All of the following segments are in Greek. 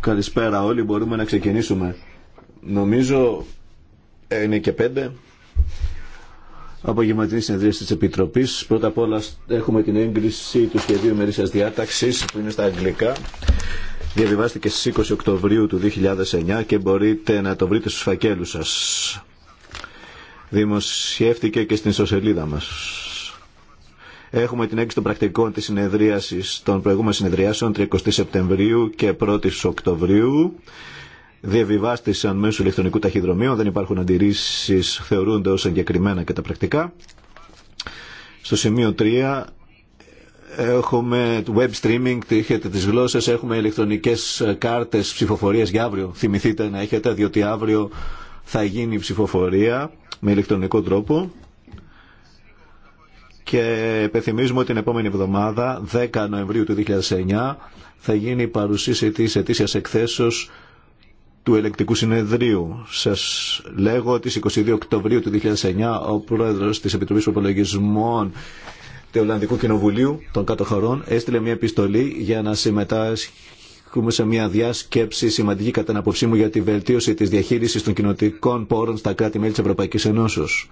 Καλησπέρα όλοι, μπορούμε να ξεκινήσουμε. Νομίζω είναι και πέντε. Απογευματινή συνεδρία τη Επιτροπή. Πρώτα απ' όλα έχουμε την έγκριση του σχεδίου ημερήσια διάταξη που είναι στα αγγλικά. Διαβιβάστηκε στι 20 Οκτωβρίου του 2009 και μπορείτε να το βρείτε στου φακέλου σα. Δημοσιεύτηκε και στην ισοσελίδα μας. Έχουμε την έγκριση των πρακτικών της συνεδρίασης των προηγούμενων συνεδριάσεων 30 Σεπτεμβρίου και 1η Οκτωβρίου. Διαβιβάστησαν μέσω ηλεκτρονικού ταχυδρομείου. Δεν υπάρχουν αντιρρήσεις, θεωρούνται ως εγκεκριμένα και τα πρακτικά. Στο σημείο 3 έχουμε web streaming, έχετε τις γλώσσε, έχουμε ηλεκτρονικές κάρτες ψηφοφορίας για αύριο. Θυμηθείτε να έχετε, διότι αύριο θα γίνει η ψηφοφορία με ηλεκτρονικό τρόπο και επιθυμίζουμε ότι την επόμενη εβδομάδα, 10 Νοεμβρίου του 2009, θα γίνει η παρουσίαση της ετήσιας εκθέσεως του ελεκτικού συνεδρίου. Σας λέγω ότι 22 Οκτωβρίου του 2009 ο πρόεδρος της Επιτροπής Προπολογισμών του Ολλανδικού Κοινοβουλίου των Κάτω Χωρών έστειλε μια επιστολή για να συμμετάσχουμε σε μια διάσκεψη σημαντική κατά την απόψή μου για τη βελτίωση της διαχείρισης των κοινοτικών πόρων στα κράτη-μέλη της Ευρωπαϊκής Ενώσεως.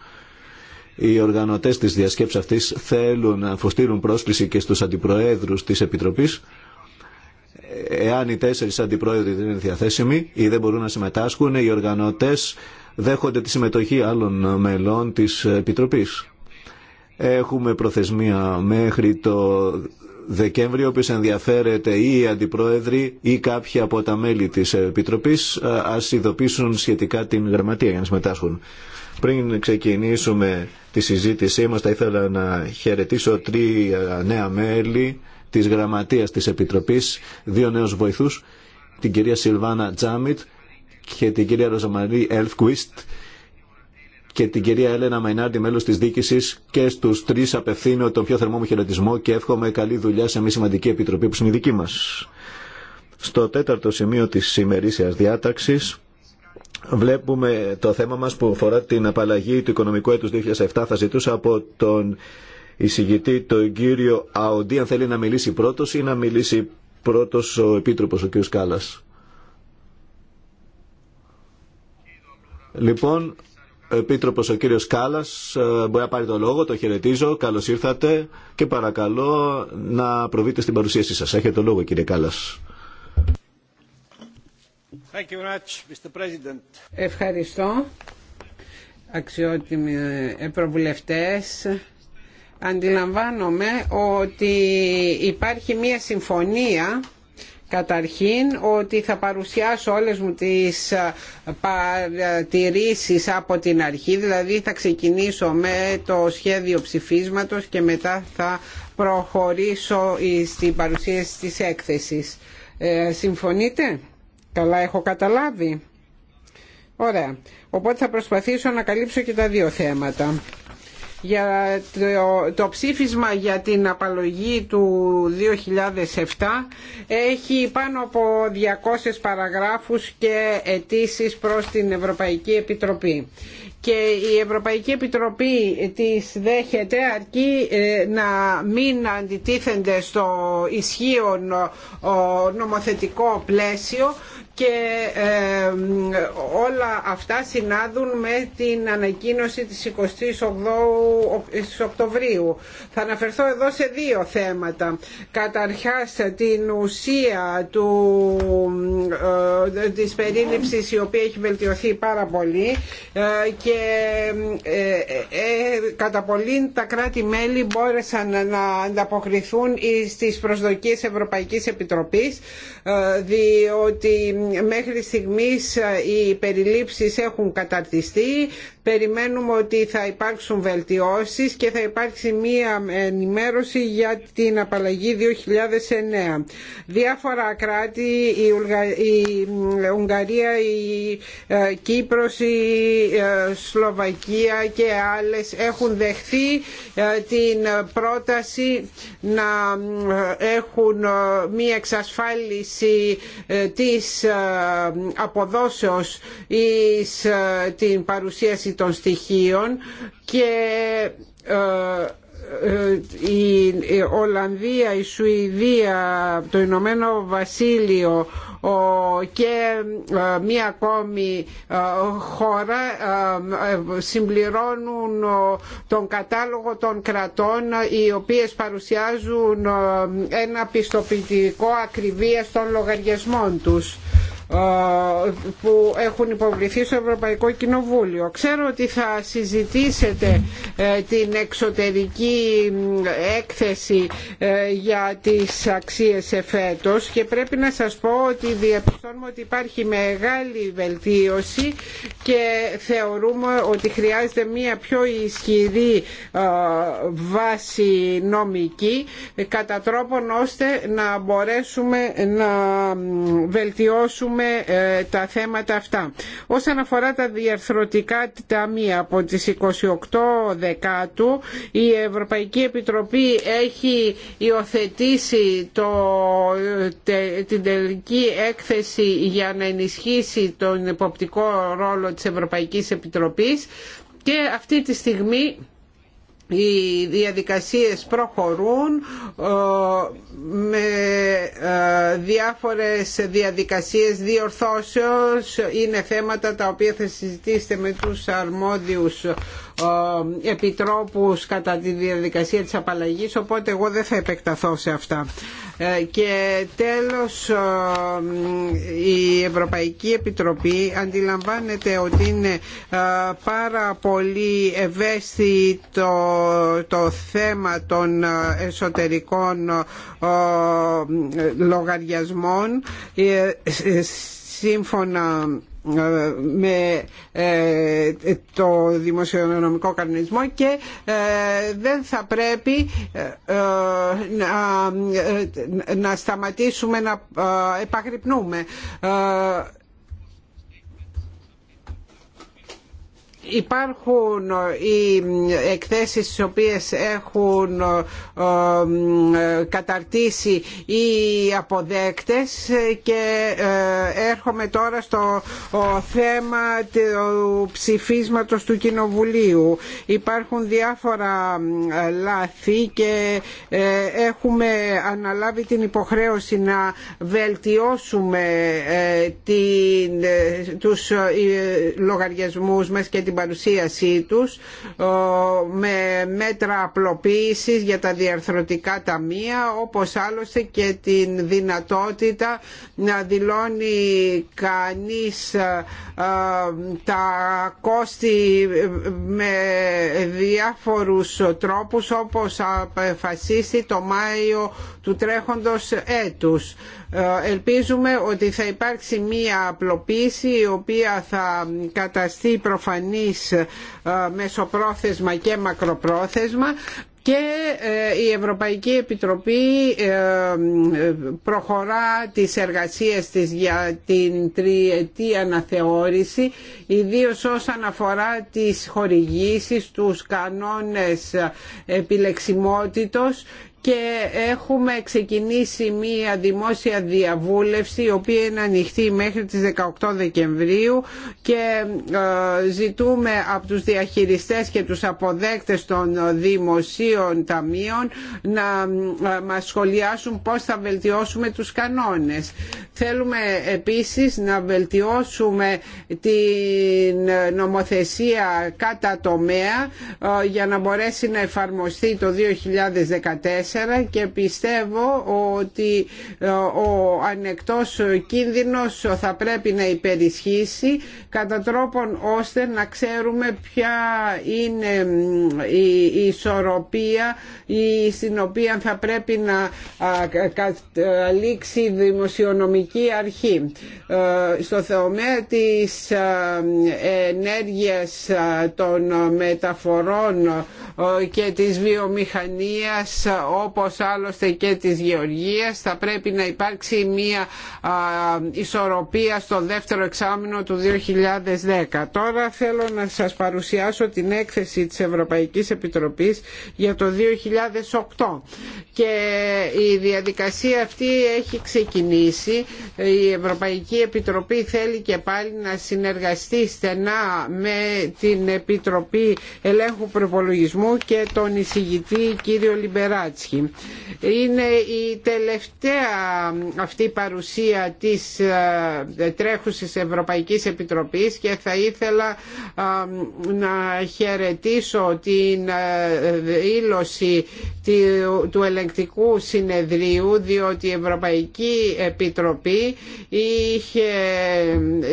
Οι οργανωτέ της διασκέψη αυτή θέλουν να αφοστείλουν πρόσκληση και στου αντιπροέδρου της Επιτροπής. Εάν οι τέσσερι αντιπρόεδροι δεν είναι διαθέσιμοι ή δεν μπορούν να συμμετάσχουν, οι οργανωτέ δέχονται τη συμμετοχή άλλων μελών της επιτροπή. Έχουμε προθεσμία μέχρι το Δεκέμβριο, όποιος ενδιαφέρεται ή οι αντιπρόεδροι ή κάποιοι από τα μέλη της Επιτροπής ας ειδοποιήσουν σχετικά την γραμματεία για να συμμετάσχουν. Πριν ξεκινήσουμε τη συζήτησή μας θα ήθελα να χαιρετήσω τρία νέα μέλη της Γραμματείας της Επιτροπής, δύο νέους βοηθούς, την κυρία Σιλβάνα Τζάμιτ και την κυρία Ροζαμαρή Ελφκουίστ και την κυρία Έλενα Μαϊνάρντι, μέλο τη διοίκηση, και στου τρει απευθύνω τον πιο θερμό μου χαιρετισμό και εύχομαι καλή δουλειά σε μια σημαντική επιτροπή που είναι η δική μα. Στο τέταρτο σημείο τη ημερήσια διάταξη, Βλέπουμε το θέμα μας που αφορά την απαλλαγή του οικονομικού έτους 2007. Θα ζητούσα από τον εισηγητή, τον κύριο Αοντή, αν θέλει να μιλήσει πρώτος ή να μιλήσει πρώτος ο Επίτροπος, ο κύριος Κάλλας. Λοιπόν, ο Επίτροπος ο κύριος Κάλλας ε, μπορεί να πάρει το λόγο, το χαιρετίζω, καλώς ήρθατε και παρακαλώ να προβείτε στην παρουσίασή σας. Έχετε το λόγο κύριε Κάλλας. Thank you much, Mr. Ευχαριστώ αξιότιμοι ευρωβουλευτές αντιλαμβάνομαι ότι υπάρχει μία συμφωνία Καταρχήν ότι θα παρουσιάσω όλες μου τις παρατηρήσεις από την αρχή, δηλαδή θα ξεκινήσω με το σχέδιο ψηφίσματος και μετά θα προχωρήσω στην παρουσίαση της έκθεσης. Ε, συμφωνείτε? Καλά έχω καταλάβει. Ωραία. Οπότε θα προσπαθήσω να καλύψω και τα δύο θέματα. Για το, ψήφισμα για την απαλλογή του 2007 έχει πάνω από 200 παραγράφους και αιτήσει προς την Ευρωπαϊκή Επιτροπή και η Ευρωπαϊκή Επιτροπή τις δέχεται αρκεί ε, να μην αντιτίθενται στο ισχύον νομοθετικό πλαίσιο και όλα αυτά συνάδουν με την ανακοίνωση της 28ης Οκτωβρίου. Θα αναφερθώ εδώ σε δύο θέματα. Καταρχάς την ουσία του, ε, της περίληψης η οποία έχει βελτιωθεί πάρα πολύ ε, και ε, ε κατά πολύ τα κράτη-μέλη μπόρεσαν να ανταποκριθούν στις προσδοκίες Ευρωπαϊκής Επιτροπής ε, διότι μέχρι στιγμής ε, οι περιλήψεις έχουν καταρτιστεί περιμένουμε ότι θα υπάρξουν βελτιώσεις και θα υπάρξει μία ενημέρωση για την απαλλαγή 2009. Διάφορα κράτη, η, ε, Ουγγαρία, η ε, Κύπρος, η Σλοβακία και άλλες έχουν δεχθεί την πρόταση να έχουν μία εξασφάλιση της αποδόσεως εις ε, την παρουσίαση των στοιχείων και ε, ε, η Ολλανδία, η Σουηδία, το Ηνωμένο Βασίλειο και μία ακόμη χώρα συμπληρώνουν τον κατάλογο των κρατών οι οποίες παρουσιάζουν ένα πιστοποιητικό ακριβία των λογαριασμών τους που έχουν υποβληθεί στο Ευρωπαϊκό Κοινοβούλιο. Ξέρω ότι θα συζητήσετε ε, την εξωτερική έκθεση ε, για τις αξίες εφέτος και πρέπει να σας πω ότι διαπιστώνουμε ότι υπάρχει μεγάλη βελτίωση και θεωρούμε ότι χρειάζεται μία πιο ισχυρή ε, βάση νομική κατά τρόπον ώστε να μπορέσουμε να βελτιώσουμε ε, τα θέματα αυτά. Όσον αφορά τα διαρθρωτικά ταμεία από τις 28 Δεκάτου η Ευρωπαϊκή Επιτροπή έχει υιοθετήσει το, την τελική έκθεση για να ενισχύσει τον υποπτικό ρόλο της Ευρωπαϊκής Επιτροπής και αυτή τη στιγμή οι διαδικασίες προχωρούν ε, με ε, διάφορες διαδικασίες διορθώσεως είναι θέματα τα οποία θα συζητήσετε με τους αρμόδιους ε, επιτρόπους κατά τη διαδικασία της απαλλαγής οπότε εγώ δεν θα επεκταθώ σε αυτά ε, και τέλος ε, η Ευρωπαϊκή Επιτροπή αντιλαμβάνεται ότι είναι πάρα πολύ ευαίσθητο το θέμα των εσωτερικών λογαριασμών σύμφωνα με ε, το δημοσιονομικό κανονισμό και ε, δεν θα πρέπει ε, να σταματήσουμε να επαγρυπνούμε υπάρχουν ε, οι ε, εκθέσεις τις οποίες έχουν ε, καταρτήσει οι αποδέκτες και έρχομαι τώρα στο θέμα του ψηφίσματος του Κοινοβουλίου. Υπάρχουν διάφορα λάθη και έχουμε αναλάβει την υποχρέωση να βελτιώσουμε τους λογαριασμούς μας και την την παρουσίασή τους με μέτρα απλοποίησης για τα διαρθρωτικά ταμεία όπως άλλωστε και την δυνατότητα να δηλώνει κανείς ε, ε, τα κόστη με διάφορους τρόπους όπως αποφασίσει το Μάιο του τρέχοντος έτους. Ε, ελπίζουμε ότι θα υπάρξει μία απλοποίηση η οποία θα καταστεί προφανής ε, μεσοπρόθεσμα και μακροπρόθεσμα και ε, η Ευρωπαϊκή Επιτροπή προχωρά τις εργασίες της για την τριετή αναθεώρηση ιδίως όσον αφορά τις χορηγήσεις, τους κανόνες επιλεξιμότητος και έχουμε ξεκινήσει μία δημόσια διαβούλευση η οποία είναι ανοιχτή μέχρι τις 18 Δεκεμβρίου και ε, ζητούμε από τους διαχειριστές και τους αποδέκτες των δημοσίων ταμείων να ε, μας σχολιάσουν πώς θα βελτιώσουμε τους κανόνες. Θέλουμε επίσης να βελτιώσουμε την νομοθεσία κατά τομέα ε, για να μπορέσει να εφαρμοστεί το 2014 και πιστεύω ότι ε, ο ανεκτός κίνδυνος θα πρέπει να υπερισχύσει κατά τρόπον ώστε να ξέρουμε ποια είναι ε, η ισορροπία στην οποία θα πρέπει να καταλήξει η δημοσιονομική αρχή. Ε, στο θεομέα της ενέργειας των μεταφορών και της βιομηχανίας όπως άλλωστε και της γεωργίας θα πρέπει να υπάρξει μια ισορροπία στο δεύτερο εξάμεινο του 2010. Τώρα θέλω να σας παρουσιάσω την έκθεση της Ευρωπαϊκής Επιτροπής για το 2008 και η διαδικασία αυτή έχει ξεκινήσει. Η Ευρωπαϊκή Επιτροπή θέλει και πάλι να συνεργαστεί στενά με την Επιτροπή Ελέγχου Προπολογισμού και τον εισηγητή κύριο Λιμπεράτσχη. Είναι η τελευταία αυτή παρουσία της ε, τρέχουσης Ευρωπαϊκής Επιτροπής και θα ήθελα ε, να χαιρετήσω την ε, δήλωση του ελεγκτικού συνεδρίου διότι η Ευρωπαϊκή Επιτροπή είχε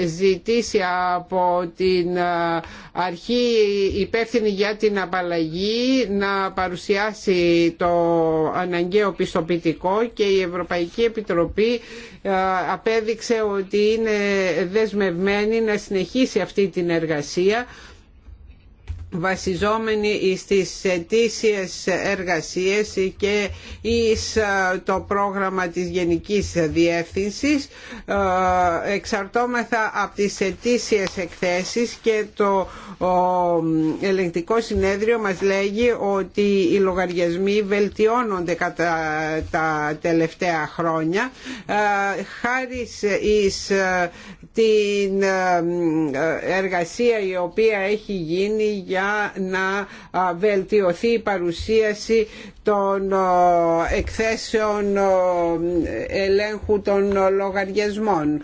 ζητήσει από την αρχή υπεύθυνη για την απαλλαγή να παρουσιάσει το αναγκαίο πιστοποιητικό και η Ευρωπαϊκή Επιτροπή ε, απέδειξε ότι είναι δεσμευμένη να συνεχίσει αυτή την εργασία βασιζόμενοι στις ετήσιες εργασίες και εις το πρόγραμμα της Γενικής Διεύθυνσης εξαρτώμεθα από τις ετήσιες εκθέσεις και το ελεγκτικό συνέδριο μας λέγει ότι οι λογαριασμοί βελτιώνονται κατά τα τελευταία χρόνια χάρη εις την εργασία η οποία έχει γίνει για να βελτιωθεί η παρουσίαση των εκθέσεων ελέγχου των λογαριασμών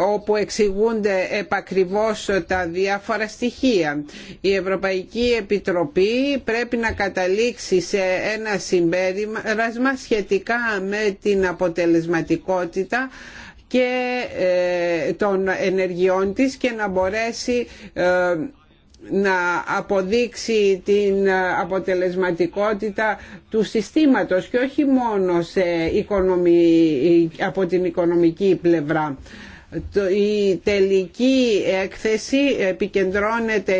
όπου εξηγούνται επακριβώς τα διάφορα στοιχεία. Η Ευρωπαϊκή Επιτροπή πρέπει να καταλήξει σε ένα συμπέρασμα σχετικά με την αποτελεσματικότητα και ε, των ενεργειών της και να μπορέσει ε, να αποδείξει την ε, αποτελεσματικότητα του συστήματος και όχι μόνο σε από την οικονομική πλευρά. Η τελική έκθεση επικεντρώνεται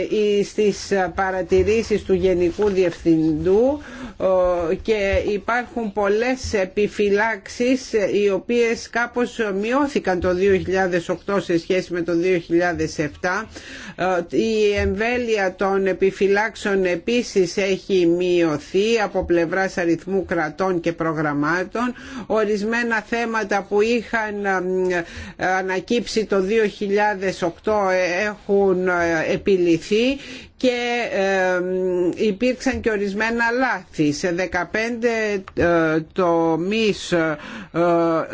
στις παρατηρήσεις του Γενικού Διευθυντού και υπάρχουν πολλές επιφυλάξεις οι οποίες κάπως μειώθηκαν το 2008 σε σχέση με το 2007 η εμβέλεια των επιφυλάξεων επίσης έχει μειωθεί από πλευράς αριθμού κρατών και προγραμμάτων. Ορισμένα θέματα που είχαν ε, ε, ανακύψει το 2008 έχουν ε, επιληθεί και υπήρξαν και ορισμένα λάθη. Σε 15 ε, τομείς ε,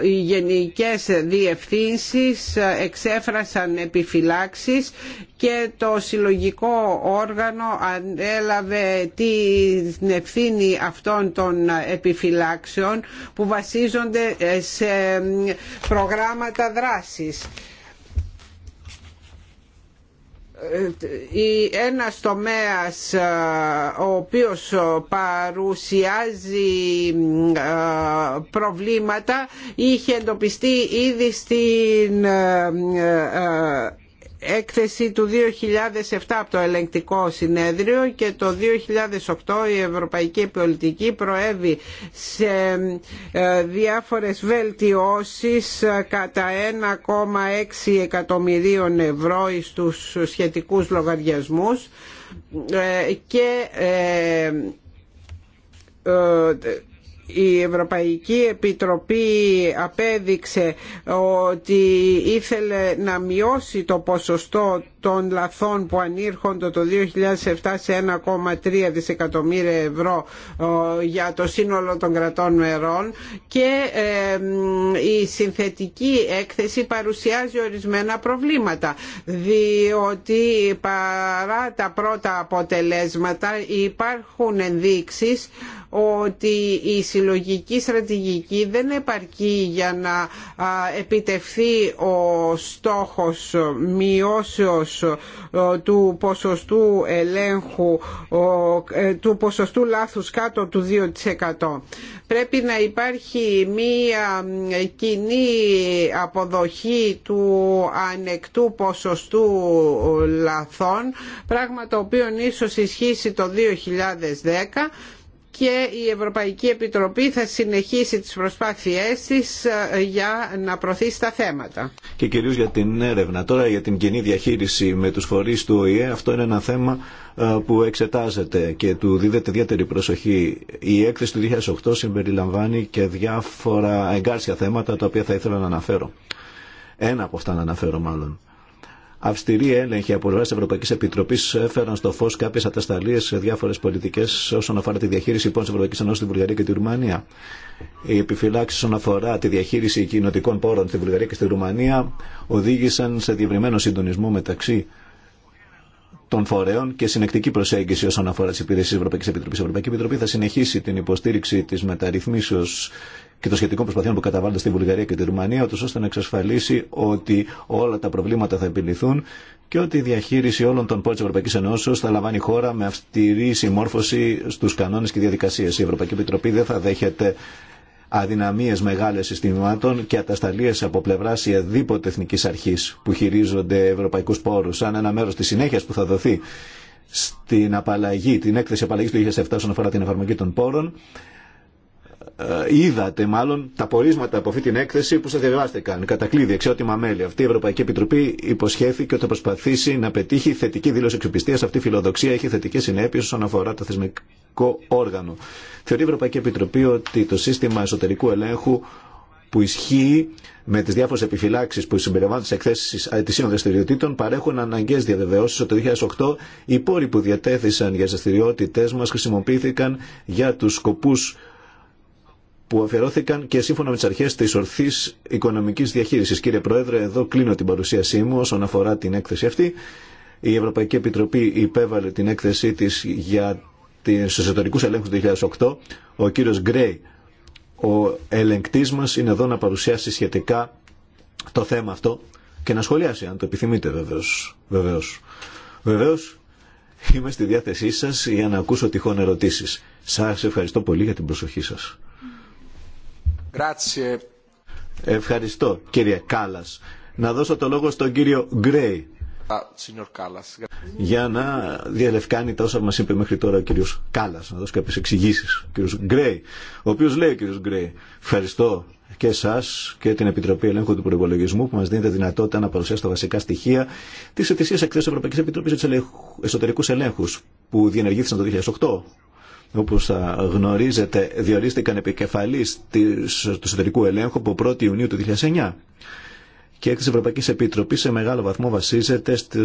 οι γενικές διευθύνσεις εξέφρασαν επιφυλάξεις και το συλλογικό όργανο ανέλαβε την ευθύνη αυτών των επιφυλάξεων που βασίζονται σε προγράμματα δράσης ε, ένας τομέας ε, ο οποίος ε, παρουσιάζει προβλήματα είχε εντοπιστεί ήδη στην έκθεση του 2007 από το ελεγκτικό συνέδριο και το 2008 η ευρωπαϊκή πολιτική προέβη σε ε, διάφορες βελτιώσεις ε, κατά 1,6 εκατομμυρίων ευρώ στους σχετικούς λογαριασμούς ε, και η Ευρωπαϊκή Επιτροπή απέδειξε ότι ήθελε να μειώσει το ποσοστό των λαθών που ανήρχονται το 2007 σε 1,3 δισεκατομμύρια ευρώ ε, για το σύνολο των κρατών μερών και ε, η συνθετική έκθεση παρουσιάζει ορισμένα προβλήματα διότι παρά τα πρώτα αποτελέσματα υπάρχουν ενδείξεις ότι η συλλογική στρατηγική δεν επαρκεί για να επιτευχθεί ο στόχος μειώσεως του ποσοστού ελέγχου, ε, του ποσοστού λάθους κάτω του 2%. Πρέπει να υπάρχει μία κοινή αποδοχή του ανεκτού ποσοστού λαθών, πράγμα το οποίο ίσως ισχύσει το 2010 και η Ευρωπαϊκή Επιτροπή θα συνεχίσει τις προσπάθειές της ε, για να προωθήσει τα θέματα. Και κυρίως για την έρευνα. Τώρα για την κοινή διαχείριση με τους φορείς του ΟΗΕ, αυτό είναι ένα θέμα ε, που εξετάζεται και του δίδεται ιδιαίτερη προσοχή. Η έκθεση του 2008 συμπεριλαμβάνει και διάφορα εγκάρσια θέματα τα οποία θα ήθελα να αναφέρω. Ένα από αυτά να αναφέρω μάλλον. Αυστηροί έλεγχοι από πλευρά τη Ευρωπαϊκή Επιτροπή έφεραν στο φω κάποιε ατασταλίε σε διάφορε πολιτικέ όσον αφορά τη διαχείριση πόρων τη Ευρωπαϊκή Ένωση στην Βουλγαρία και τη Ρουμανία. Οι επιφυλάξει όσον αφορά τη διαχείριση κοινοτικών πόρων στην Βουλγαρία και στη Ρουμανία οδήγησαν σε διευρυμένο συντονισμό μεταξύ των φορέων και συνεκτική προσέγγιση όσον αφορά τι υπηρεσίε Ευρωπαϊκή Επιτροπή. Η Ευρωπαϊκή Επιτροπή θα συνεχίσει την υποστήριξη τη μεταρρυθμίσεω και των σχετικών προσπαθειών που καταβάλλονται στη Βουλγαρία και τη Ρουμανία, ούτως ώστε να εξασφαλίσει ότι όλα τα προβλήματα θα επιληθούν και ότι η διαχείριση όλων των πόλεων τη Ευρωπαϊκή Ενώσεω θα λαμβάνει χώρα με αυστηρή συμμόρφωση στου κανόνε και διαδικασίε. Η Ευρωπαϊκή Επιτροπή δεν θα δέχεται αδυναμίες μεγάλες συστημάτων και ατασταλίες από πλευράς αδίποτε εθνικής αρχής που χειρίζονται ευρωπαϊκούς πόρους σαν ένα μέρος της συνέχειας που θα δοθεί στην απαλλαγή, την έκθεση απαλλαγής του 2007 όσον αφορά την εφαρμογή των πόρων ε, είδατε μάλλον τα πορίσματα από αυτή την έκθεση που σας διαβάστηκαν. Κατακλείδη, εξότιμα μέλη. Αυτή η Ευρωπαϊκή Επιτροπή υποσχέθηκε ότι θα προσπαθήσει να πετύχει θετική δήλωση εξοπιστίας. Αυτή η φιλοδοξία έχει θετικέ συνέπειε όσον αφορά το θεσμικό όργανο. Θεωρεί η Ευρωπαϊκή Επιτροπή ότι το σύστημα εσωτερικού ελέγχου που ισχύει με τι διάφορε επιφυλάξει που συμπεριλαμβάνουν τι εκθέσει αιτησίων δραστηριοτήτων παρέχουν αναγκαίε διαβεβαιώσει ότι το 2008 οι πόροι που διατέθησαν για τι δραστηριότητέ μα χρησιμοποιήθηκαν για του σκοπού που αφιερώθηκαν και σύμφωνα με τι αρχέ τη ορθή οικονομική διαχείριση. Κύριε Πρόεδρε, εδώ κλείνω την παρουσίασή μου όσον αφορά την έκθεση αυτή. Η Ευρωπαϊκή Επιτροπή υπέβαλε την έκθεσή τη για του εσωτερικού ελέγχου του 2008. Ο κύριο Γκρέι, ο ελεγκτή μα, είναι εδώ να παρουσιάσει σχετικά το θέμα αυτό και να σχολιάσει, αν το επιθυμείτε βεβαίω. Βεβαίως. είμαι στη διάθεσή σας για να ακούσω τυχόν ερωτήσεις. Σας ευχαριστώ πολύ για την προσοχή σας. Ευχαριστώ κύριε Κάλλα. Να δώσω το λόγο στον κύριο Γκρέι. Για να διαλευκάνει τα όσα μα είπε μέχρι τώρα ο κύριο Κάλλα, να δώσω κάποιε εξηγήσει, Ο κύριο Γκρέι, ο οποίο λέει ο κύριο Γκρέι, ευχαριστώ και εσά και την Επιτροπή Ελέγχου του Προπολογισμού που μα δίνετε δυνατότητα να παρουσιάσετε τα βασικά στοιχεία τη ετησία εκθέσεω Ευρωπαϊκή Επιτροπή Εσωτερικού Ελέγχου που διενεργήθησαν το 2008. Όπως θα γνωρίζετε, διορίστηκαν επικεφαλής του εσωτερικού ελέγχου από 1η Ιουνίου του 2009 και έκθεση Ευρωπαϊκή Επιτροπή σε μεγάλο βαθμό βασίζεται στι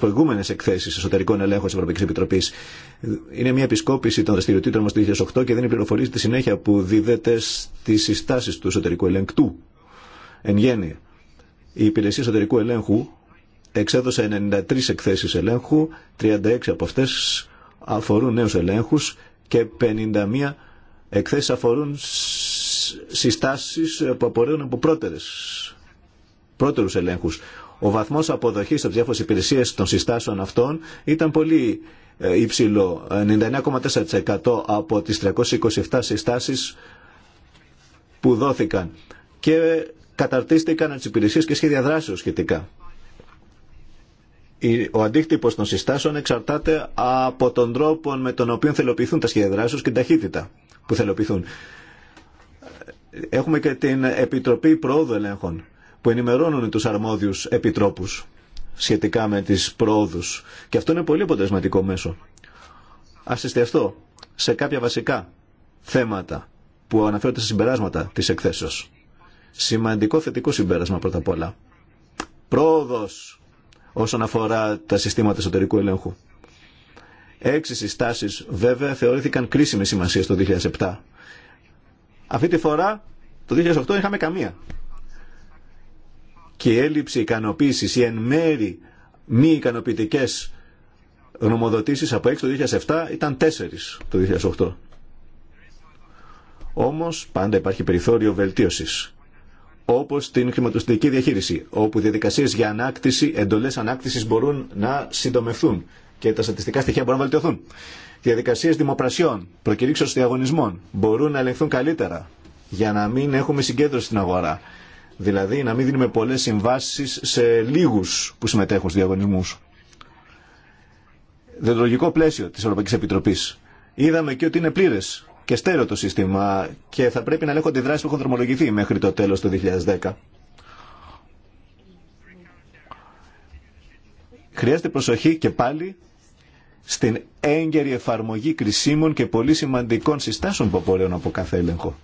προηγούμενε εκθέσει εσωτερικών ελέγχων τη Ευρωπαϊκή Επιτροπή. Είναι μια επισκόπηση των δραστηριοτήτων μα του 2008 και δεν πληροφορίε τη συνέχεια που δίδεται στι συστάσει του εσωτερικού ελεγκτού. Εν γέννη, η υπηρεσία εσωτερικού ελέγχου εξέδωσε 93 εκθέσει ελέγχου, 36 από αυτέ αφορούν νέους ελέγχους και 51 εκθέσει αφορούν συστάσεις που απορρέουν από πρώτερου πρώτερους ελέγχους. Ο βαθμός αποδοχής από διάφορες υπηρεσίες των συστάσεων αυτών ήταν πολύ ε, υψηλό. 99,4% από τις 327 συστάσεις που δόθηκαν και καταρτίστηκαν από τις υπηρεσίες και σχέδια δράσεως σχετικά ο αντίκτυπο των συστάσεων εξαρτάται από τον τρόπο με τον οποίο θελοποιηθούν τα σχέδια δράσεω και την ταχύτητα που θελοποιηθούν. Έχουμε και την Επιτροπή Προόδου Ελέγχων που ενημερώνουν του αρμόδιους επιτρόπους σχετικά με τις προόδου. Και αυτό είναι πολύ αποτελεσματικό μέσο. Α εστιαστώ σε κάποια βασικά θέματα που αναφέρονται σε συμπεράσματα τη εκθέσεω. Σημαντικό θετικό συμπέρασμα πρώτα απ' όλα. Πρόοδος όσον αφορά τα συστήματα εσωτερικού ελέγχου. Έξι συστάσεις βέβαια θεωρήθηκαν κρίσιμες σημασία το 2007. Αυτή τη φορά το 2008 είχαμε καμία. Και η έλλειψη ικανοποίηση, ή εν μέρη μη ικανοποιητικέ γνωμοδοτήσεις από έξι το 2007 ήταν 4 το 2008. Όμως πάντα υπάρχει περιθώριο βελτίωσης όπω την χρηματοστηρική διαχείριση, όπου διαδικασίε για ανάκτηση, εντολέ ανάκτηση μπορούν να συντομευθούν και τα στατιστικά στοιχεία μπορούν να βελτιωθούν. Διαδικασίε δημοπρασιών, προκηρύξεω διαγωνισμών μπορούν να ελεγχθούν καλύτερα για να μην έχουμε συγκέντρωση στην αγορά. Δηλαδή να μην δίνουμε πολλέ συμβάσει σε λίγου που συμμετέχουν στου διαγωνισμού. Δεντρολογικό πλαίσιο τη Ευρωπαϊκή Επιτροπή. Είδαμε και ότι είναι πλήρε και στέρεο το σύστημα και θα πρέπει να ελέγχονται οι δράσεις που έχουν δρομολογηθεί μέχρι το τέλος του 2010. Χρειάζεται προσοχή και πάλι στην έγκαιρη εφαρμογή κρισίμων και πολύ σημαντικών συστάσεων που απορρέουν από κάθε έλεγχο.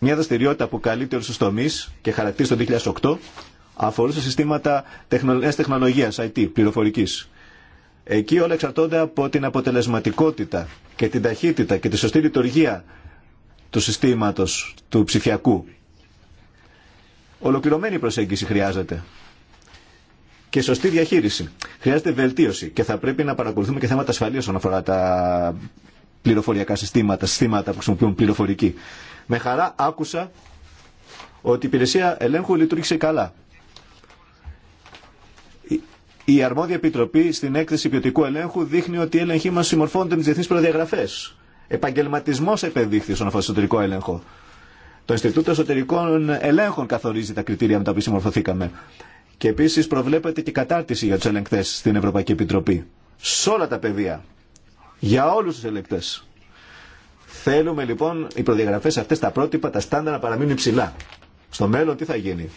Μια δραστηριότητα που καλείται όλου του τομεί και χαρακτήρισε το 2008 αφορούσε συστήματα τεχνολογίας IT, πληροφορική. Εκεί όλα εξαρτώνται από την αποτελεσματικότητα και την ταχύτητα και τη σωστή λειτουργία του συστήματος του ψηφιακού. Ολοκληρωμένη προσέγγιση χρειάζεται και σωστή διαχείριση. Χρειάζεται βελτίωση και θα πρέπει να παρακολουθούμε και θέματα ασφαλείας όσον αφορά τα πληροφοριακά συστήματα, συστήματα που χρησιμοποιούν πληροφορική. Με χαρά άκουσα ότι η υπηρεσία ελέγχου λειτουργήσε καλά. Η αρμόδια επιτροπή στην έκθεση ποιοτικού ελέγχου δείχνει ότι οι έλεγχοι μα συμμορφώνονται με τι διεθνεί προδιαγραφέ. Επαγγελματισμό επεδείχθη στον εσωτερικό έλεγχο. Το Ινστιτούτο Εσωτερικών Ελέγχων καθορίζει τα κριτήρια με τα οποία συμμορφωθήκαμε. Και επίση προβλέπεται και κατάρτιση για του ελεγκτέ στην Ευρωπαϊκή Επιτροπή. Σε όλα τα πεδία. Για όλου του ελεγκτέ. Θέλουμε λοιπόν οι προδιαγραφέ αυτέ, τα πρότυπα, τα στάνταρ να παραμείνουν υψηλά. Στο μέλλον τι θα γίνει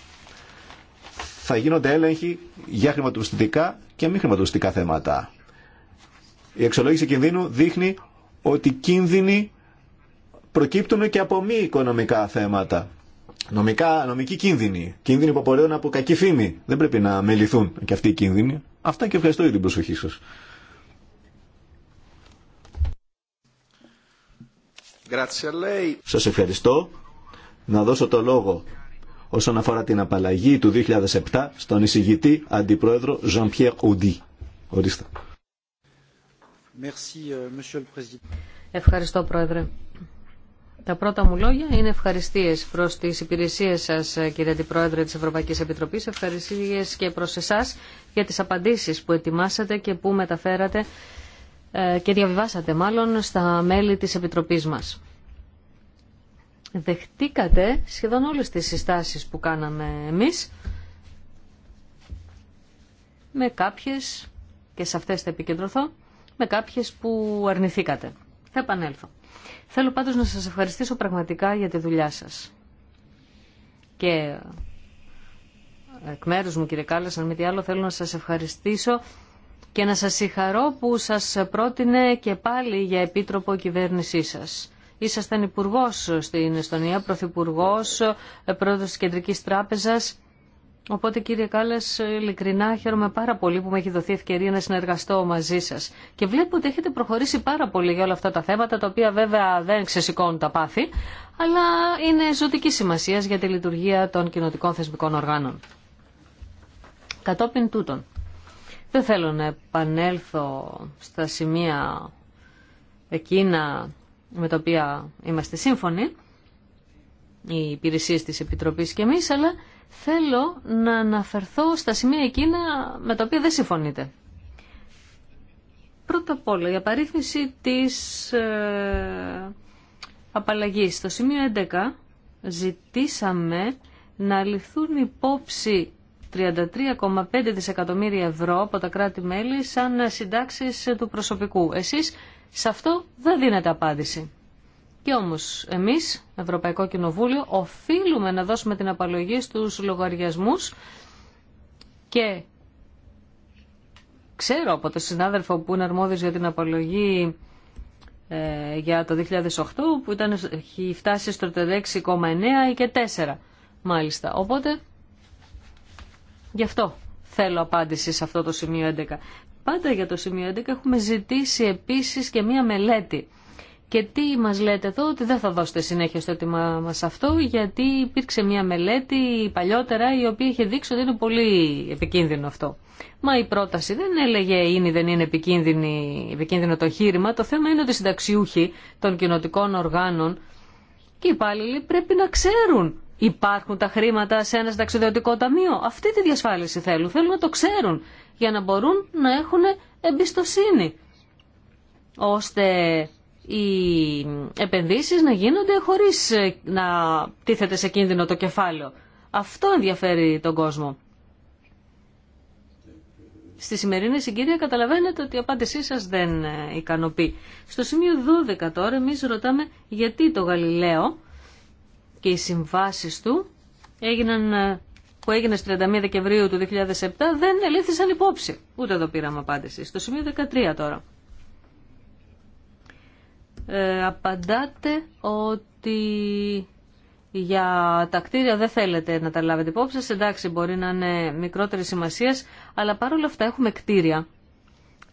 θα γίνονται έλεγχοι για χρηματοπιστωτικά και μη χρηματοπιστωτικά θέματα. Η εξολόγηση κινδύνου δείχνει ότι κίνδυνοι προκύπτουν και από μη οικονομικά θέματα. Νομικά, νομικοί κίνδυνοι, κίνδυνοι που απορρέουν από κακή φήμη. Δεν πρέπει να μεληθούν και αυτοί οι κίνδυνοι. Αυτά και ευχαριστώ για την προσοχή σας. Σας ευχαριστώ. Να δώσω το λόγο όσον αφορά την απαλλαγή του 2007 στον εισηγητή αντιπρόεδρο Jean-Pierre Audi. Ορίστε. Euh, Ευχαριστώ πρόεδρε. Τα πρώτα μου λόγια είναι ευχαριστίες προς τις υπηρεσίες σας ε, κύριε Αντιπρόεδρε της Ευρωπαϊκής Επιτροπής, ευχαριστίες και προς εσάς για τις απαντήσεις που ετοιμάσατε και που μεταφέρατε ε, και διαβιβάσατε μάλλον στα μέλη της Επιτροπής μας δεχτήκατε σχεδόν όλες τις συστάσεις που κάναμε εμείς με κάποιες και σε αυτές θα επικεντρωθώ με κάποιες που αρνηθήκατε. Θα επανέλθω. Θέλω πάντως να σας ευχαριστήσω πραγματικά για τη δουλειά σας. Και εκ μέρους μου κύριε Κάλλας, αν μη τι άλλο θέλω να σας ευχαριστήσω και να σας συγχαρώ που σας πρότεινε και πάλι για επίτροπο κυβέρνησή σας. Ήσασταν υπουργό στην Εστονία, πρωθυπουργό, ε, πρόεδρο τη Κεντρική Τράπεζα. Οπότε κύριε Κάλλας, ειλικρινά χαίρομαι πάρα πολύ που με έχει δοθεί ευκαιρία να συνεργαστώ μαζί σας. Και βλέπω ότι έχετε προχωρήσει πάρα πολύ για όλα αυτά τα θέματα, τα οποία βέβαια δεν ξεσηκώνουν τα πάθη, αλλά είναι ζωτική σημασία για τη λειτουργία των κοινοτικών θεσμικών οργάνων. Κατόπιν τούτων, δεν θέλω να επανέλθω στα σημεία εκείνα με τα οποία είμαστε σύμφωνοι, οι υπηρεσίε της Επιτροπής και εμείς, αλλά θέλω να αναφερθώ στα σημεία εκείνα με τα οποία δεν συμφωνείτε. Πρώτα απ' όλα, η απαρίθμηση της ε, απαλλαγής. Στο σημείο 11 ζητήσαμε να ληφθούν υπόψη 33,5 δισεκατομμύρια ευρώ από τα κράτη-μέλη σαν συντάξεις του προσωπικού. Εσείς σε αυτό δεν δίνεται απάντηση. Και όμως εμείς, Ευρωπαϊκό Κοινοβούλιο, οφείλουμε να δώσουμε την απαλλογή στους λογαριασμούς και ξέρω από τον συνάδελφο που είναι αρμόδιος για την απαλλογή ε, για το 2008 που ήταν, έχει φτάσει στο 36,9 και 4 μάλιστα. Οπότε γι' αυτό θέλω απάντηση σε αυτό το σημείο 11. Πάντα για το σημείο 11 έχουμε ζητήσει επίσης και μία μελέτη. Και τι μας λέτε εδώ, ότι δεν θα δώσετε συνέχεια στο έτοιμα μας αυτό, γιατί υπήρξε μία μελέτη παλιότερα η οποία είχε δείξει ότι είναι πολύ επικίνδυνο αυτό. Μα η πρόταση δεν έλεγε είναι ή δεν είναι επικίνδυνο το χείρημα. Το θέμα είναι ότι οι συνταξιούχοι των κοινοτικών οργάνων και οι υπάλληλοι πρέπει να ξέρουν υπάρχουν τα χρήματα σε ένα συνταξιδιωτικό ταμείο. Αυτή τη διασφάλιση θέλουν. Θέλουν να το ξέρουν για να μπορούν να έχουν εμπιστοσύνη ώστε οι επενδύσεις να γίνονται χωρίς ε, να τίθεται σε κίνδυνο το κεφάλαιο. Αυτό ενδιαφέρει τον κόσμο. Στη σημερινή συγκύρια καταλαβαίνετε ότι η απάντησή σας δεν ε, ικανοποιεί. Στο σημείο 12 τώρα εμεί ρωτάμε γιατί το Γαλιλαίο και οι συμβάσεις του έγιναν, ε, που έγινε στις 31 Δεκεμβρίου του 2007 δεν ελήφθησαν υπόψη. Ούτε εδώ πήραμε απάντηση. Στο σημείο 13 τώρα. Ε, απαντάτε ότι για τα κτίρια δεν θέλετε να τα λάβετε υπόψη. Εντάξει, μπορεί να είναι μικρότερη σημασία, αλλά παρόλα αυτά έχουμε κτίρια,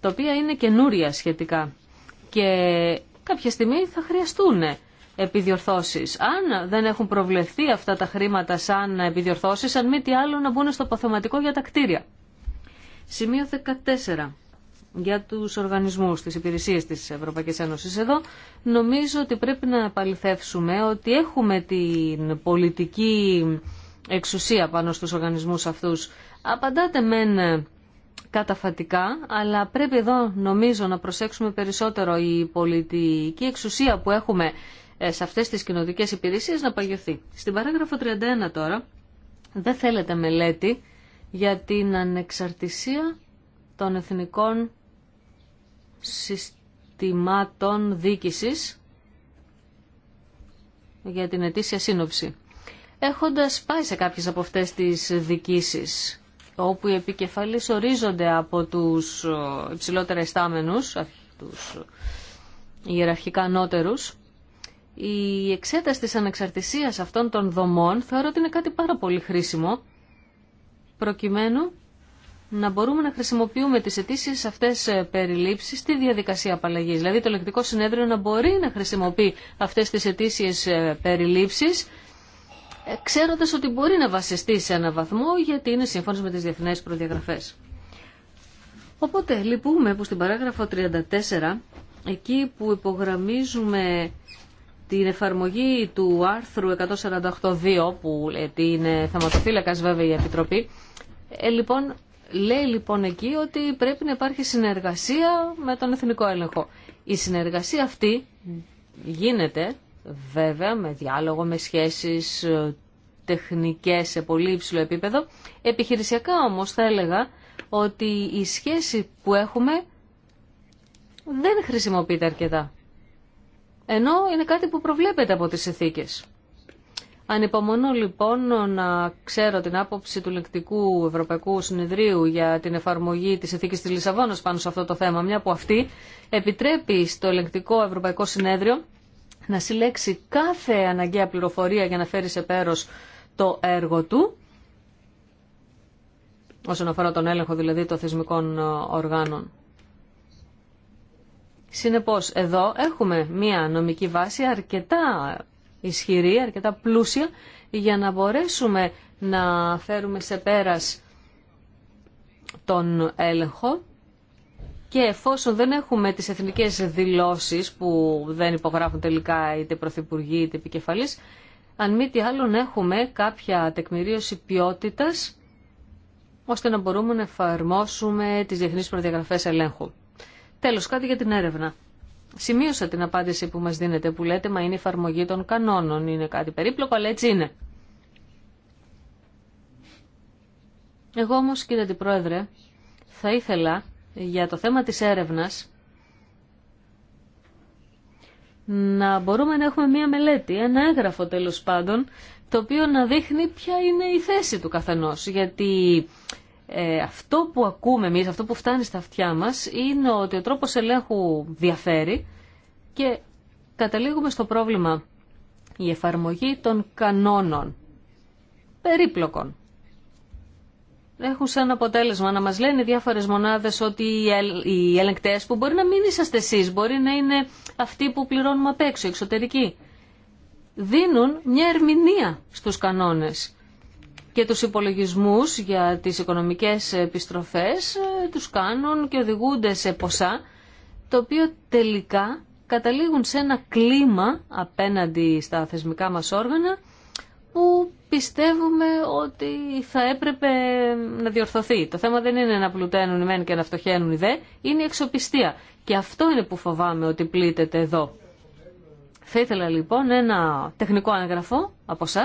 τα οποία είναι καινούρια σχετικά. Και κάποια στιγμή θα χρειαστούν επιδιορθώσεις. Αν δεν έχουν προβλεφθεί αυτά τα χρήματα σαν επιδιορθώσεις, αν μη τι άλλο να μπουν στο αποθεματικό για τα κτίρια. Σημείο 14 για τους οργανισμούς, τις υπηρεσίες της Ευρωπαϊκής Ένωσης εδώ, νομίζω ότι πρέπει να επαληθεύσουμε ότι έχουμε την πολιτική εξουσία πάνω στους οργανισμούς αυτούς. Απαντάτε μεν καταφατικά, αλλά πρέπει εδώ νομίζω να προσέξουμε περισσότερο η πολιτική εξουσία που έχουμε ε, σε αυτές τις κοινοτικέ υπηρεσίε να παγιωθεί. Στην παράγραφο 31 τώρα δεν θέλετε μελέτη για την ανεξαρτησία των εθνικών συστημάτων δίκησης για την ετήσια σύνοψη. Έχοντας πάει σε κάποιες από αυτές τις δικήσεις, όπου οι επικεφαλείς ορίζονται από τους ε, υψηλότερα στάμενους, τους ε, ιεραρχικά νότερους, η εξέταση της ανεξαρτησίας αυτών των δομών θεωρώ ότι είναι κάτι πάρα πολύ χρήσιμο προκειμένου να μπορούμε να χρησιμοποιούμε τις αιτήσει αυτές ε, περιλήψεις στη διαδικασία απαλλαγή. Δηλαδή το Λεκτικό συνέδριο να μπορεί να χρησιμοποιεί αυτές τις αιτήσει ε, περιλήψεις ε, ξέροντας ότι μπορεί να βασιστεί σε ένα βαθμό γιατί είναι σύμφωνος με τις διεθνές προδιαγραφές. Οπότε λυπούμε που στην παράγραφο 34 εκεί που υπογραμμίζουμε την εφαρμογή του άρθρου 148.2 που λέει ότι είναι θεματοφύλακας βέβαια η Επιτροπή ε, λοιπόν, λέει λοιπόν εκεί ότι πρέπει να υπάρχει συνεργασία με τον Εθνικό Έλεγχο. Η συνεργασία αυτή γίνεται βέβαια με διάλογο, με σχέσεις ε, τεχνικές σε πολύ υψηλό επίπεδο. Επιχειρησιακά όμως θα έλεγα ότι η σχέση που έχουμε δεν χρησιμοποιείται αρκετά ενώ είναι κάτι που προβλέπεται από τις ηθίκες. Ανυπομονώ λοιπόν να ξέρω την άποψη του Λεκτικού Ευρωπαϊκού Συνεδρίου για την εφαρμογή της ηθίκης της Λισαβόνας πάνω σε αυτό το θέμα, μια που αυτή επιτρέπει στο Λεκτικό Ευρωπαϊκό Συνέδριο να συλλέξει κάθε αναγκαία πληροφορία για να φέρει σε πέρος το έργο του, όσον αφορά τον έλεγχο δηλαδή των θεσμικών οργάνων. Συνεπώς εδώ έχουμε μία νομική βάση αρκετά ισχυρή, αρκετά πλούσια για να μπορέσουμε να φέρουμε σε πέρας τον έλεγχο και εφόσον δεν έχουμε τις εθνικές δηλώσεις που δεν υπογράφουν τελικά είτε πρωθυπουργοί είτε επικεφαλής, αν μη τι άλλο έχουμε κάποια τεκμηρίωση ποιότητας ώστε να μπορούμε να εφαρμόσουμε τις διεθνείς προδιαγραφές ελέγχου. Τέλος, κάτι για την έρευνα. Σημείωσα την απάντηση που μας δίνετε που λέτε «Μα είναι η εφαρμογή των κανόνων, είναι κάτι περίπλοκο, αλλά έτσι είναι». Εγώ όμως, κύριε Αντιπρόεδρε, θα ήθελα για το θέμα της έρευνας να μπορούμε να έχουμε μία μελέτη, ένα έγγραφο τέλος πάντων, το οποίο να δείχνει ποια είναι η θέση του καθενός. Γιατί ε, αυτό που ακούμε εμείς, αυτό που φτάνει στα αυτιά μας είναι ότι ο τρόπο ελέγχου διαφέρει και καταλήγουμε στο πρόβλημα η εφαρμογή των κανόνων περίπλοκων. Έχουν σαν αποτέλεσμα να μας λένε οι διάφορες μονάδες ότι οι ελεγκτές που μπορεί να μην είσαστε εσείς, μπορεί να είναι αυτοί που πληρώνουμε απ' έξω, εξωτερικοί, δίνουν μια ερμηνεία στους κανόνες και τους υπολογισμούς για τις οικονομικές επιστροφές ε, τους κάνουν και οδηγούνται σε ποσά, το οποίο τελικά καταλήγουν σε ένα κλίμα απέναντι στα θεσμικά μας όργανα που πιστεύουμε ότι θα έπρεπε να διορθωθεί. Το θέμα δεν είναι να πλουταίνουν οι μεν και να φτωχαίνουν οι δε, είναι η εξοπιστία. Και αυτό είναι που φοβάμαι ότι πλήττεται εδώ. Θα ήθελα λοιπόν ένα τεχνικό αναγραφό από εσά,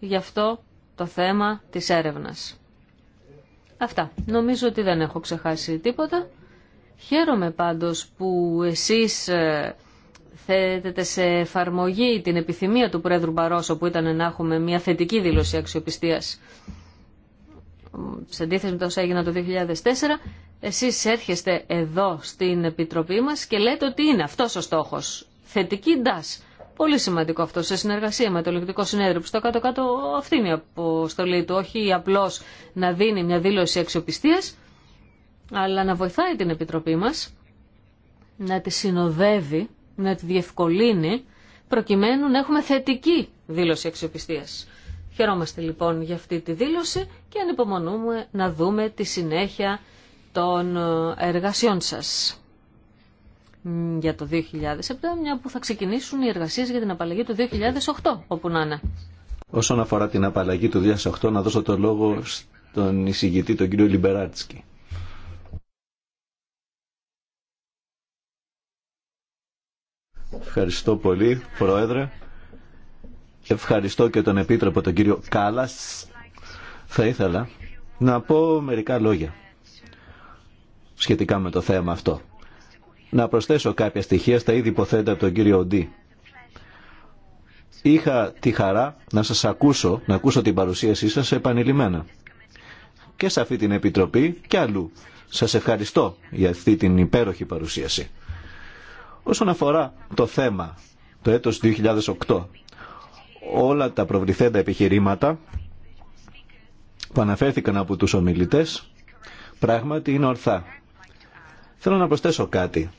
γι' αυτό το θέμα της έρευνας. Αυτά. Νομίζω ότι δεν έχω ξεχάσει τίποτα. Χαίρομαι πάντως που εσείς ε, θέτετε σε εφαρμογή την επιθυμία του Πρόεδρου Μπαρόσο που ήταν να έχουμε μια θετική δήλωση αξιοπιστίας σε αντίθεση με το όσα το 2004, εσείς έρχεστε εδώ στην Επιτροπή μας και λέτε ότι είναι αυτός ο στόχος. Θετική ντάς. Πολύ σημαντικό αυτό, σε συνεργασία με το Ελεκτικό Συνέδριο, που στο κάτω-κάτω αυτή είναι η αποστολή του, όχι απλώς να δίνει μια δήλωση αξιοπιστία, αλλά να βοηθάει την Επιτροπή μας, να τη συνοδεύει, να τη διευκολύνει, προκειμένου να έχουμε θετική δήλωση αξιοπιστία. Χαιρόμαστε λοιπόν για αυτή τη δήλωση και ανυπομονούμε να δούμε τη συνέχεια των εργασιών σας για το 2007, μια που θα ξεκινήσουν οι εργασίες για την απαλλαγή του 2008, όπου να είναι. Όσον αφορά την απαλλαγή του 2008, να δώσω το λόγο στον εισηγητή, τον κύριο Λιμπεράτσκι. Ευχαριστώ πολύ, Πρόεδρε. Ευχαριστώ και τον Επίτροπο, τον κύριο Κάλλας. Θα ήθελα να πω μερικά λόγια σχετικά με το θέμα αυτό. Να προσθέσω κάποια στοιχεία στα ήδη υποθέτα από τον κύριο Ντί. Είχα τη χαρά να σας ακούσω, να ακούσω την παρουσίασή σας επανειλημμένα. Και σε αυτή την Επιτροπή και αλλού. Σας ευχαριστώ για αυτή την υπέροχη παρουσίαση. Όσον αφορά το θέμα, το έτος 2008, όλα τα προβληθέντα επιχειρήματα που αναφέρθηκαν από τους ομιλητές, πράγματι είναι ορθά. Θέλω να προσθέσω κάτι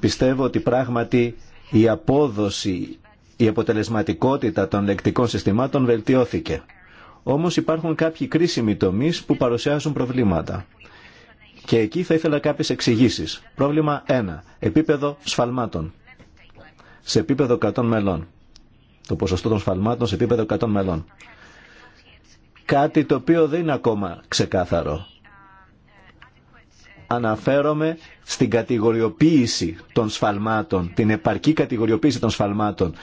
Πιστεύω ότι πράγματι η απόδοση, η αποτελεσματικότητα των λεκτικών συστημάτων βελτιώθηκε. Όμως υπάρχουν κάποιοι κρίσιμοι τομείς που παρουσιάζουν προβλήματα. Και εκεί θα ήθελα κάποιες εξηγήσεις. Πρόβλημα 1. Επίπεδο σφαλμάτων. Σε επίπεδο 100 μελών. Το ποσοστό των σφαλμάτων σε επίπεδο 100 μελών. Κάτι το οποίο δεν είναι ακόμα ξεκάθαρο αναφέρομαι στην κατηγοριοποίηση των σφαλμάτων, την επαρκή κατηγοριοποίηση των σφαλμάτων.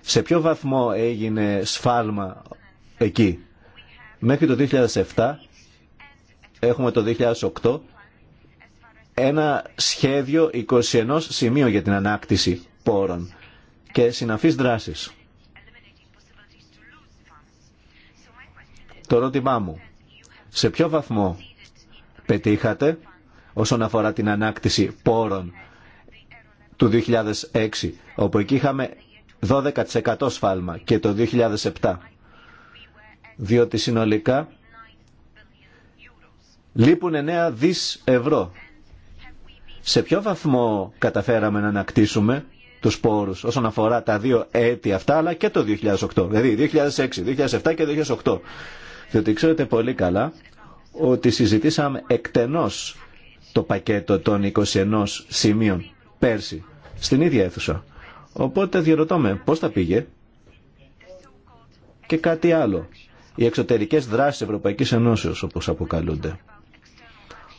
Σε ποιο βαθμό έγινε σφάλμα εκεί. Μέχρι το 2007, έχουμε το 2008, ένα σχέδιο 21 σημείο για την ανάκτηση πόρων και συναφείς δράσεις. Το ερώτημά μου, σε ποιο βαθμό πετύχατε όσον αφορά την ανάκτηση πόρων του 2006, όπου εκεί είχαμε 12% σφάλμα και το 2007, διότι συνολικά λείπουν 9 δις ευρώ. Σε ποιο βαθμό καταφέραμε να ανακτήσουμε τους πόρους όσον αφορά τα δύο έτη αυτά, αλλά και το 2008, δηλαδή 2006, 2007 και 2008. Διότι ξέρετε πολύ καλά ότι συζητήσαμε εκτενώς το πακέτο των 21 σημείων πέρσι στην ίδια αίθουσα. Οπότε διαρωτώ με πώς θα πήγε και κάτι άλλο. Οι εξωτερικές δράσεις Ευρωπαϊκής Ενώσεως όπως αποκαλούνται.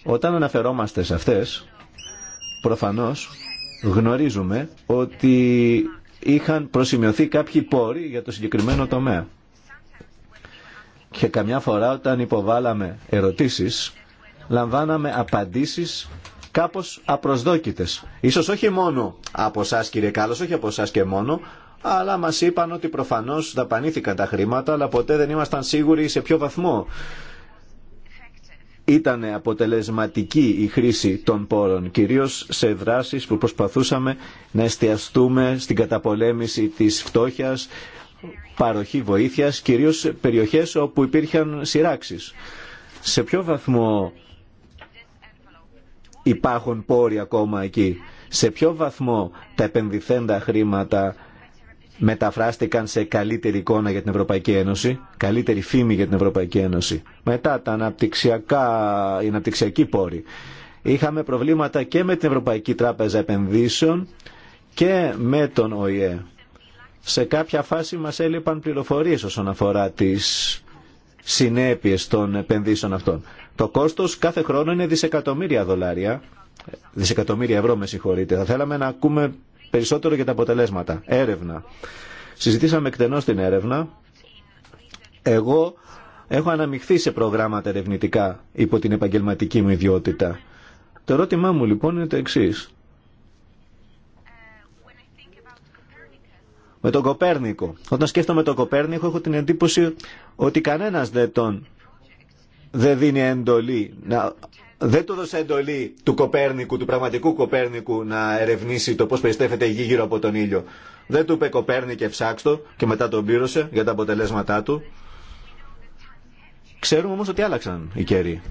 Όταν αναφερόμαστε σε αυτές, προφανώς γνωρίζουμε ότι είχαν προσημειωθεί κάποιοι πόροι για το συγκεκριμένο τομέα. Και καμιά φορά όταν υποβάλαμε ερωτήσεις λαμβάναμε απαντήσεις κάπως απροσδόκητες. Ίσως όχι μόνο από εσά κύριε Κάλλο, όχι από εσά και μόνο, αλλά μας είπαν ότι προφανώς δαπανήθηκαν τα χρήματα, αλλά ποτέ δεν ήμασταν σίγουροι σε ποιο βαθμό ήταν αποτελεσματική η χρήση των πόρων, κυρίως σε δράσεις που προσπαθούσαμε να εστιαστούμε στην καταπολέμηση της φτώχειας, παροχή βοήθειας, κυρίως σε περιοχές όπου υπήρχαν σειράξεις. Σε ποιο βαθμό υπάρχουν πόροι ακόμα εκεί. Σε ποιο βαθμό τα επενδυθέντα χρήματα μεταφράστηκαν σε καλύτερη εικόνα για την Ευρωπαϊκή Ένωση, καλύτερη φήμη για την Ευρωπαϊκή Ένωση. Μετά τα αναπτυξιακά, οι αναπτυξιακοί πόροι. Είχαμε προβλήματα και με την Ευρωπαϊκή Τράπεζα Επενδύσεων και με τον ΟΗΕ. Σε κάποια φάση μας έλειπαν πληροφορίες όσον αφορά τις συνέπειες των επενδύσεων αυτών. Το κόστος κάθε χρόνο είναι δισεκατομμύρια δολάρια, δισεκατομμύρια ευρώ με συγχωρείτε. Θα θέλαμε να ακούμε περισσότερο για τα αποτελέσματα. Έρευνα. Συζητήσαμε εκτενώς την έρευνα. Εγώ έχω αναμειχθεί σε προγράμματα ερευνητικά υπό την επαγγελματική μου ιδιότητα. Το ερώτημά μου λοιπόν είναι το εξή. Με τον Κοπέρνικο. Όταν σκέφτομαι τον Κοπέρνικο έχω την εντύπωση ότι κανένας δεν τον δεν δίνει εντολή, να, δεν του δώσε εντολή του Κοπέρνικου, του πραγματικού Κοπέρνικου να ερευνήσει το πώς περιστρέφεται η γη γύρω από τον ήλιο. Δεν του είπε Κοπέρνικε ψάξτο και μετά τον πλήρωσε για τα αποτελέσματά του. Ξέρουμε όμως ότι άλλαξαν οι καιροί.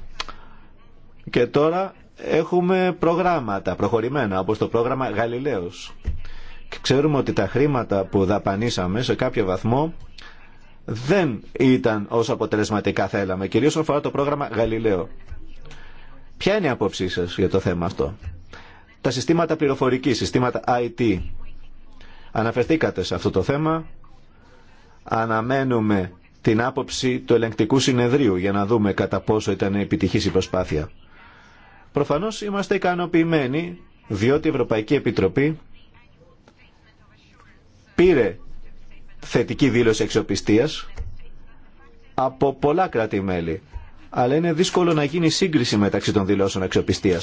Και τώρα έχουμε προγράμματα προχωρημένα, όπως το πρόγραμμα Γαλιλαίος. Και ξέρουμε ότι τα χρήματα που δαπανίσαμε σε κάποιο βαθμό δεν ήταν όσο αποτελεσματικά θέλαμε, κυρίως όσον αφορά το πρόγραμμα Γαλιλαίο. Ποια είναι η άποψή σα για το θέμα αυτό. Τα συστήματα πληροφορικής, συστήματα IT. Αναφερθήκατε σε αυτό το θέμα. Αναμένουμε την άποψη του ελεγκτικού συνεδρίου για να δούμε κατά πόσο ήταν επιτυχής η προσπάθεια. Προφανώ είμαστε ικανοποιημένοι διότι η Ευρωπαϊκή Επιτροπή πήρε θετική αξιοπιστία αξιοπιστίας από πολλά κράτη-μέλη. Αλλά είναι δύσκολο να γίνει σύγκριση μεταξύ των δηλώσεων αξιοπιστία.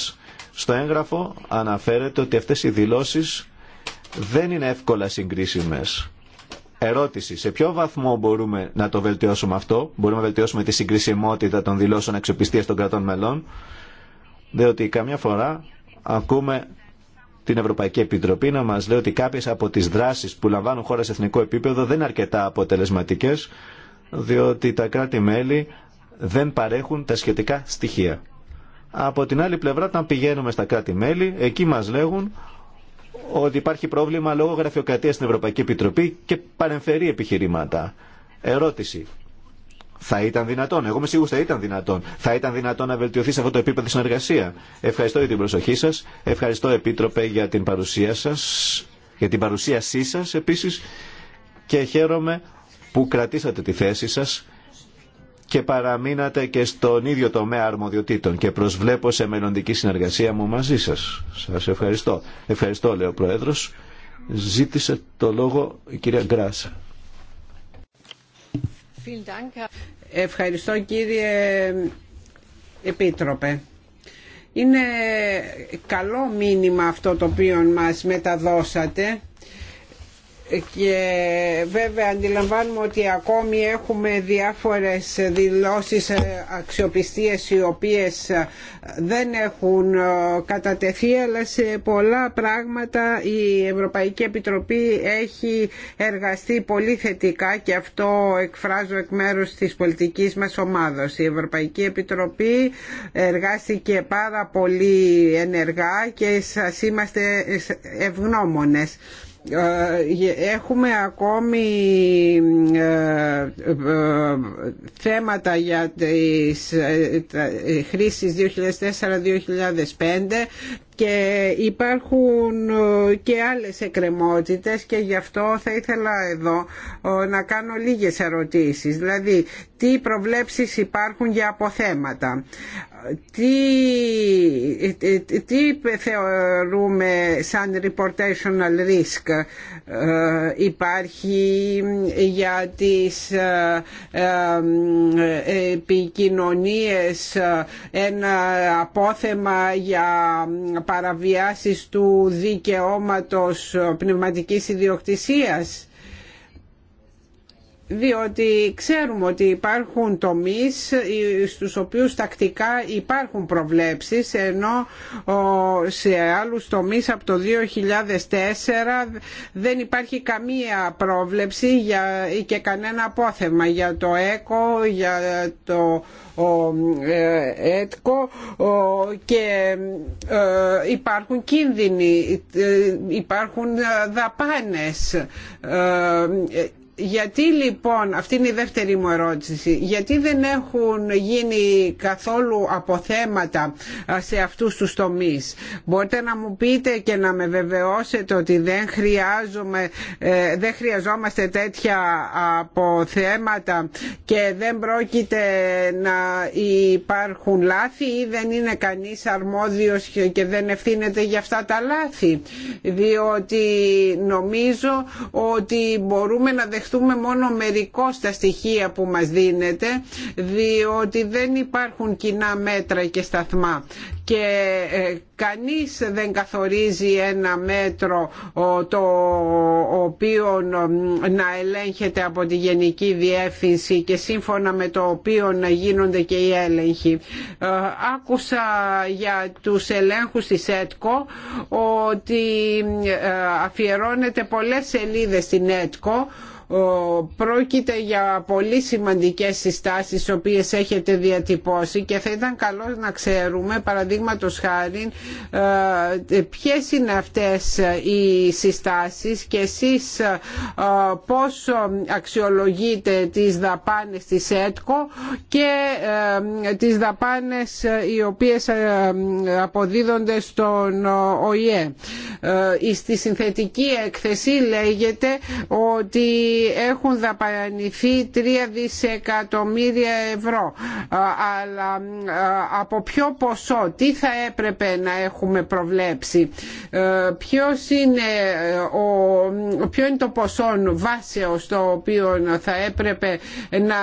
Στο έγγραφο αναφέρεται ότι αυτές οι δηλώσεις δεν είναι εύκολα συγκρίσιμες. Ερώτηση. Σε ποιο βαθμό μπορούμε να το βελτιώσουμε αυτό, μπορούμε να βελτιώσουμε τη συγκρισιμότητα των δηλώσεων αξιοπιστία των κρατών μελών, διότι καμιά φορά ακούμε την Ευρωπαϊκή Επιτροπή να μας λέει ότι κάποιες από τις δράσεις που λαμβάνουν χώρα σε εθνικό επίπεδο δεν είναι αρκετά αποτελεσματικές διότι τα κράτη-μέλη δεν παρέχουν τα σχετικά στοιχεία. Από την άλλη πλευρά, όταν πηγαίνουμε στα κράτη-μέλη, εκεί μας λέγουν ότι υπάρχει πρόβλημα λόγω γραφειοκρατίας στην Ευρωπαϊκή Επιτροπή και παρεμφερεί επιχειρήματα. Ερώτηση. Θα ήταν δυνατόν. Εγώ είμαι σίγουρο θα ήταν δυνατόν. Θα ήταν δυνατόν να βελτιωθεί σε αυτό το επίπεδο συνεργασία. Ευχαριστώ για την προσοχή σα. Ευχαριστώ, Επίτροπε, για την παρουσία σα. Για την παρουσίασή σα επίση. Και χαίρομαι που κρατήσατε τη θέση σας και παραμείνατε και στον ίδιο τομέα αρμοδιοτήτων και προσβλέπω σε μελλοντική συνεργασία μου μαζί σας. Σας ευχαριστώ. Ευχαριστώ, λέει ο Πρόεδρος. Ζήτησε το λόγο η κυρία Γκράσα. Ευχαριστώ κύριε Επίτροπε. Είναι καλό μήνυμα αυτό το οποίο μας μεταδώσατε και βέβαια αντιλαμβάνουμε ότι ακόμη έχουμε διάφορες δηλώσεις ε, αξιοπιστίες οι οποίες ε, δεν έχουν ε, κατατεθεί αλλά σε πολλά πράγματα η Ευρωπαϊκή Επιτροπή έχει εργαστεί πολύ θετικά και αυτό εκφράζω εκ μέρους της πολιτικής μας ομάδος. Η Ευρωπαϊκή Επιτροπή εργάστηκε πάρα πολύ ενεργά και σας είμαστε ευγνώμονες. Ε, έχουμε ακόμη ε, ε, θέματα για τις χρήσεις 2004-2005 και υπάρχουν ε, και άλλες εκκρεμότητες και γι' αυτό θα ήθελα εδώ ε, να κάνω λίγες ερωτήσεις. Δηλαδή, τι προβλέψεις υπάρχουν για αποθέματα. Τι, ε, τι θεωρούμε σαν reportational risk υπάρχει για τις επικοινωνίες ένα απόθεμα για παραβιάσεις του δικαιώματος πνευματικής ιδιοκτησίας διότι ξέρουμε ότι υπάρχουν τομείς ε, στους οποίους τακτικά υπάρχουν προβλέψεις ενώ σε άλλους τομείς από το 2004 δεν υπάρχει καμία πρόβλεψη για, και κανένα απόθεμα για το ΕΚΟ, για το ε, ΕΤΚΟ και ε, υπάρχουν κίνδυνοι, υπάρχουν δαπάνες γιατί λοιπόν, αυτή είναι η δεύτερη μου ερώτηση, γιατί δεν έχουν γίνει καθόλου αποθέματα σε αυτούς τους τομείς. Μπορείτε να μου πείτε και να με βεβαιώσετε ότι δεν, χρειάζομαι, ε, δεν χρειαζόμαστε τέτοια αποθέματα και δεν πρόκειται να υπάρχουν λάθη ή δεν είναι κανείς αρμόδιος και δεν ευθύνεται για αυτά τα λάθη. Διότι νομίζω ότι μπορούμε να δεχτούμε εμπιστευτούμε μόνο μερικό τα στοιχεία που μας δίνεται διότι δεν υπάρχουν κοινά μέτρα και σταθμά και ε, κανείς δεν καθορίζει ένα μέτρο το οποίο να ελέγχεται από τη Γενική Διεύθυνση και σύμφωνα με το οποίο να γίνονται και οι έλεγχοι. Ε, άκουσα για τους ελέγχους της ΕΤΚΟ ότι ε, αφιερώνεται πολλές σελίδες στην ΕΤΚΟ Πρόκειται για πολύ σημαντικές συστάσεις τις οποίες έχετε διατυπώσει και θα ήταν καλό να ξέρουμε παραδείγματο χάρη ε, ποιες είναι αυτές ε, οι συστάσεις και εσείς ε, πώς αξιολογείτε τις δαπάνες της ΕΤΚΟ και τις δαπάνες οι οποίες αποδίδονται στον ΟΗΕ. Στη συνθετική έκθεση λέγεται ότι έχουν δαπανηθεί 3 δισεκατομμύρια ευρώ αλλά από ποιο ποσό, τι θα έπρεπε να έχουμε προβλέψει ε, ποιος είναι ποιο είναι το ποσό βάσεω το οποίο θα έπρεπε να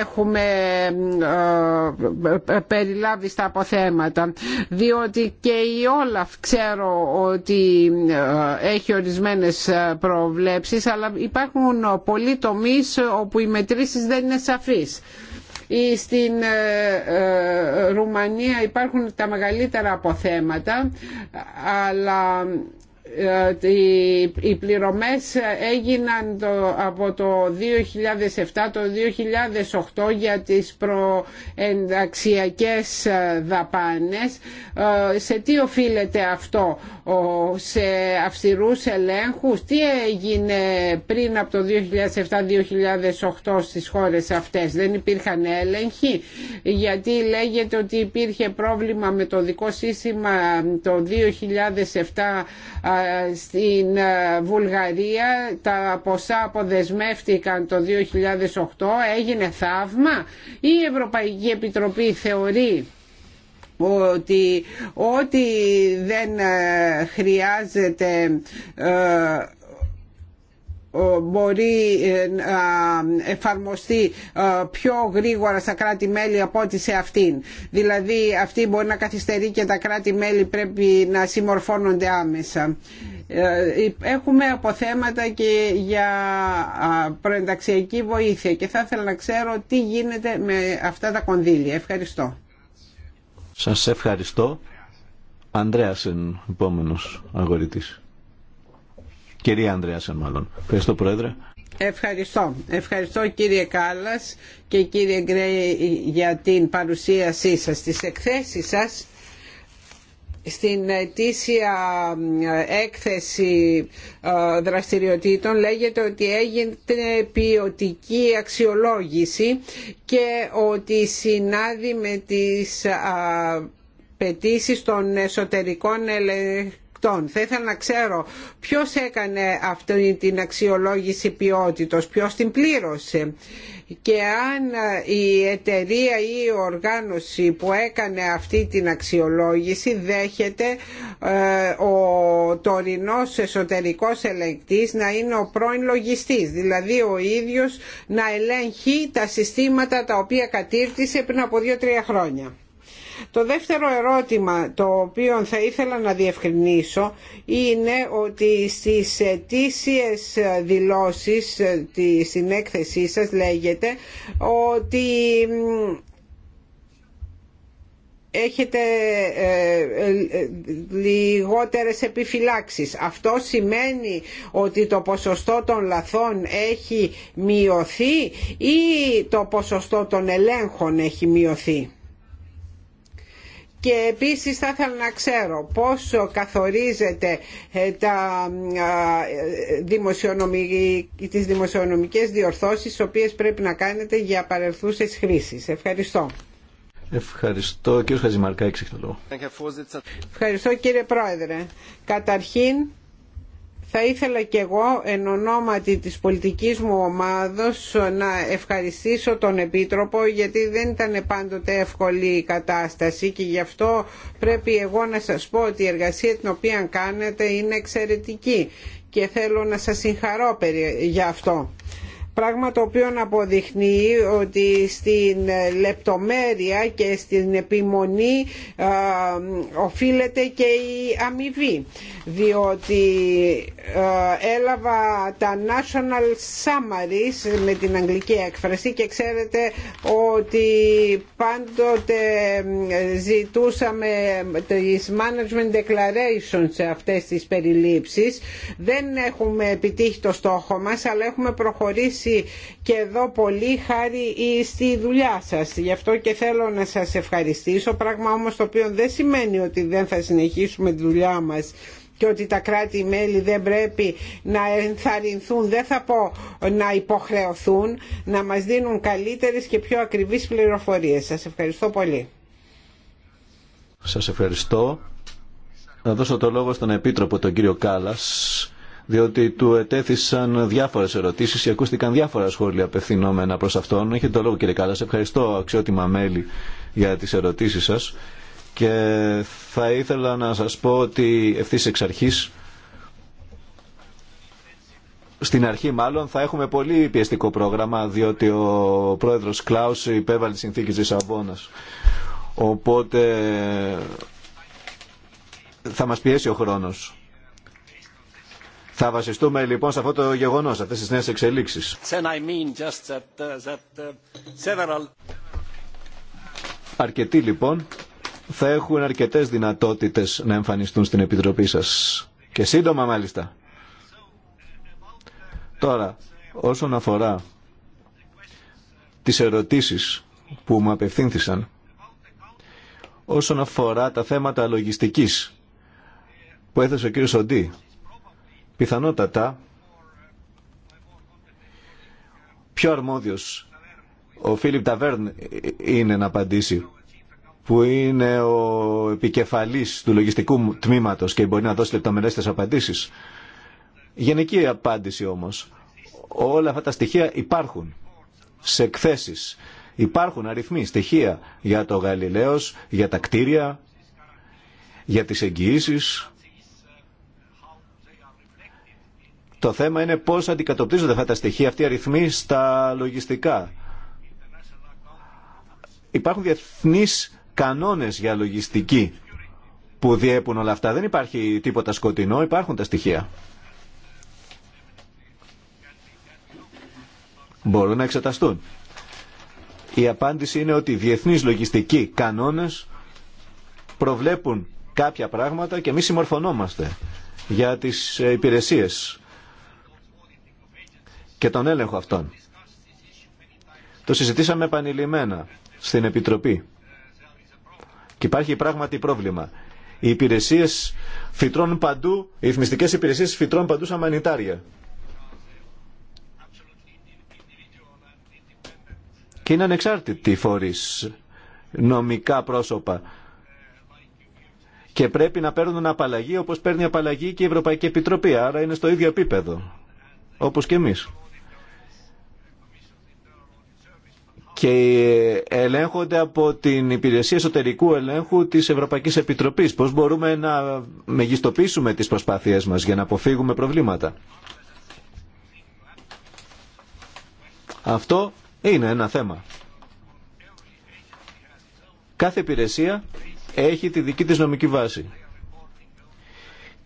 έχουμε ε, περιλάβει στα αποθέματα διότι και η όλα ξέρω ότι ε, έχει ορισμένες προβλέψεις αλλά υπάρχουν υπάρχουν πολλοί τομείς όπου οι μετρήσεις δεν είναι σαφείς. Ή στην ε, ε, Ρουμανία υπάρχουν τα μεγαλύτερα αποθέματα αλλά οι πληρωμές έγιναν το, από το 2007 το 2008 για τις προενταξιακές δαπάνες ε, σε τι οφείλεται αυτό σε αυστηρούς ελέγχους τι έγινε πριν από το 2007-2008 στις χώρες αυτές δεν υπήρχαν έλεγχοι γιατί λέγεται ότι υπήρχε πρόβλημα με το δικό σύστημα το 2007 στην ε, Βουλγαρία τα ποσά αποδεσμεύτηκαν το 2008 έγινε θαύμα ή η Ευρωπαϊκή Επιτροπή θεωρεί ότι ό,τι δεν ε, χρειάζεται ε, μπορεί ε, να εφαρμοστεί ε, πιο γρήγορα στα κράτη-μέλη από ό,τι σε αυτήν. Δηλαδή αυτή μπορεί να καθυστερεί και τα κράτη-μέλη πρέπει να συμμορφώνονται άμεσα. Ε, έχουμε αποθέματα και για προενταξιακή βοήθεια και θα ήθελα να ξέρω τι γίνεται με αυτά τα κονδύλια. Ευχαριστώ. Σας ευχαριστώ. Ανδρέας είναι επόμενος αγορητής. Κυρία Ανδρέασεν μάλλον. Ευχαριστώ Πρόεδρε. Ευχαριστώ. Ευχαριστώ κύριε Κάλλας και κύριε Γκρέι για την παρουσίασή σας, τις εκθέσεις σας στην ετήσια ε, έκθεση ε, δραστηριοτήτων λέγεται ότι έγινε ποιοτική αξιολόγηση και ότι συνάδει με τις ε, απαιτήσει των εσωτερικών ελεγχών θα ήθελα να ξέρω ποιος έκανε αυτή την αξιολόγηση ποιότητος, ποιος την πλήρωσε και αν η εταιρεία ή η οργάνωση που έκανε αυτή την αξιολόγηση δέχεται ε, ο τωρινός εσωτερικός ελεγκτής να είναι ο πρώην δηλαδή ο ίδιος να ελέγχει τα συστήματα τα οποία κατήρτισε πριν από δύο-τρία χρόνια. Το δεύτερο ερώτημα το οποίο θα ήθελα να διευκρινίσω είναι ότι στις αιτήσιες δηλώσεις ε, στην έκθεσή σας λέγεται ότι έχετε ε, ε, λιγότερες επιφυλάξεις. Αυτό σημαίνει ότι το ποσοστό των λαθών έχει μειωθεί ή το ποσοστό των ελέγχων έχει μειωθεί και επίσης θα ήθελα να ξέρω πόσο καθορίζεται ε, τα τις δημοσιονομικές διορθώσεις τις οποίες πρέπει να κάνετε για παρελθούσες χρήσεις. Ευχαριστώ. Ευχαριστώ. Κύριος Χαζημαρκά, Ευχαριστώ κύριε Πρόεδρε. Καταρχήν θα ήθελα και εγώ εν ονόματι της πολιτικής μου ομάδος να ευχαριστήσω τον Επίτροπο γιατί δεν ήταν πάντοτε εύκολη η κατάσταση και γι' αυτό πρέπει εγώ να σας πω ότι η εργασία την οποία κάνετε είναι εξαιρετική και θέλω να σας συγχαρώ για αυτό. Πράγμα το οποίο αποδειχνεί ότι στην λεπτομέρεια και στην επιμονή οφείλεται και η αμοιβή. Διότι έλαβα τα National Summaries με την αγγλική έκφραση και ξέρετε ότι πάντοτε ζητούσαμε τις Management Declarations σε αυτές τις περιλήψεις. Δεν έχουμε επιτύχει το στόχο μας αλλά έχουμε προχωρήσει και εδώ πολύ χάρη στη δουλειά σας. Γι' αυτό και θέλω να σας ευχαριστήσω, πράγμα όμως το οποίο δεν σημαίνει ότι δεν θα συνεχίσουμε τη δουλειά μας και ότι τα κράτη-μέλη δεν πρέπει να ενθαρρυνθούν, δεν θα πω να υποχρεωθούν, να μας δίνουν καλύτερες και πιο ακριβείς πληροφορίες. Σας ευχαριστώ πολύ. Σας ευχαριστώ. Να δώσω το λόγο στον Επίτροπο, τον κύριο Κάλλας, διότι του ετέθησαν διάφορες ερωτήσεις και ακούστηκαν διάφορα σχόλια απευθυνόμενα προς αυτόν. Έχετε το λόγο κύριε σε Ευχαριστώ αξιότιμα μέλη για τις ερωτήσεις σας και θα ήθελα να σας πω ότι ευθύς εξ αρχής στην αρχή μάλλον θα έχουμε πολύ πιεστικό πρόγραμμα διότι ο πρόεδρος Κλάους υπέβαλε τις συνθήκες της Αβώνας. Οπότε θα μας πιέσει ο χρόνος. Θα βασιστούμε λοιπόν σε αυτό το γεγονός, σε αυτές τις νέες εξελίξεις. Uh, uh, Αρκετοί λοιπόν θα έχουν αρκετέ δυνατότητες να εμφανιστούν στην Επιτροπή σας. Και σύντομα μάλιστα. Τώρα, όσον αφορά τις ερωτήσεις που μου απευθύνθησαν, όσον αφορά τα θέματα λογιστικής που έθεσε ο κύριος Σοντή, πιθανότατα πιο αρμόδιος ο Φίλιπ Ταβέρν είναι να απαντήσει που είναι ο επικεφαλής του λογιστικού τμήματος και μπορεί να δώσει λεπτομερέστερες απαντήσεις. Γενική απάντηση όμως. Όλα αυτά τα στοιχεία υπάρχουν σε εκθέσεις. Υπάρχουν αριθμοί, στοιχεία για το Γαλιλαίος, για τα κτίρια, για τις εγγυήσεις, Το θέμα είναι πώς αντικατοπτρίζονται αυτά τα στοιχεία, αυτοί οι αριθμοί στα λογιστικά. Υπάρχουν διεθνείς κανόνες για λογιστική που διέπουν όλα αυτά. Δεν υπάρχει τίποτα σκοτεινό, υπάρχουν τα στοιχεία. Μπορούν να εξεταστούν. Η απάντηση είναι ότι οι διεθνείς λογιστικοί κανόνες προβλέπουν κάποια πράγματα και εμείς συμμορφωνόμαστε για τις υπηρεσίες και τον έλεγχο αυτών. Το συζητήσαμε επανειλημμένα στην Επιτροπή. Και υπάρχει πράγματι πρόβλημα. Οι υπηρεσίες φυτρώνουν παντού, οι ρυθμιστικέ υπηρεσίες φυτρώνουν παντού σαν μανιτάρια. Και είναι ανεξάρτητοι φορεί νομικά πρόσωπα. Και πρέπει να παίρνουν απαλλαγή όπως παίρνει απαλλαγή και η Ευρωπαϊκή Επιτροπή. Άρα είναι στο ίδιο επίπεδο, Όπω και εμεί. και ελέγχονται από την Υπηρεσία Εσωτερικού Ελέγχου της Ευρωπαϊκής Επιτροπής. Πώς μπορούμε να μεγιστοποιήσουμε τις προσπάθειές μας για να αποφύγουμε προβλήματα. Αυτό είναι ένα θέμα. Κάθε υπηρεσία έχει τη δική της νομική βάση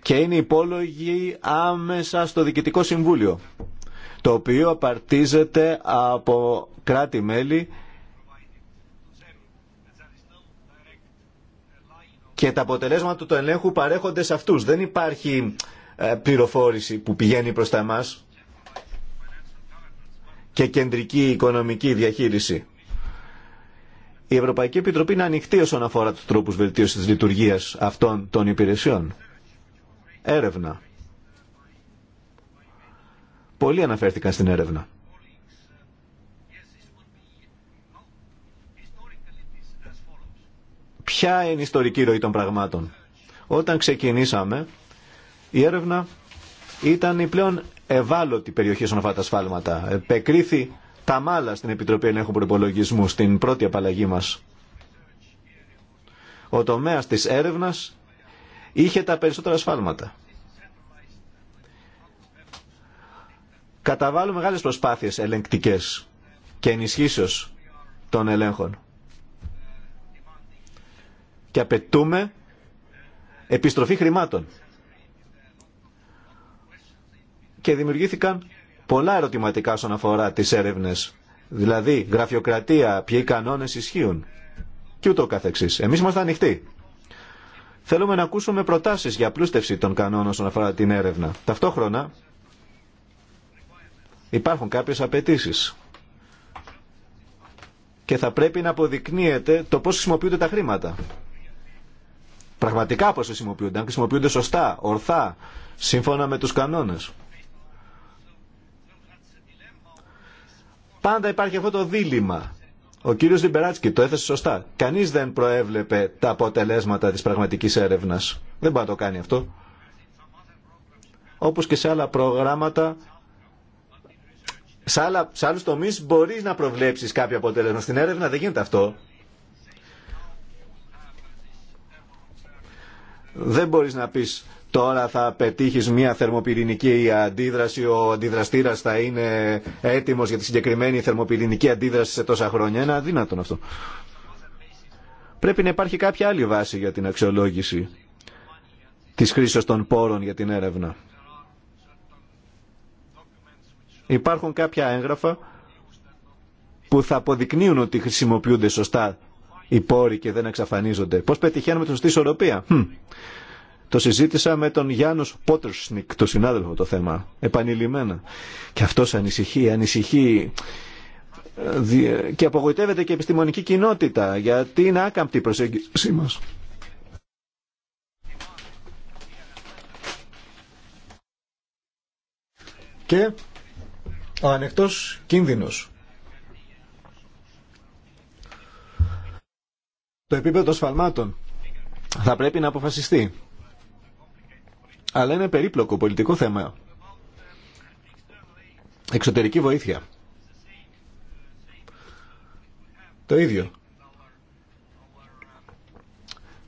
και είναι υπόλογη άμεσα στο Διοικητικό Συμβούλιο το οποίο απαρτίζεται από κράτη-μέλη και τα αποτελέσματα του ελέγχου παρέχονται σε αυτούς. Δεν υπάρχει ε, πληροφόρηση που πηγαίνει προς τα εμάς και κεντρική οικονομική διαχείριση. Η Ευρωπαϊκή Επιτροπή είναι ανοιχτή όσον αφορά τους τρόπους βελτίωσης της λειτουργίας αυτών των υπηρεσιών. Έρευνα Πολλοί αναφέρθηκαν στην έρευνα. Ποια είναι η ιστορική ροή των πραγμάτων. Όταν ξεκινήσαμε, η έρευνα ήταν η πλέον ευάλωτη περιοχή στον αυτά τα σφάλματα. Επεκρίθη τα μάλα στην Επιτροπή Ενέχου Προπολογισμού, στην πρώτη απαλλαγή μας. Ο τομέας της έρευνας είχε τα περισσότερα σφάλματα. καταβάλουν μεγάλες προσπάθειες ελεγκτικές και ενισχύσεως των ελέγχων. Και απαιτούμε επιστροφή χρημάτων. Και δημιουργήθηκαν πολλά ερωτηματικά όσον αφορά τι έρευνε, Δηλαδή, γραφειοκρατία, ποιοι κανόνες ισχύουν και ούτω καθεξής. Εμείς είμαστε ανοιχτοί. Θέλουμε να ακούσουμε προτάσεις για πλούστευση των κανόνων όσον αφορά την έρευνα. Ταυτόχρονα, Υπάρχουν κάποιες απαιτήσει. Και θα πρέπει να αποδεικνύεται το πώς χρησιμοποιούνται τα χρήματα. Πραγματικά πώς χρησιμοποιούνται, αν χρησιμοποιούνται σωστά, ορθά, σύμφωνα με τους κανόνες. Πάντα υπάρχει αυτό το δίλημα. Ο κύριος Λιμπεράτσκι το έθεσε σωστά. Κανείς δεν προέβλεπε τα αποτελέσματα της πραγματικής έρευνας. Δεν μπορεί να το κάνει αυτό. Όπως και σε άλλα προγράμματα σε, άλλου τομεί άλλους μπορείς να προβλέψεις κάποιο αποτέλεσμα. Στην έρευνα δεν γίνεται αυτό. Δεν μπορείς να πεις τώρα θα πετύχεις μια θερμοπυρηνική αντίδραση, ο αντιδραστήρας θα είναι έτοιμος για τη συγκεκριμένη θερμοπυρηνική αντίδραση σε τόσα χρόνια. Είναι αδύνατον αυτό. Πρέπει να υπάρχει κάποια άλλη βάση για την αξιολόγηση της χρήσης των πόρων για την έρευνα. Υπάρχουν κάποια έγγραφα που θα αποδεικνύουν ότι χρησιμοποιούνται σωστά οι πόροι και δεν εξαφανίζονται. Πώς πετυχαίνουμε τη σωστή ισορροπία. Hm. Το συζήτησα με τον Γιάννου Πότερσνικ, το συνάδελφο το θέμα, επανειλημμένα. Και αυτός ανησυχεί, ανησυχεί και απογοητεύεται και η επιστημονική κοινότητα γιατί είναι άκαμπτη η προσέγγιση μας ο ανεκτός κίνδυνος. Το επίπεδο των σφαλμάτων θα πρέπει να αποφασιστεί. Αλλά είναι περίπλοκο πολιτικό θέμα. Εξωτερική βοήθεια. Το ίδιο.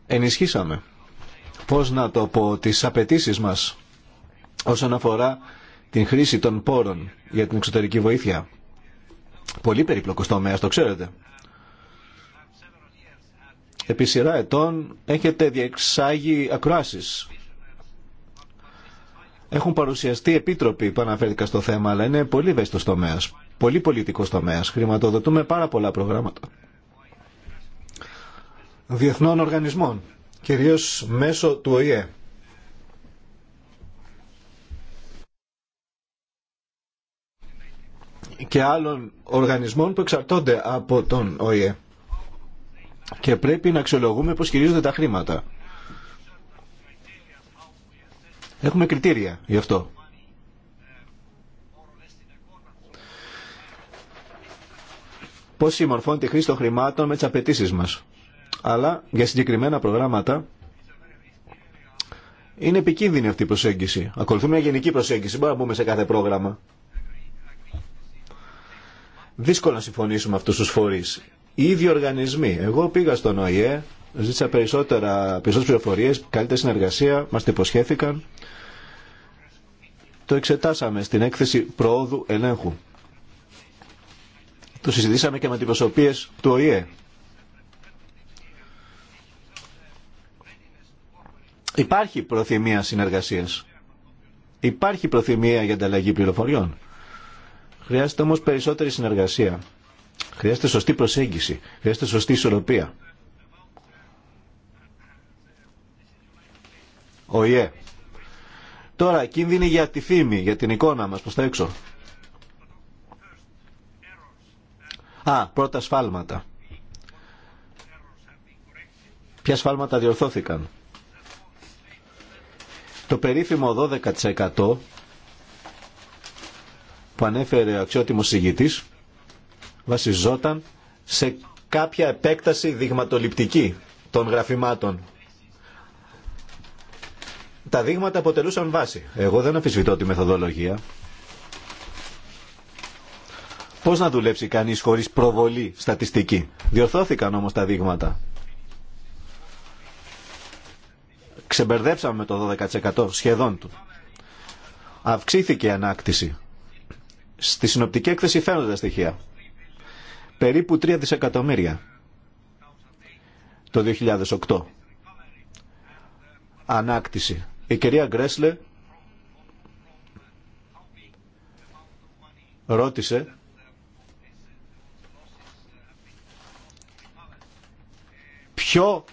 Ενισχύσαμε. Πώς να το πω, τις απαιτήσει μας όσον αφορά την χρήση των πόρων για την εξωτερική βοήθεια. Πολύ περίπλοκος τομέας, το ξέρετε. Επί σειρά ετών έχετε διεξάγει ακροάσεις. Έχουν παρουσιαστεί επίτροποι που αναφέρθηκαν στο θέμα, αλλά είναι πολύ ευαίσθητος τομέας, πολύ πολιτικός τομέας. Χρηματοδοτούμε πάρα πολλά προγράμματα διεθνών οργανισμών, κυρίως μέσω του ΟΗΕ. και άλλων οργανισμών που εξαρτώνται από τον ΟΗΕ. Και πρέπει να αξιολογούμε πώς χειρίζονται τα χρήματα. Έχουμε κριτήρια γι' αυτό. Πώς συμμορφώνεται η χρήση των χρημάτων με τις απαιτήσει μας. Αλλά για συγκεκριμένα προγράμματα είναι επικίνδυνη αυτή η προσέγγιση. Ακολουθούμε μια γενική προσέγγιση. Μπορούμε να μπούμε σε κάθε πρόγραμμα δύσκολο να συμφωνήσουμε με αυτούς τους φορείς. Οι ίδιοι οργανισμοί. Εγώ πήγα στον ΟΗΕ, ζήτησα περισσότερα, περισσότερες πληροφορίες, καλύτερη συνεργασία, μας το υποσχέθηκαν. Το εξετάσαμε στην έκθεση προόδου ελέγχου. Το συζητήσαμε και με αντιπροσωπείε του ΟΗΕ. Υπάρχει προθυμία συνεργασίας. Υπάρχει προθυμία για ανταλλαγή πληροφοριών. Χρειάζεται όμως περισσότερη συνεργασία. Χρειάζεται σωστή προσέγγιση. Χρειάζεται σωστή ισορροπία. Ο ΙΕ. Τώρα, κίνδυνοι για τη φήμη, για την εικόνα μας προς τα έξω. Α, πρώτα σφάλματα. Ποια σφάλματα διορθώθηκαν. Το περίφημο 12% που ανέφερε ο αξιότιμος συγγητής βασιζόταν σε κάποια επέκταση δειγματοληπτική των γραφημάτων. Τα δείγματα αποτελούσαν βάση. Εγώ δεν αμφισβητώ τη μεθοδολογία. Πώς να δουλέψει κανείς χωρίς προβολή στατιστική. Διορθώθηκαν όμως τα δείγματα. Ξεμπερδέψαμε το 12% σχεδόν του. Αυξήθηκε η ανάκτηση Στη συνοπτική έκθεση φαίνονται τα στοιχεία. Περίπου 3 δισεκατομμύρια το 2008. Ανάκτηση. Η κυρία Γκρέσλε ρώτησε ποιο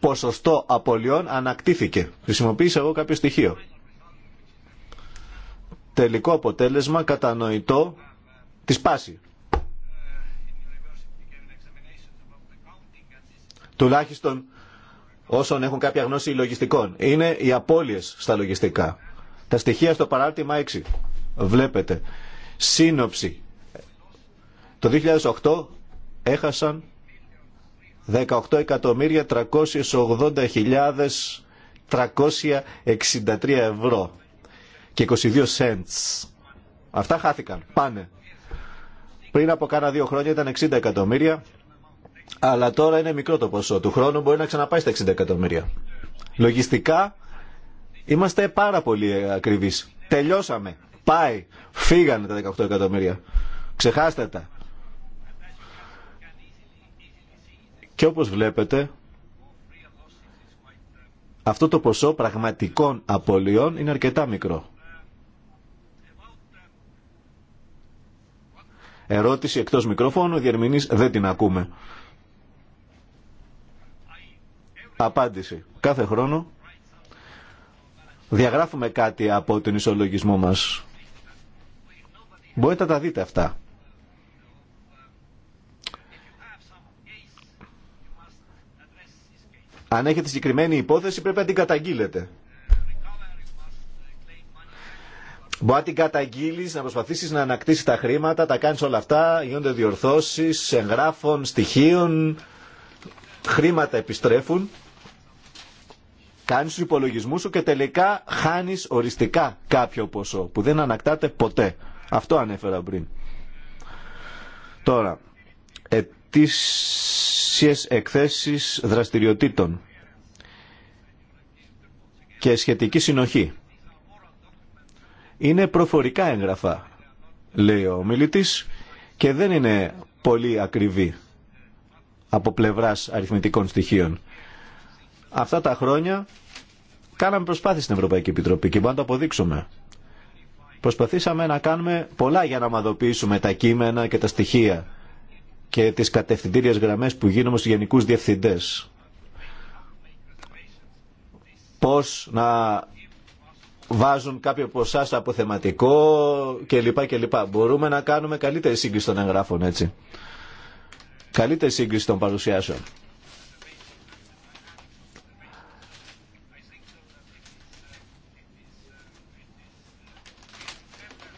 ποσοστό απολειών ανακτήθηκε. Χρησιμοποίησα εγώ κάποιο στοιχείο τελικό αποτέλεσμα κατανοητό της πάση. Τουλάχιστον όσων έχουν κάποια γνώση λογιστικών. Είναι οι απώλειες στα λογιστικά. Τα στοιχεία στο παράρτημα 6. Βλέπετε. Σύνοψη. Το 2008 έχασαν 18.380.363 ευρώ και 22 cents. Αυτά χάθηκαν. Πάνε. Πριν από κάνα δύο χρόνια ήταν 60 εκατομμύρια, αλλά τώρα είναι μικρό το ποσό. Του χρόνου μπορεί να ξαναπάει στα 60 εκατομμύρια. Λογιστικά είμαστε πάρα πολύ ακριβείς. Τελειώσαμε. Πάει. Φύγανε τα 18 εκατομμύρια. Ξεχάστε τα. Και όπως βλέπετε, αυτό το ποσό πραγματικών απολειών είναι αρκετά μικρό. Ερώτηση εκτός μικρόφωνου, διερμηνής δεν την ακούμε. Απάντηση. Κάθε χρόνο διαγράφουμε κάτι από τον ισολογισμό μας. Μπορείτε να τα δείτε αυτά. Αν έχετε συγκεκριμένη υπόθεση πρέπει να την καταγγείλετε. Μπορεί να την καταγγείλει, να προσπαθήσει να ανακτήσει τα χρήματα, τα κάνει όλα αυτά, γίνονται διορθώσει εγγράφων, στοιχείων, χρήματα επιστρέφουν. Κάνει του υπολογισμού σου και τελικά χάνει οριστικά κάποιο ποσό που δεν ανακτάται ποτέ. Αυτό ανέφερα πριν. Τώρα, ετήσιε εκθέσει δραστηριοτήτων και σχετική συνοχή είναι προφορικά έγγραφα, λέει ο μιλητή και δεν είναι πολύ ακριβή από πλευράς αριθμητικών στοιχείων. Αυτά τα χρόνια κάναμε προσπάθειες στην Ευρωπαϊκή Επιτροπή και μπορούμε να το αποδείξουμε. Προσπαθήσαμε να κάνουμε πολλά για να ομαδοποιήσουμε τα κείμενα και τα στοιχεία και τις κατευθυντήριες γραμμές που γίνουμε στους γενικούς διευθυντές. Πώς να βάζουν κάποιο ποσά και αποθεματικό κλπ. Μπορούμε να κάνουμε καλύτερη σύγκριση των εγγράφων έτσι. Καλύτερη σύγκριση των παρουσιάσεων.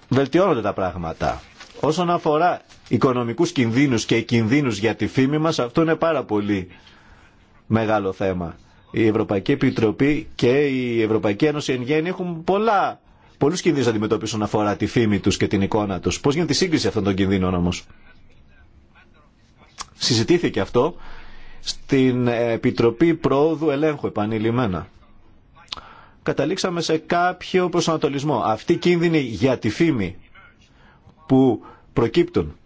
Βελτιώνονται τα πράγματα. Όσον αφορά οικονομικούς κινδύνους και κινδύνους για τη φήμη μας, αυτό είναι πάρα πολύ μεγάλο θέμα η Ευρωπαϊκή Επιτροπή και η Ευρωπαϊκή Ένωση εν γέννη έχουν πολλά, πολλούς κινδύνους να αντιμετωπίσουν αφορά τη φήμη τους και την εικόνα τους. Πώς γίνεται η σύγκριση αυτών των κινδύνων όμως. Συζητήθηκε αυτό στην Επιτροπή Πρόοδου Ελέγχου επανειλημμένα. Καταλήξαμε σε κάποιο προσανατολισμό. Αυτή η κίνδυνοι για τη φήμη που προκύπτουν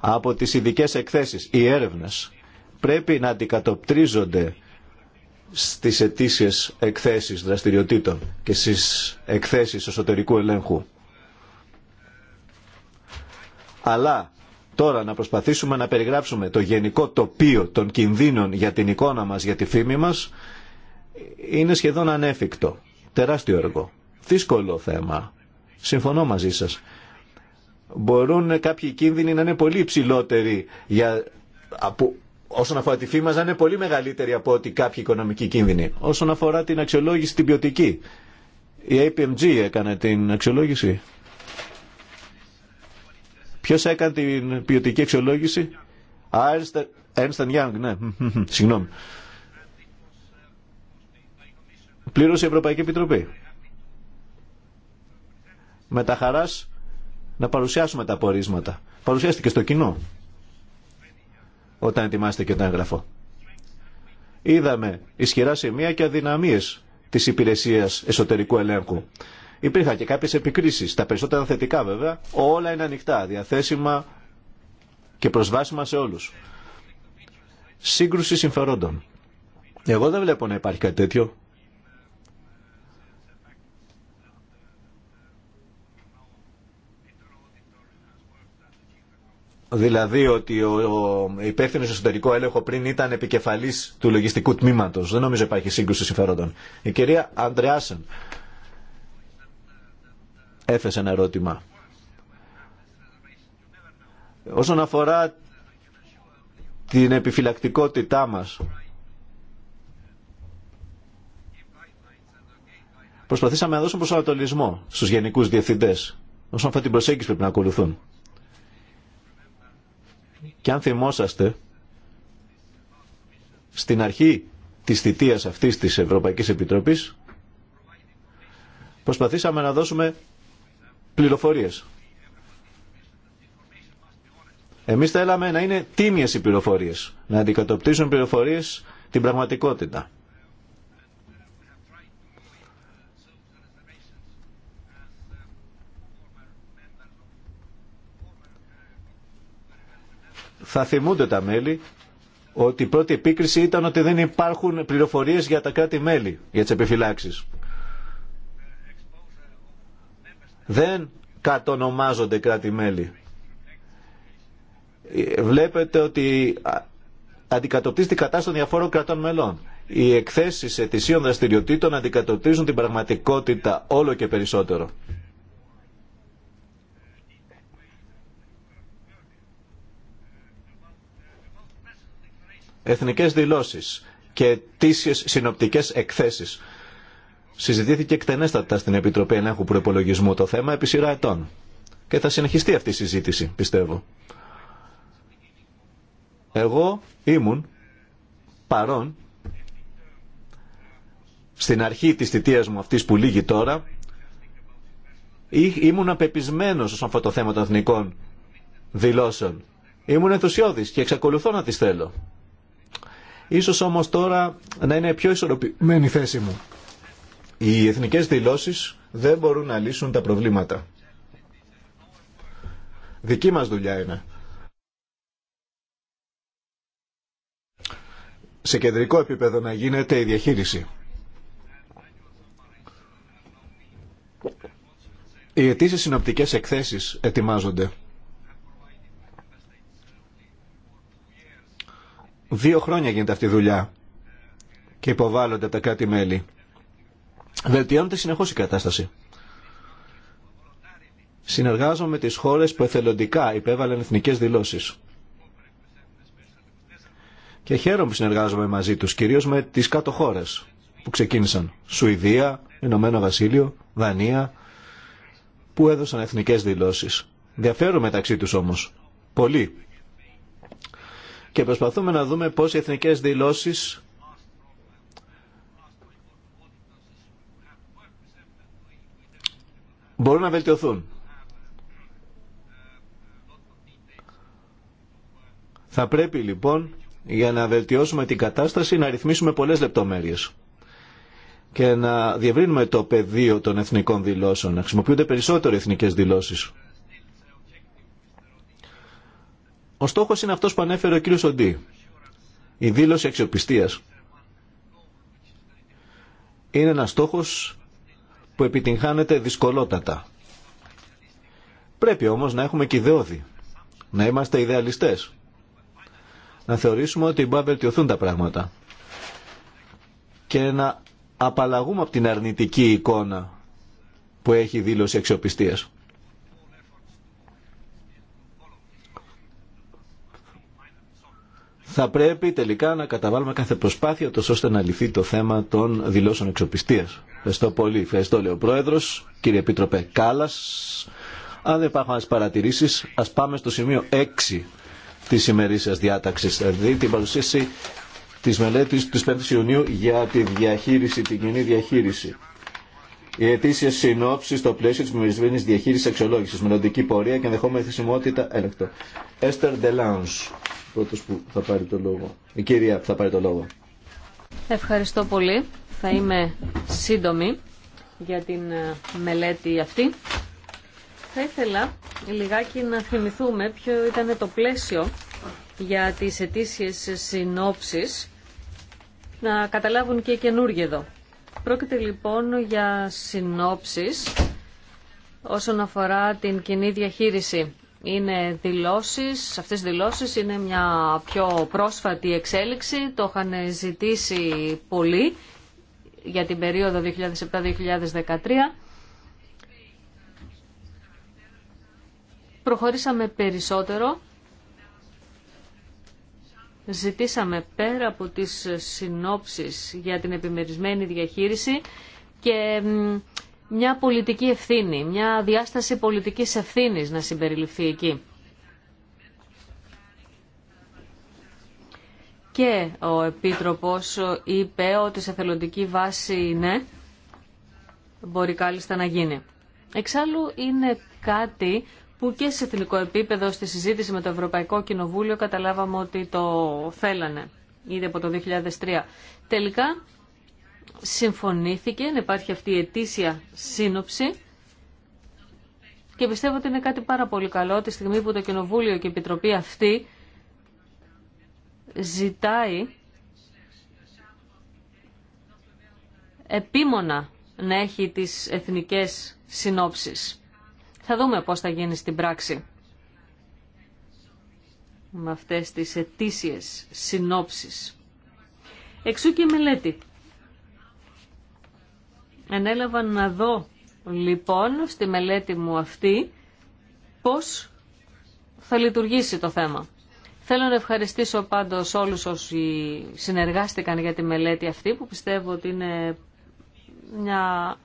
από τις ειδικές εκθέσεις, οι έρευνες, πρέπει να αντικατοπτρίζονται στις ετήσιες εκθέσεις δραστηριοτήτων και στις εκθέσεις εσωτερικού ελέγχου. Αλλά τώρα να προσπαθήσουμε να περιγράψουμε το γενικό τοπίο των κινδύνων για την εικόνα μας, για τη φήμη μας, είναι σχεδόν ανέφικτο. Τεράστιο έργο. Δύσκολο θέμα. Συμφωνώ μαζί σας. Μπορούν κάποιοι κίνδυνοι να είναι πολύ υψηλότεροι για, από, όσον αφορά τη φήμαζα είναι πολύ μεγαλύτερη από ότι κάποιοι οικονομικοί κίνδυνοι. Όσον αφορά την αξιολόγηση την ποιοτική, η APMG έκανε την αξιολόγηση. Ποιο έκανε την ποιοτική αξιολόγηση? Ernst Young, ναι. Συγγνώμη. Πλήρωσε η Ευρωπαϊκή Επιτροπή. Με τα χαράς να παρουσιάσουμε τα απορίσματα. Παρουσιάστηκε στο κοινό όταν και όταν γράφω. Είδαμε ισχυρά σημεία και αδυναμίες της υπηρεσίας εσωτερικού ελέγχου. Υπήρχαν και κάποιε επικρίσεις, τα περισσότερα θετικά βέβαια, όλα είναι ανοιχτά, διαθέσιμα και προσβάσιμα σε όλους. Σύγκρουση συμφερόντων. Εγώ δεν βλέπω να υπάρχει κάτι τέτοιο. Δηλαδή ότι ο υπεύθυνο εσωτερικό έλεγχο πριν ήταν επικεφαλή του λογιστικού τμήματο. Δεν νομίζω υπάρχει σύγκρουση συμφερόντων. Η κυρία Αντρεάσεν έθεσε ένα ερώτημα. Όσον αφορά την επιφυλακτικότητά μας, προσπαθήσαμε να δώσουμε προσανατολισμό στους γενικούς διευθυντές όσον αφορά την προσέγγιση πρέπει να ακολουθούν. Και αν θυμόσαστε, στην αρχή της θητείας αυτής της Ευρωπαϊκής Επιτροπής προσπαθήσαμε να δώσουμε πληροφορίες. Εμείς θέλαμε να είναι τίμιες οι πληροφορίες, να αντικατοπτήσουν πληροφορίες την πραγματικότητα. θα θυμούνται τα μέλη ότι η πρώτη επίκριση ήταν ότι δεν υπάρχουν πληροφορίες για τα κράτη-μέλη, για τις επιφυλάξεις. Δεν κατονομάζονται κράτη-μέλη. Βλέπετε ότι αντικατοπτήσει την κατάσταση των διαφόρων κρατών μελών. Οι εκθέσει ετησίων δραστηριοτήτων αντικατοπτρίζουν την πραγματικότητα όλο και περισσότερο. εθνικές δηλώσεις και αιτήσιες συνοπτικές εκθέσεις. Συζητήθηκε εκτενέστατα στην Επιτροπή Ενέχου Προπολογισμού το θέμα επί σειρά ετών. Και θα συνεχιστεί αυτή η συζήτηση, πιστεύω. Εγώ ήμουν παρόν στην αρχή της θητείας μου αυτής που λύγει τώρα ήμουν απεπισμένος όσον αυτό το θέμα των εθνικών δηλώσεων. Ήμουν ενθουσιώδης και εξακολουθώ να τις θέλω. Ίσως όμως τώρα να είναι πιο ισορροπημένη η θέση μου. Οι εθνικές δηλώσεις δεν μπορούν να λύσουν τα προβλήματα. Δική μας δουλειά είναι. Σε κεντρικό επίπεδο να γίνεται η διαχείριση. Οι αιτήσεις συνοπτικές εκθέσεις ετοιμάζονται. Δύο χρόνια γίνεται αυτή η δουλειά και υποβάλλονται τα κάτι μελη Βελτιώνεται συνεχώς η κατάσταση. Συνεργάζομαι με τις χώρες που εθελοντικά υπέβαλαν εθνικές δηλώσεις. Και χαίρομαι που συνεργάζομαι μαζί τους, κυρίως με τις κάτω χώρες που ξεκίνησαν. Σουηδία, Ηνωμένο Βασίλειο, Δανία, που έδωσαν εθνικές δηλώσεις. Διαφέρουν μεταξύ τους όμως. Πολύ και προσπαθούμε να δούμε πώς οι εθνικές δηλώσεις μπορούν να βελτιωθούν. Θα πρέπει λοιπόν για να βελτιώσουμε την κατάσταση να ρυθμίσουμε πολλές λεπτομέρειες και να διευρύνουμε το πεδίο των εθνικών δηλώσεων, να χρησιμοποιούνται περισσότερο εθνικές δηλώσεις. Ο στόχος είναι αυτός που ανέφερε ο κύριος Σοντή. Η δήλωση αξιοπιστίας είναι ένας στόχος που επιτυγχάνεται δυσκολότατα. Πρέπει όμως να έχουμε και ιδεώδη, να είμαστε ιδεαλιστές, να θεωρήσουμε ότι μπορεί να βελτιωθούν τα πράγματα και να απαλλαγούμε από την αρνητική εικόνα που έχει δήλωση αξιοπιστίας. θα πρέπει τελικά να καταβάλουμε κάθε προσπάθεια τόσο ώστε να λυθεί το θέμα των δηλώσεων εξοπιστίας. Ευχαριστώ πολύ. Ευχαριστώ λέει ο Πρόεδρος, κύριε Επίτροπε Κάλλας. Αν δεν υπάρχουν άλλες παρατηρήσεις, ας πάμε στο σημείο 6 της ημερήσιας διάταξης, δηλαδή την παρουσίαση της μελέτης του 5 Ιουνίου για τη διαχείριση, την κοινή διαχείριση. Οι αιτήσει συνόψει στο πλαίσιο τη μεμερισμένη διαχείριση αξιολόγηση, μελλοντική πορεία και ενδεχόμενη θυσιμότητα έλεγχο. Έστερ πρώτος που θα πάρει το λόγο. Η κυρία που θα πάρει το λόγο. Ευχαριστώ πολύ. Θα είμαι σύντομη για την ε, μελέτη αυτή. Θα ήθελα λιγάκι να θυμηθούμε ποιο ήταν το πλαίσιο για τις ετήσιες συνόψεις να καταλάβουν και καινούργοι εδώ. Πρόκειται λοιπόν για συνόψεις όσον αφορά την κοινή διαχείριση είναι δηλώσεις, αυτές οι δηλώσεις είναι μια πιο πρόσφατη εξέλιξη, το είχαν ζητήσει πολύ για την περίοδο 2007-2013. Προχωρήσαμε περισσότερο, ζητήσαμε πέρα από τις συνόψεις για την επιμερισμένη διαχείριση και μια πολιτική ευθύνη, μια διάσταση πολιτικής ευθύνης να συμπεριληφθεί εκεί. Και ο Επίτροπος είπε ότι σε θελοντική βάση ναι, μπορεί κάλλιστα να γίνει. Εξάλλου είναι κάτι που και σε εθνικό επίπεδο στη συζήτηση με το Ευρωπαϊκό Κοινοβούλιο καταλάβαμε ότι το θέλανε ήδη από το 2003. Τελικά συμφωνήθηκε να υπάρχει αυτή η ετήσια σύνοψη και πιστεύω ότι είναι κάτι πάρα πολύ καλό τη στιγμή που το Κοινοβούλιο και η Επιτροπή αυτή ζητάει επίμονα να έχει τις εθνικές συνόψεις. Θα δούμε πώς θα γίνει στην πράξη με αυτές τις ετήσιες συνόψεις. Εξού και η μελέτη Ανέλαβα να δω λοιπόν στη μελέτη μου αυτή πώς θα λειτουργήσει το θέμα. Θέλω να ευχαριστήσω πάντως όλους όσοι συνεργάστηκαν για τη μελέτη αυτή που πιστεύω ότι, είναι μια...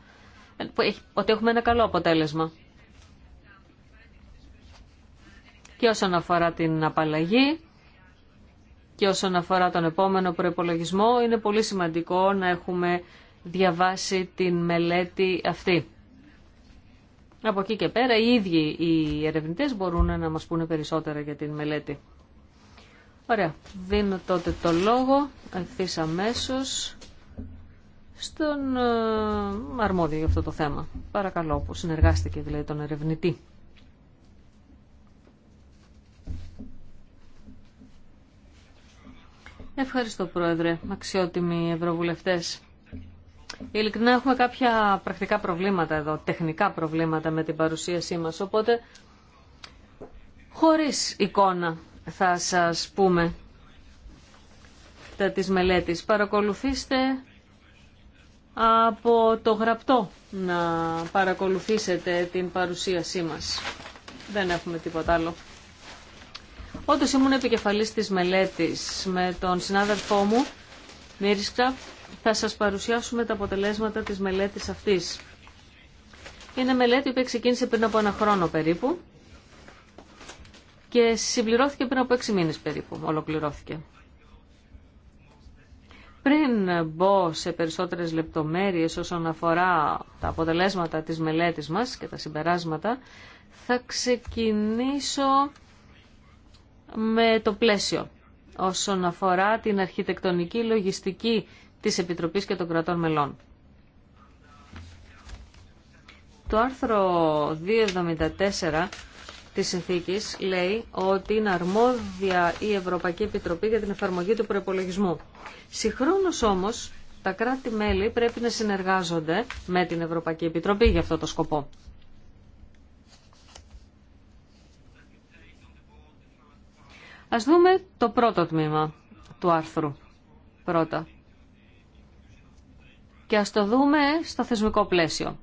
ότι έχουμε ένα καλό αποτέλεσμα. Και όσον αφορά την απαλλαγή και όσον αφορά τον επόμενο προπολογισμό είναι πολύ σημαντικό να έχουμε διαβάσει την μελέτη αυτή. Από εκεί και πέρα οι ίδιοι οι ερευνητές μπορούν να μας πούνε περισσότερα για την μελέτη. Ωραία. Δίνω τότε το λόγο ευθύ αμέσω στον ε, αρμόδιο για αυτό το θέμα. Παρακαλώ που συνεργάστηκε δηλαδή τον ερευνητή. Ευχαριστώ Πρόεδρε, αξιότιμοι Ευρωβουλευτές. Ειλικρινά έχουμε κάποια πρακτικά προβλήματα εδώ, τεχνικά προβλήματα με την παρουσίασή μας, οπότε χωρίς εικόνα θα σας πούμε τα της μελέτης. Παρακολουθήστε από το γραπτό να παρακολουθήσετε την παρουσίασή μας. Δεν έχουμε τίποτα άλλο. Όντως ήμουν επικεφαλής της μελέτης με τον συνάδελφό μου, Μίρισκραφ, θα σας παρουσιάσουμε τα αποτελέσματα της μελέτης αυτής. Είναι μελέτη που ξεκίνησε πριν από ένα χρόνο περίπου και συμπληρώθηκε πριν από έξι μήνες περίπου, ολοκληρώθηκε. Πριν μπω σε περισσότερες λεπτομέρειες όσον αφορά τα αποτελέσματα της μελέτης μας και τα συμπεράσματα, θα ξεκινήσω με το πλαίσιο όσον αφορά την αρχιτεκτονική λογιστική της Επιτροπής και των κρατών μελών. Το άρθρο 274 της συνθήκης λέει ότι είναι αρμόδια η Ευρωπαϊκή Επιτροπή για την εφαρμογή του προπολογισμού. Συγχρόνως όμως τα κράτη-μέλη πρέπει να συνεργάζονται με την Ευρωπαϊκή Επιτροπή για αυτό το σκοπό. Ας δούμε το πρώτο τμήμα του άρθρου πρώτα και ας το δούμε στο θεσμικό πλαίσιο.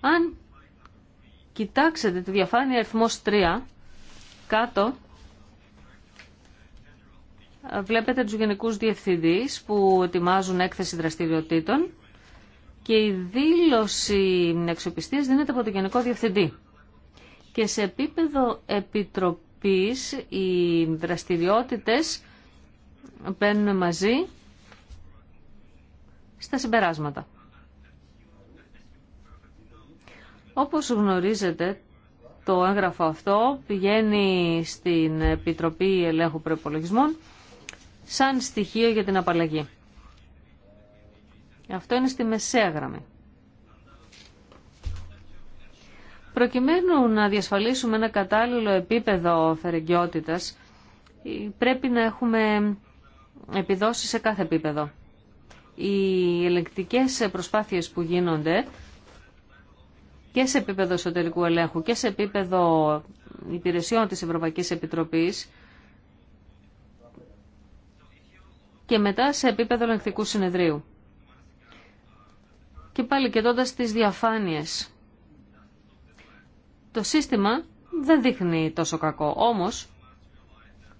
Αν κοιτάξετε τη διαφάνεια αριθμός 3, κάτω βλέπετε τους γενικούς διευθυντής που ετοιμάζουν έκθεση δραστηριοτήτων και η δήλωση αξιοπιστίας δίνεται από τον Γενικό Διευθυντή. Και σε επίπεδο επιτροπής οι δραστηριότητες παίρνουν μαζί στα συμπεράσματα. Όπως γνωρίζετε, το έγγραφο αυτό πηγαίνει στην Επιτροπή Ελέγχου Προπολογισμών σαν στοιχείο για την απαλλαγή. Αυτό είναι στη μεσαία γραμμή. Προκειμένου να διασφαλίσουμε ένα κατάλληλο επίπεδο φερεγγιότητας, πρέπει να έχουμε επιδόσεις σε κάθε επίπεδο οι ελεγκτικές προσπάθειες που γίνονται και σε επίπεδο εσωτερικού ελέγχου και σε επίπεδο υπηρεσιών της Ευρωπαϊκής Επιτροπής και μετά σε επίπεδο ελεγκτικού συνεδρίου. Και πάλι κοιτώντας στις διαφάνειες. Το σύστημα δεν δείχνει τόσο κακό, όμως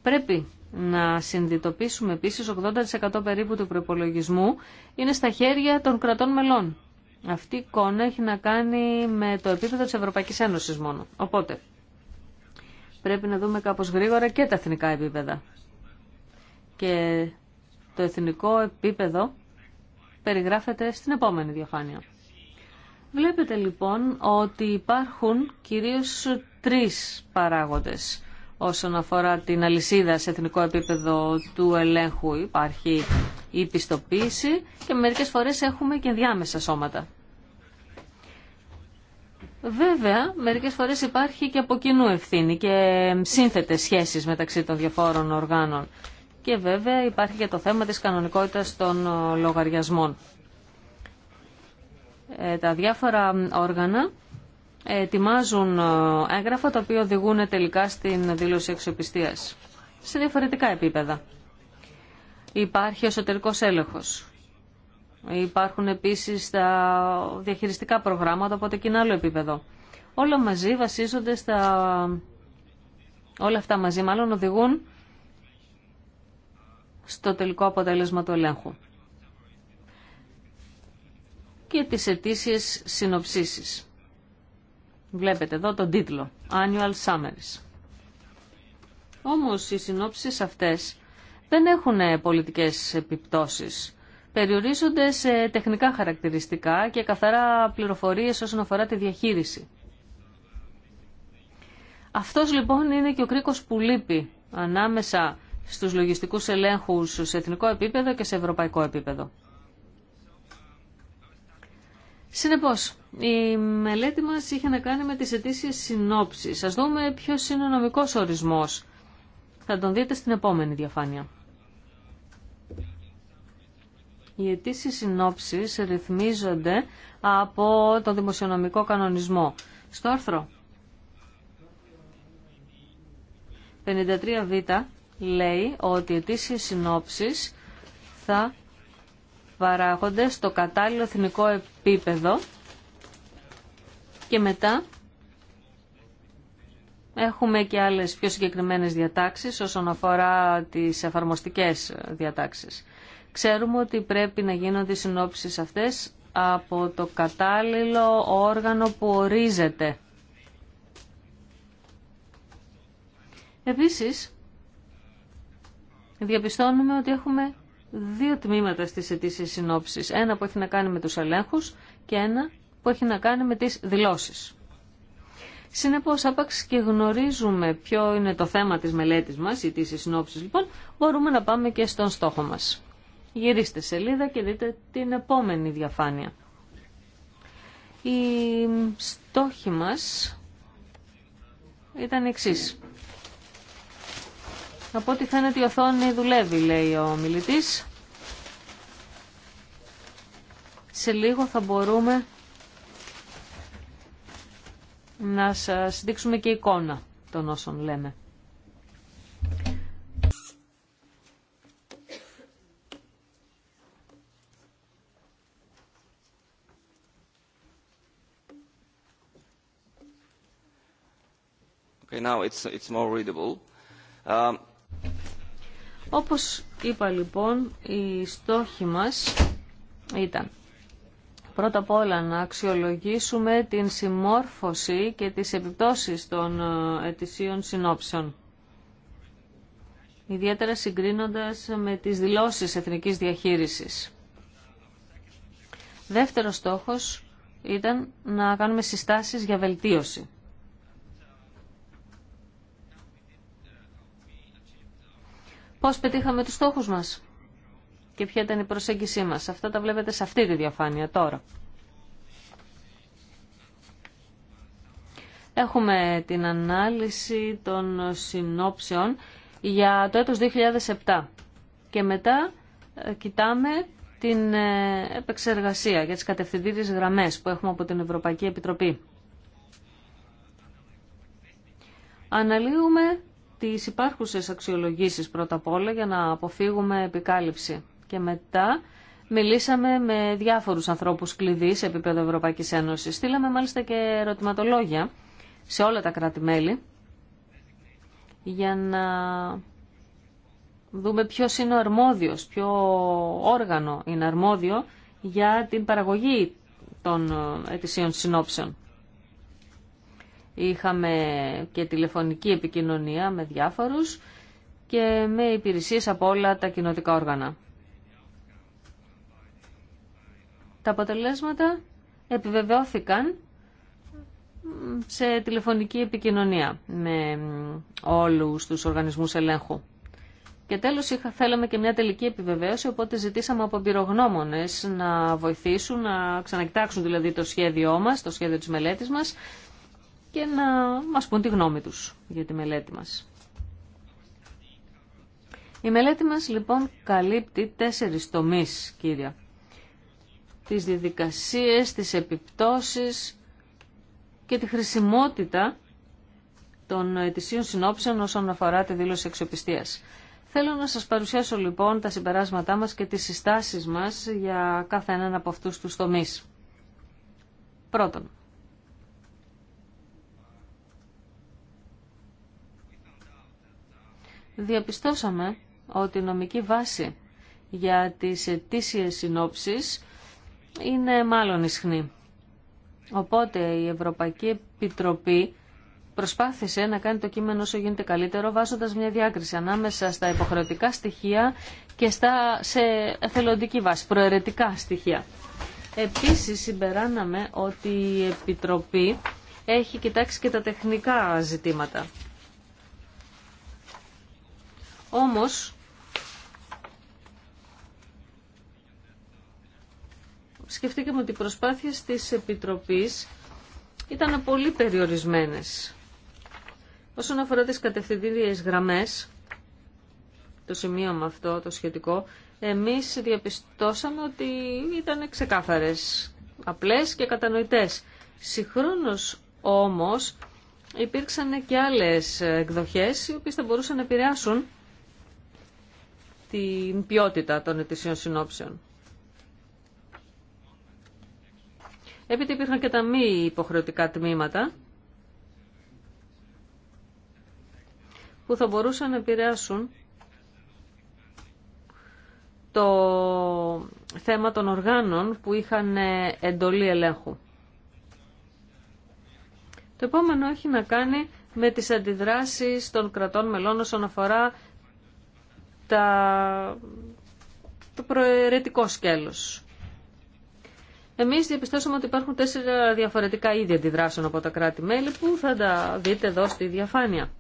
πρέπει να συνειδητοποιήσουμε επίσης 80% περίπου του προπολογισμού είναι στα χέρια των κρατών μελών. Αυτή η εικόνα έχει να κάνει με το επίπεδο της Ευρωπαϊκής Ένωσης μόνο. Οπότε πρέπει να δούμε κάπως γρήγορα και τα εθνικά επίπεδα. Και το εθνικό επίπεδο περιγράφεται στην επόμενη διαφάνεια. Βλέπετε λοιπόν ότι υπάρχουν κυρίως τρεις παράγοντες όσον αφορά την αλυσίδα σε εθνικό επίπεδο του ελέγχου υπάρχει η πιστοποίηση και μερικές φορές έχουμε και διάμεσα σώματα. Βέβαια, μερικές φορές υπάρχει και από κοινού ευθύνη και σύνθετες σχέσεις μεταξύ των διαφόρων οργάνων. Και βέβαια υπάρχει και το θέμα της κανονικότητας των λογαριασμών. Ε, τα διάφορα όργανα ετοιμάζουν ε, έγγραφα τα οποία οδηγούν τελικά στην δήλωση αξιοπιστίας σε διαφορετικά επίπεδα. Υπάρχει εσωτερικός έλεγχος. Υπάρχουν επίσης τα διαχειριστικά προγράμματα από το άλλο επίπεδο. Όλα μαζί βασίζονται στα... Όλα αυτά μαζί μάλλον οδηγούν στο τελικό αποτέλεσμα του ελέγχου και τις αιτήσιες συνοψίσεις. Βλέπετε εδώ τον τίτλο Annual Summaries. Όμως οι συνόψεις αυτές δεν έχουν πολιτικές επιπτώσεις. Περιορίζονται σε τεχνικά χαρακτηριστικά και καθαρά πληροφορίες όσον αφορά τη διαχείριση. Αυτός λοιπόν είναι και ο κρίκος που λείπει ανάμεσα στους λογιστικούς ελέγχους σε εθνικό επίπεδο και σε ευρωπαϊκό επίπεδο. Συνεπώς, η μελέτη μας είχε να κάνει με τις αιτήσει συνόψεις. Α δούμε ποιο είναι ο νομικός ορισμός. Θα τον δείτε στην επόμενη διαφάνεια. Οι αιτήσει συνόψεις ρυθμίζονται από τον δημοσιονομικό κανονισμό. Στο άρθρο 53β λέει ότι οι αιτήσει συνόψεις θα παράγονται στο κατάλληλο εθνικό επίπεδο και μετά έχουμε και άλλες πιο συγκεκριμένες διατάξεις όσον αφορά τις εφαρμοστικές διατάξεις. Ξέρουμε ότι πρέπει να γίνονται οι συνόψεις αυτές από το κατάλληλο όργανο που ορίζεται. Επίσης, διαπιστώνουμε ότι έχουμε δύο τμήματα στις αιτήσεις συνόψεις. Ένα που έχει να κάνει με τους ελέγχου και ένα που έχει να κάνει με τις δηλώσεις. Συνεπώς, άπαξ και γνωρίζουμε ποιο είναι το θέμα της μελέτης μας ή της συνόψης, λοιπόν, μπορούμε να πάμε και στον στόχο μας. Γυρίστε σελίδα και δείτε την επόμενη διαφάνεια. Η στόχοι μας ήταν εξής. Από ό,τι φαίνεται η οθόνη δουλεύει, λέει ο μιλητής. Σε λίγο θα μπορούμε να σας δείξουμε και εικόνα των όσων λέμε. Okay, now it's, it's more readable. Um, όπως είπα λοιπόν, η στόχη μας ήταν πρώτα απ' όλα να αξιολογήσουμε την συμμόρφωση και τις επιπτώσεις των ε, ετησίων συνόψεων. Ιδιαίτερα συγκρίνοντας με τις δηλώσεις εθνικής διαχείρισης. Δεύτερος στόχος ήταν να κάνουμε συστάσεις για βελτίωση. πώς πετύχαμε τους στόχους μας και ποια ήταν η προσέγγισή μας. Αυτά τα βλέπετε σε αυτή τη διαφάνεια τώρα. Έχουμε την ανάλυση των συνόψεων για το έτος 2007 και μετά ε, κοιτάμε την ε, επεξεργασία για τις κατευθυντήριες γραμμές που έχουμε από την Ευρωπαϊκή Επιτροπή. Αναλύουμε τι υπάρχουσες αξιολογήσεις πρώτα απ' όλα για να αποφύγουμε επικάλυψη. Και μετά μιλήσαμε με διάφορους ανθρώπους κλειδί σε επίπεδο Ευρωπαϊκής Ένωσης. Στείλαμε μάλιστα και ερωτηματολόγια σε όλα τα κράτη-μέλη για να δούμε ποιο είναι ο αρμόδιος, ποιο όργανο είναι αρμόδιο για την παραγωγή των ε, ετησίων συνόψεων. Είχαμε και τηλεφωνική επικοινωνία με διάφορους και με υπηρεσίες από όλα τα κοινωτικά όργανα. Τα αποτελέσματα επιβεβαιώθηκαν σε τηλεφωνική επικοινωνία με όλους τους οργανισμούς ελέγχου. Και τέλος είχα, θέλαμε και μια τελική επιβεβαίωση, οπότε ζητήσαμε από πυρογνώμονες να βοηθήσουν, να ξανακοιτάξουν δηλαδή το σχέδιό μας, το σχέδιο της μελέτης μας και να μας πούν τη γνώμη τους για τη μελέτη μας. Η μελέτη μας λοιπόν καλύπτει τέσσερις τομείς, κύρια. Τις διδικασίες, τις επιπτώσεις και τη χρησιμότητα των ετησίων συνόψεων όσον αφορά τη δήλωση εξοπιστίας. Θέλω να σας παρουσιάσω λοιπόν τα συμπεράσματά μας και τις συστάσεις μας για κάθε έναν από αυτούς τους τομείς. Πρώτον, διαπιστώσαμε ότι η νομική βάση για τις ετήσιες συνόψεις είναι μάλλον ισχνή. Οπότε η Ευρωπαϊκή Επιτροπή προσπάθησε να κάνει το κείμενο όσο γίνεται καλύτερο βάζοντας μια διάκριση ανάμεσα στα υποχρεωτικά στοιχεία και στα, σε εθελοντική βάση, προαιρετικά στοιχεία. Επίσης συμπεράναμε ότι η Επιτροπή έχει κοιτάξει και τα τεχνικά ζητήματα. Όμως, σκεφτήκαμε ότι οι προσπάθειες της Επιτροπής ήταν πολύ περιορισμένες. Όσον αφορά τις κατευθυντήριες γραμμές, το σημείο με αυτό, το σχετικό, εμείς διαπιστώσαμε ότι ήταν ξεκάθαρες, απλές και κατανοητές. Συγχρόνως όμως υπήρξαν και άλλες εκδοχές οι οποίες θα μπορούσαν να επηρεάσουν την ποιότητα των ετησίων συνόψεων. Έπειτα υπήρχαν και τα μη υποχρεωτικά τμήματα που θα μπορούσαν να επηρεάσουν το θέμα των οργάνων που είχαν ε, εντολή ελέγχου. Το επόμενο έχει να κάνει με τις αντιδράσεις των κρατών μελών όσον αφορά το προαιρετικό σκέλος. Εμείς διαπιστώσαμε ότι υπάρχουν τέσσερα διαφορετικά είδη αντιδράσεων από τα κράτη-μέλη που θα τα δείτε εδώ στη διαφάνεια.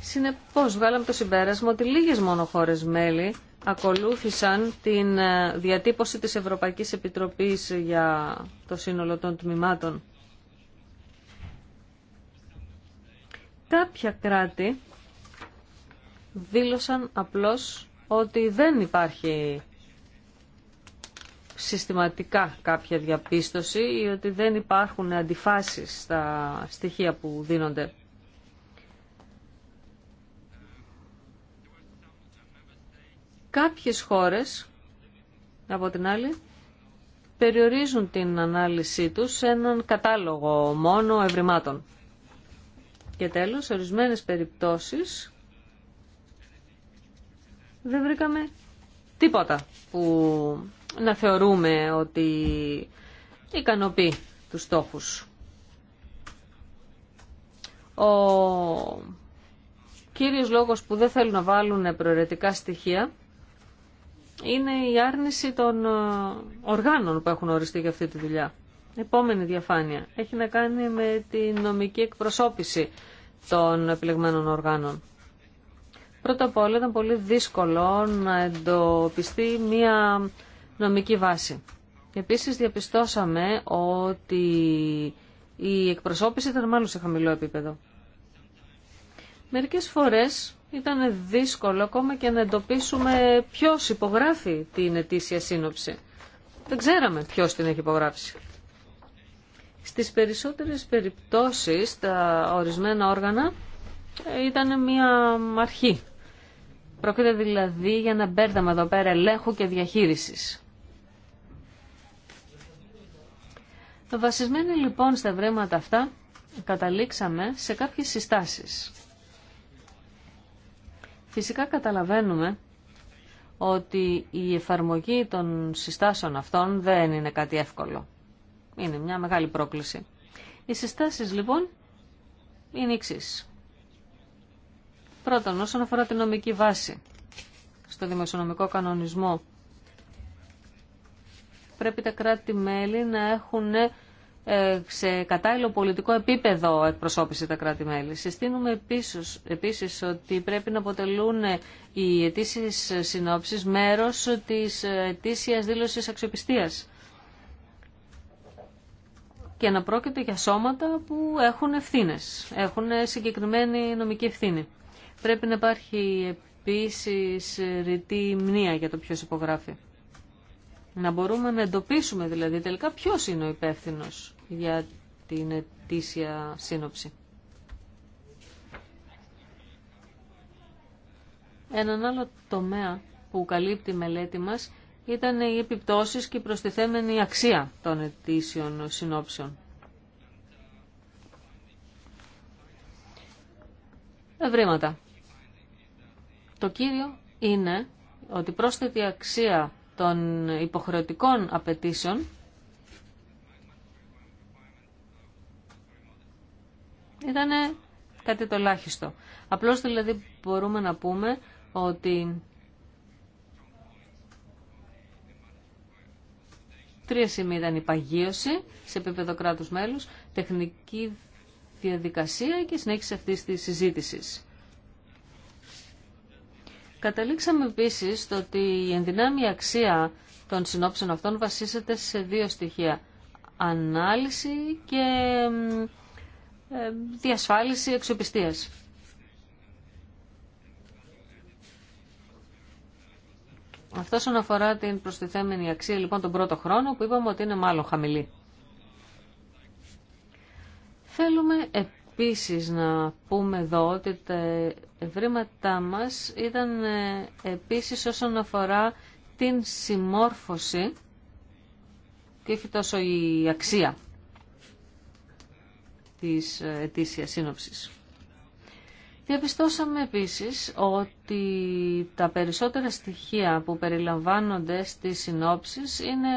Συνεπώς βγάλαμε το συμπέρασμα ότι λίγες μόνο χώρες μέλη ακολούθησαν την ε, διατύπωση της Ευρωπαϊκής Επιτροπής για το σύνολο των τμήματων. Κάποια κράτη δήλωσαν απλώς ότι δεν υπάρχει συστηματικά κάποια διαπίστωση ή ότι δεν υπάρχουν αντιφάσεις στα στοιχεία που δίνονται. Κάποιες χώρες, από την άλλη, περιορίζουν την ανάλυση τους σε έναν κατάλογο μόνο ευρημάτων. Και τέλος, σε ορισμένες περιπτώσεις, δεν βρήκαμε τίποτα που να θεωρούμε ότι ικανοποιεί τους στόχους. Ο κύριος λόγος που δεν θέλουν να βάλουν προαιρετικά στοιχεία είναι η άρνηση των ε, οργάνων που έχουν οριστεί για αυτή τη δουλειά. Επόμενη διαφάνεια έχει να κάνει με τη νομική εκπροσώπηση των επιλεγμένων οργάνων. Πρώτα απ' όλα ήταν πολύ δύσκολο να εντοπιστεί μία νομική βάση. Επίσης διαπιστώσαμε ότι η εκπροσώπηση ήταν μάλλον σε χαμηλό επίπεδο. Μερικές φορές ήταν δύσκολο ακόμα και να εντοπίσουμε ποιος υπογράφει την ετήσια σύνοψη. Δεν ξέραμε ποιος την έχει υπογράψει. Στις περισσότερες περιπτώσεις τα ορισμένα όργανα ήταν μια αρχή Πρόκειται δηλαδή για ένα μπέρδαμα εδώ πέρα ελέγχου και διαχείρισης. βασισμένο λοιπόν στα βρέματα αυτά, καταλήξαμε σε κάποιες συστάσεις. Φυσικά καταλαβαίνουμε ότι η εφαρμογή των συστάσεων αυτών δεν είναι κάτι εύκολο. Είναι μια μεγάλη πρόκληση. Οι συστάσεις λοιπόν είναι εξής. Πρώτον, όσον αφορά την νομική βάση στο δημοσιονομικό κανονισμό, πρέπει τα κράτη-μέλη να έχουν ε, σε κατάλληλο πολιτικό επίπεδο εκπροσώπηση τα κράτη-μέλη. Συστήνουμε επίσης, επίσης ότι πρέπει να αποτελούν οι αιτήσει συνόψεις μέρος της αιτήσιας δήλωσης αξιοπιστίας και να πρόκειται για σώματα που έχουν ευθύνες, έχουν συγκεκριμένη νομική ευθύνη. Πρέπει να υπάρχει επίσης ρητή μνήα για το ποιο υπογράφει. Να μπορούμε να εντοπίσουμε δηλαδή τελικά Ποιο είναι ο υπεύθυνο για την ετήσια σύνοψη. Έναν άλλο τομέα που καλύπτει η μελέτη μας ήταν οι επιπτώσεις και η προστιθέμενη αξία των ετήσιων συνόψεων. Ευρήματα. Το κύριο είναι ότι πρόσθετη αξία των υποχρεωτικών απαιτήσεων ήταν κάτι το ελάχιστο. Απλώς δηλαδή μπορούμε να πούμε ότι τρία σημεία ήταν η παγίωση σε επίπεδο κράτους μέλους, τεχνική διαδικασία και συνέχιση αυτής της συζήτησης. Καταλήξαμε επίση στο ότι η ενδυνάμει αξία των συνόψεων αυτών βασίζεται σε δύο στοιχεία. Ανάλυση και ε, διασφάλιση εξοπιστίας. Αυτό όσον αφορά την προστιθέμενη αξία λοιπόν τον πρώτο χρόνο που είπαμε ότι είναι μάλλον χαμηλή. Θέλουμε επίσης να πούμε εδώ ότι τα ευρήματά μας ήταν ε, επίσης όσον αφορά την συμμόρφωση και όχι τόσο η αξία της ε, ετήσιας σύνοψης. Διαπιστώσαμε επίσης ότι τα περισσότερα στοιχεία που περιλαμβάνονται στις συνόψεις είναι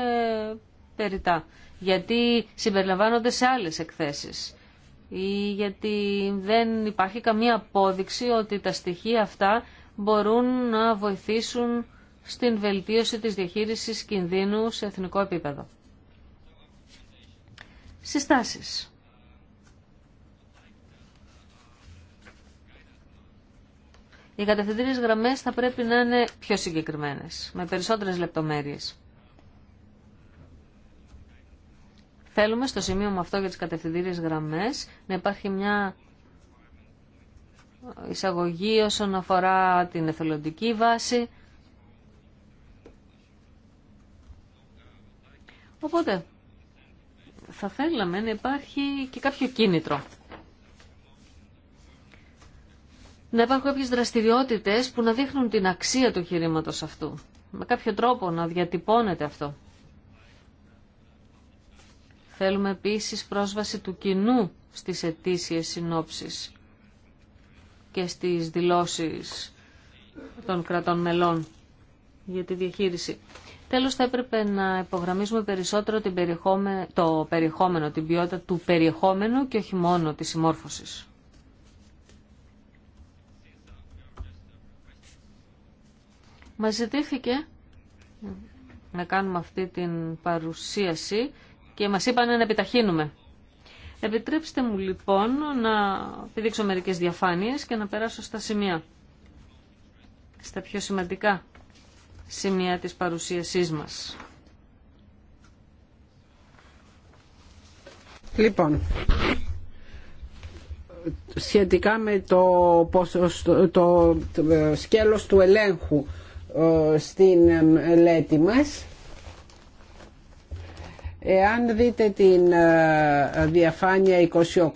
περιτά, γιατί συμπεριλαμβάνονται σε άλλες εκθέσεις ή γιατί δεν υπάρχει καμία απόδειξη ότι τα στοιχεία αυτά μπορούν να βοηθήσουν στην βελτίωση της διαχείρισης κινδύνου σε εθνικό επίπεδο. Συστάσεις. Οι κατευθυντήριες γραμμές θα πρέπει να είναι πιο συγκεκριμένες, με περισσότερες λεπτομέρειες. Θέλουμε στο σημείο με αυτό για τις κατευθυντήριες γραμμές να υπάρχει μια εισαγωγή όσον αφορά την εθελοντική βάση. Οπότε θα θέλαμε να υπάρχει και κάποιο κίνητρο. Να υπάρχουν κάποιες δραστηριότητες που να δείχνουν την αξία του χειρήματος αυτού. Με κάποιο τρόπο να διατυπώνεται αυτό. Θέλουμε επίσης πρόσβαση του κοινού στις ετήσιες συνόψεις και στις δηλώσεις των κρατών μελών για τη διαχείριση. Τέλος θα έπρεπε να υπογραμμίσουμε περισσότερο την το περιεχόμενο, την ποιότητα του περιεχόμενου και όχι μόνο της συμμόρφωσης. Μας ζητήθηκε να κάνουμε αυτή την παρουσίαση και μας είπαν να επιταχύνουμε. Επιτρέψτε μου λοιπόν να πηδήξω μερικές διαφάνειες και να περάσω στα σημεία. Στα πιο σημαντικά σημεία της παρουσίασής μας. Λοιπόν, σχετικά με το, το, ε, σκέλος του ελέγχου ε, στην μελέτη μας Εάν δείτε την ε, διαφάνεια 28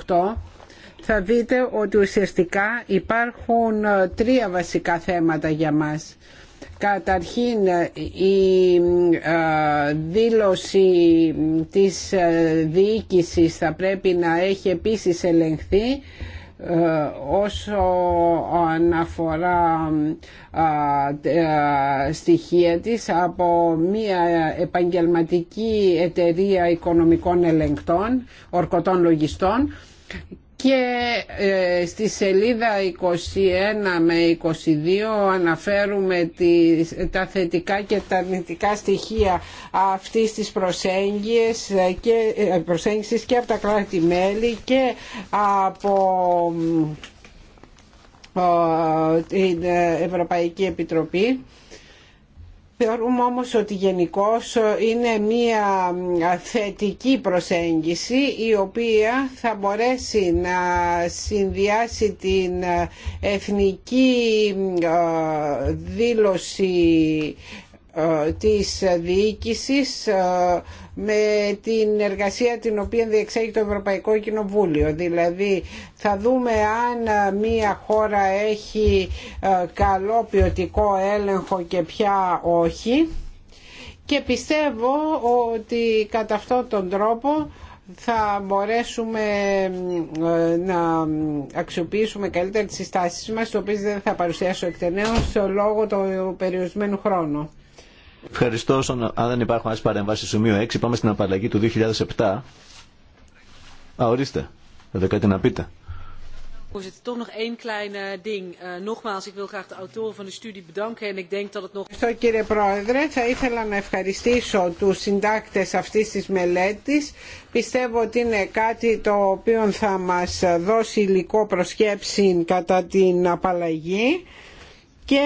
θα δείτε ότι ουσιαστικά υπάρχουν ε, τρία βασικά θέματα για μας. Καταρχήν ε, η δήλωση της διοίκησης θα πρέπει να έχει επίσης ελεγχθεί ε, όσο αναφορά στοιχεία της από μια επαγγελματική εταιρεία οικονομικών ελεγκτών, ορκωτών λογιστών και ε, στη σελίδα 21 με 22 αναφέρουμε τα θετικά και τα αρνητικά στοιχεία αυτής της προσέγγισης ε, και, ε, προσέγγισης και από τα κράτη-μέλη και από την Ευρωπαϊκή Επιτροπή Θεωρούμε όμως ότι γενικώ ε, είναι μία ε, θετική προσέγγιση η οποία θα μπορέσει να συνδυάσει την ε, εθνική δήλωση ε, της διοίκησης ε, με την εργασία την οποία διεξάγει το Ευρωπαϊκό Κοινοβούλιο. Δηλαδή θα δούμε αν μία χώρα έχει ε, καλό ποιοτικό έλεγχο και πια όχι και πιστεύω ότι κατά αυτόν τον τρόπο θα μπορέσουμε να αξιοποιήσουμε καλύτερα τις συστάσεις μας, το οποίο δεν θα παρουσιάσω εκτενέως λόγω του περιορισμένου χρόνου. Ευχαριστώ. Αν δεν υπάρχουν άλλε παρεμβάσει σημείο 6, πάμε στην απαλλαγή του 2007. Α, ορίστε. Έχετε κάτι να πείτε. Ευχαριστώ κύριε Πρόεδρε. Θα ήθελα να ευχαριστήσω τους συντάκτες αυτής της μελέτης. Πιστεύω ότι είναι κάτι το οποίο θα μας δώσει υλικό προσκέψη κατά την απαλλαγή και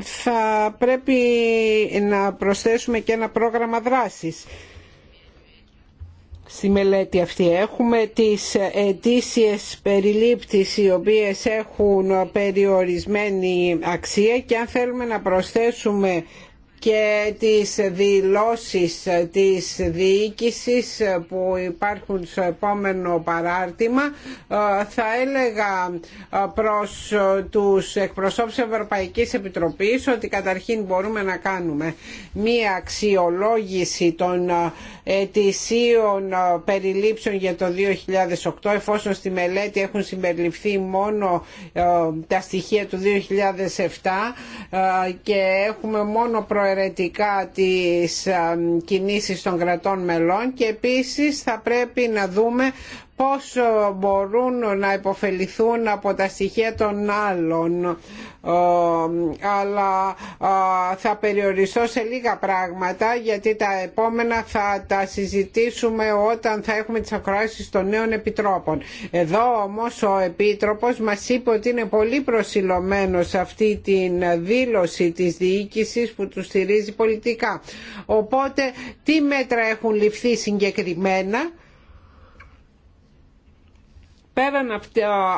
θα πρέπει να προσθέσουμε και ένα πρόγραμμα δράσης. Στη μελέτη αυτή έχουμε τις ετήσιες περιλήπτης οι οποίες έχουν περιορισμένη αξία και αν θέλουμε να προσθέσουμε και τις δηλώσεις της διοίκησης που υπάρχουν στο επόμενο παράρτημα ε, θα έλεγα ε, προς τους εκπροσώπους Ευρωπαϊκής Επιτροπής ότι καταρχήν μπορούμε να κάνουμε μία αξιολόγηση των ε, ετησίων περιλήψεων για το 2008 εφόσον στη μελέτη έχουν συμπεριληφθεί μόνο τα στοιχεία του 2007 και έχουμε μόνο προ εξαιρετικά τις ε, κινήσεις των κρατών μελών και επίσης θα πρέπει να δούμε πώς μπορούν να υποφεληθούν από τα στοιχεία των άλλων ε, αλλά ε, θα περιοριστώ σε λίγα πράγματα γιατί τα επόμενα θα τα συζητήσουμε όταν θα έχουμε τις ακροάσεις των νέων επιτρόπων. Εδώ όμως ο Επίτροπος μας είπε ότι είναι πολύ προσιλωμένο σε αυτή την δήλωση της διοίκησης που του στηρίζει πολιτικά. Οπότε τι μέτρα έχουν ληφθεί συγκεκριμένα πέραν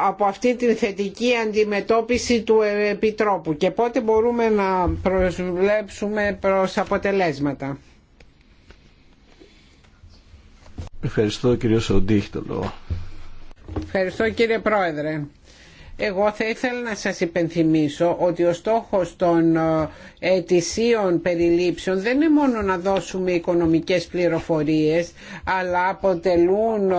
από αυτή την θετική αντιμετώπιση του Επιτρόπου και πότε μπορούμε να προσβλέψουμε προς αποτελέσματα. Ευχαριστώ κύριο Σοντίχτολο. Ευχαριστώ κύριε Πρόεδρε. Εγώ θα ήθελα να σας υπενθυμίσω ότι ο στόχος των ε, ετησίων περιλήψεων δεν είναι μόνο να δώσουμε οικονομικές πληροφορίες αλλά αποτελούν ε,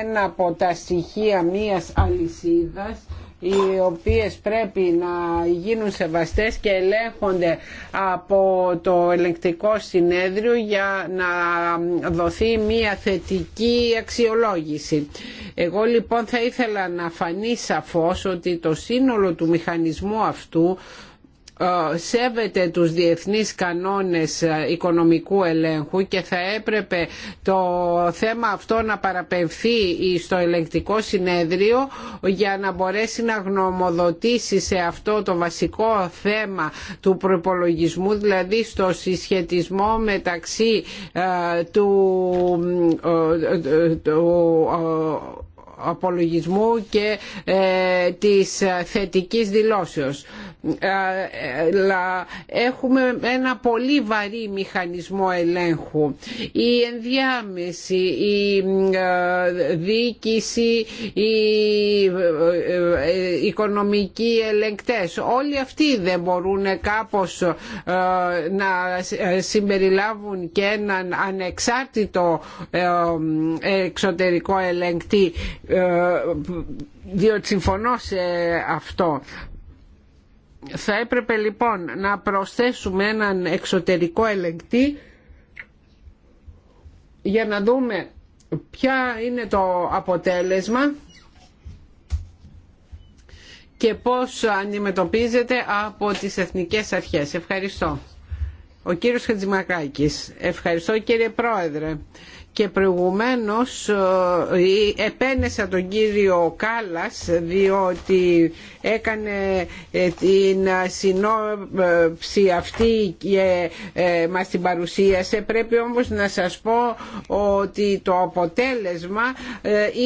ένα από τα στοιχεία μίας αλυσίδας οι οποίες πρέπει να γίνουν σεβαστές και ελέγχονται από το ελεγκτικό συνέδριο για να δοθεί μια θετική αξιολόγηση. Εγώ λοιπόν θα ήθελα να φανεί σαφώς ότι το σύνολο του μηχανισμού αυτού ε, σέβεται τους διεθνείς κανόνες ε, οικονομικού ελέγχου και θα έπρεπε το θέμα αυτό να παραπευθεί στο ελεγκτικό συνέδριο για να μπορέσει να γνωμοδοτήσει σε αυτό το βασικό θέμα του προπολογισμού δηλαδή στο συσχετισμό μεταξύ ε, του απολογισμού και της θετικής δηλώσεως αλλά έχουμε ένα πολύ βαρύ μηχανισμό ελέγχου. Η ενδιάμεση, η ε, διοίκηση, οι ε, οικονομικοί ελεγκτές, όλοι αυτοί δεν μπορούν κάπως ε, να συμπεριλάβουν και έναν ανεξάρτητο εξωτερικό ελεγκτή διότι συμφωνώ σε αυτό θα έπρεπε λοιπόν να προσθέσουμε έναν εξωτερικό ελεγκτή για να δούμε ποια είναι το αποτέλεσμα και πώς αντιμετωπίζεται από τις εθνικές αρχές. Ευχαριστώ. Ο κύριος Χατζημακάκης. Ευχαριστώ κύριε Πρόεδρε. Και προηγουμένως ε, επένεσα τον κύριο Κάλλας διότι έκανε ε, την συνόψη αυτή και ε, μας την παρουσίασε. Πρέπει όμως να σας πω ότι το αποτέλεσμα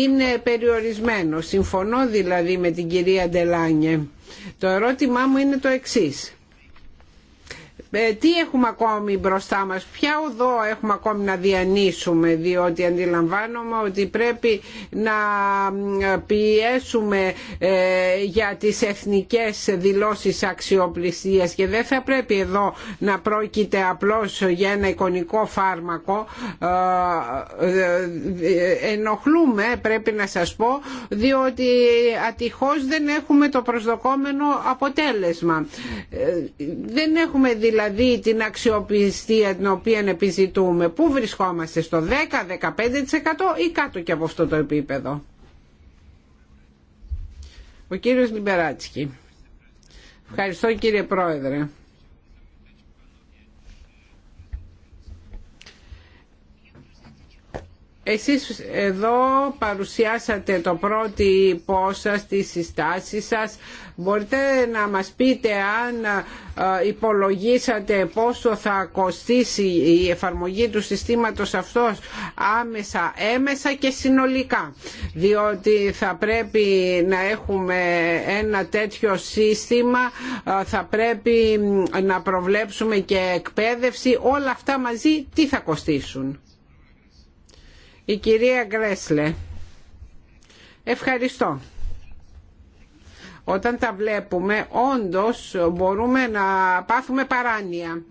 είναι περιορισμένο. Συμφωνώ δηλαδή με την κυρία Ντελάνιε. Το ερώτημά μου είναι το εξής ε, τι έχουμε ακόμη μπροστά μας, ποια οδό έχουμε ακόμη να διανύσουμε διότι αντιλαμβάνομαι ότι πρέπει να πιέσουμε ε, για τις εθνικές δηλώσεις αξιοπλησίας και δεν θα πρέπει εδώ να πρόκειται απλώς για ένα εικονικό φάρμακο ε, ενοχλούμε πρέπει να σας πω διότι ατυχώς δεν έχουμε το προσδοκόμενο αποτέλεσμα δεν έχουμε δηλαδή δηλαδή την αξιοπιστία την οποία επιζητούμε. Πού βρισκόμαστε στο 10-15% ή κάτω και από αυτό το επίπεδο. Ο κύριος Λιμπεράτσκι. Ευχαριστώ κύριε Πρόεδρε. Εσείς εδώ παρουσιάσατε το πρώτο πόσα τις συστάσεις σας. Μπορείτε να μας πείτε αν ε, υπολογίσατε πόσο θα κοστίσει η εφαρμογή του συστήματος αυτός άμεσα, έμεσα και συνολικά. Διότι θα πρέπει να έχουμε ένα τέτοιο σύστημα, ε, θα πρέπει να προβλέψουμε και εκπαίδευση. Όλα αυτά μαζί τι θα κοστίσουν. Η κυρία Γκρέσλε. Ευχαριστώ. Όταν τα βλέπουμε, όντως μπορούμε να πάθουμε παράνοια,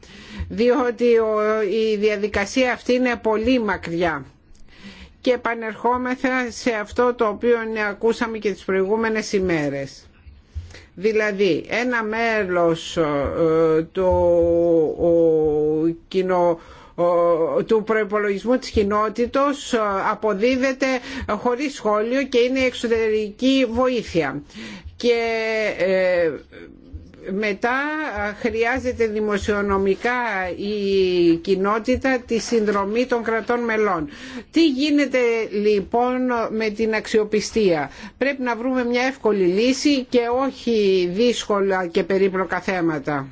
διότι η διαδικασία αυτή είναι πολύ μακριά και επανερχόμεθα σε αυτό το οποίο ακούσαμε και τις προηγούμενες ημέρες. Δηλαδή, ένα μέλος ε, του κοινοβουλίου του προπολογισμού της κοινότητος ε, αποδίδεται χωρίς σχόλιο και είναι εξωτερική βοήθεια. Και ε, μετά ε, χρειάζεται δημοσιονομικά η κοινότητα τη συνδρομή των κρατών μελών. Τι γίνεται λοιπόν με την αξιοπιστία. Πρέπει να βρούμε μια εύκολη λύση και όχι δύσκολα και περίπλοκα θέματα.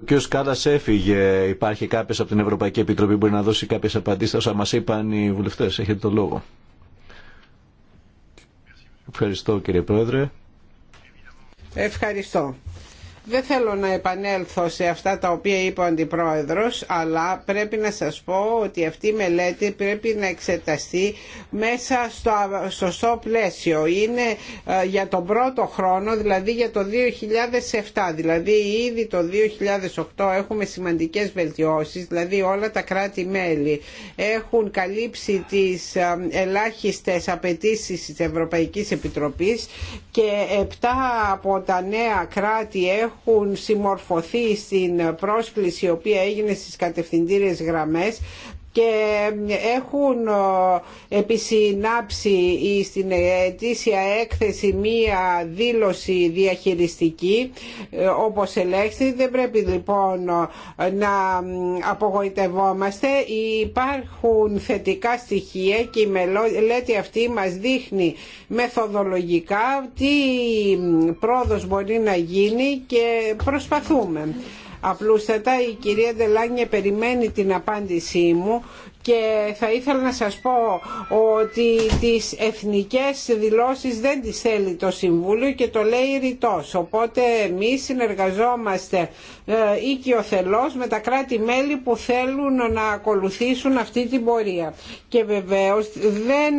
Ο κ. Κάλλα έφυγε. Υπάρχει κάποιο από την Ευρωπαϊκή Επιτροπή που μπορεί να δώσει κάποιε απαντήσει όσα μα είπαν οι βουλευτέ. Έχετε το λόγο. Ευχαριστώ κύριε Πρόεδρε. Ευχαριστώ. Δεν θέλω να επανέλθω σε αυτά τα οποία είπε ο Αντιπρόεδρος, αλλά πρέπει να σας πω ότι αυτή η μελέτη πρέπει να εξεταστεί μέσα στο σωστό πλαίσιο. Είναι ε, για τον πρώτο χρόνο, δηλαδή για το 2007. Δηλαδή ήδη το 2008 έχουμε σημαντικές βελτιώσεις, δηλαδή όλα τα κράτη-μέλη έχουν καλύψει τις ε, ελάχιστες απαιτήσεις της Ευρωπαϊκής Επιτροπής και 7 από τα νέα κράτη έχουν έχουν συμμορφωθεί στην πρόσκληση η οποία έγινε στις κατευθυντήριες γραμμές και έχουν ε, επισυνάψει στην ετήσια έκθεση μία δήλωση διαχειριστική ε, όπως ελέγχθη. Δεν πρέπει λοιπόν να απογοητευόμαστε. Υπάρχουν θετικά στοιχεία και η μελέτη αυτή μας δείχνει μεθοδολογικά τι πρόοδος μπορεί να γίνει και προσπαθούμε απλούστατα. Η κυρία Ντελάνια περιμένει την απάντησή μου και θα ήθελα να σας πω ότι τις εθνικές δηλώσεις δεν τις θέλει το Συμβούλιο και το λέει ρητός. Οπότε εμείς συνεργαζόμαστε ε, οικειοθελώς με τα κράτη-μέλη που θέλουν να ακολουθήσουν αυτή την πορεία. Και βεβαίως δεν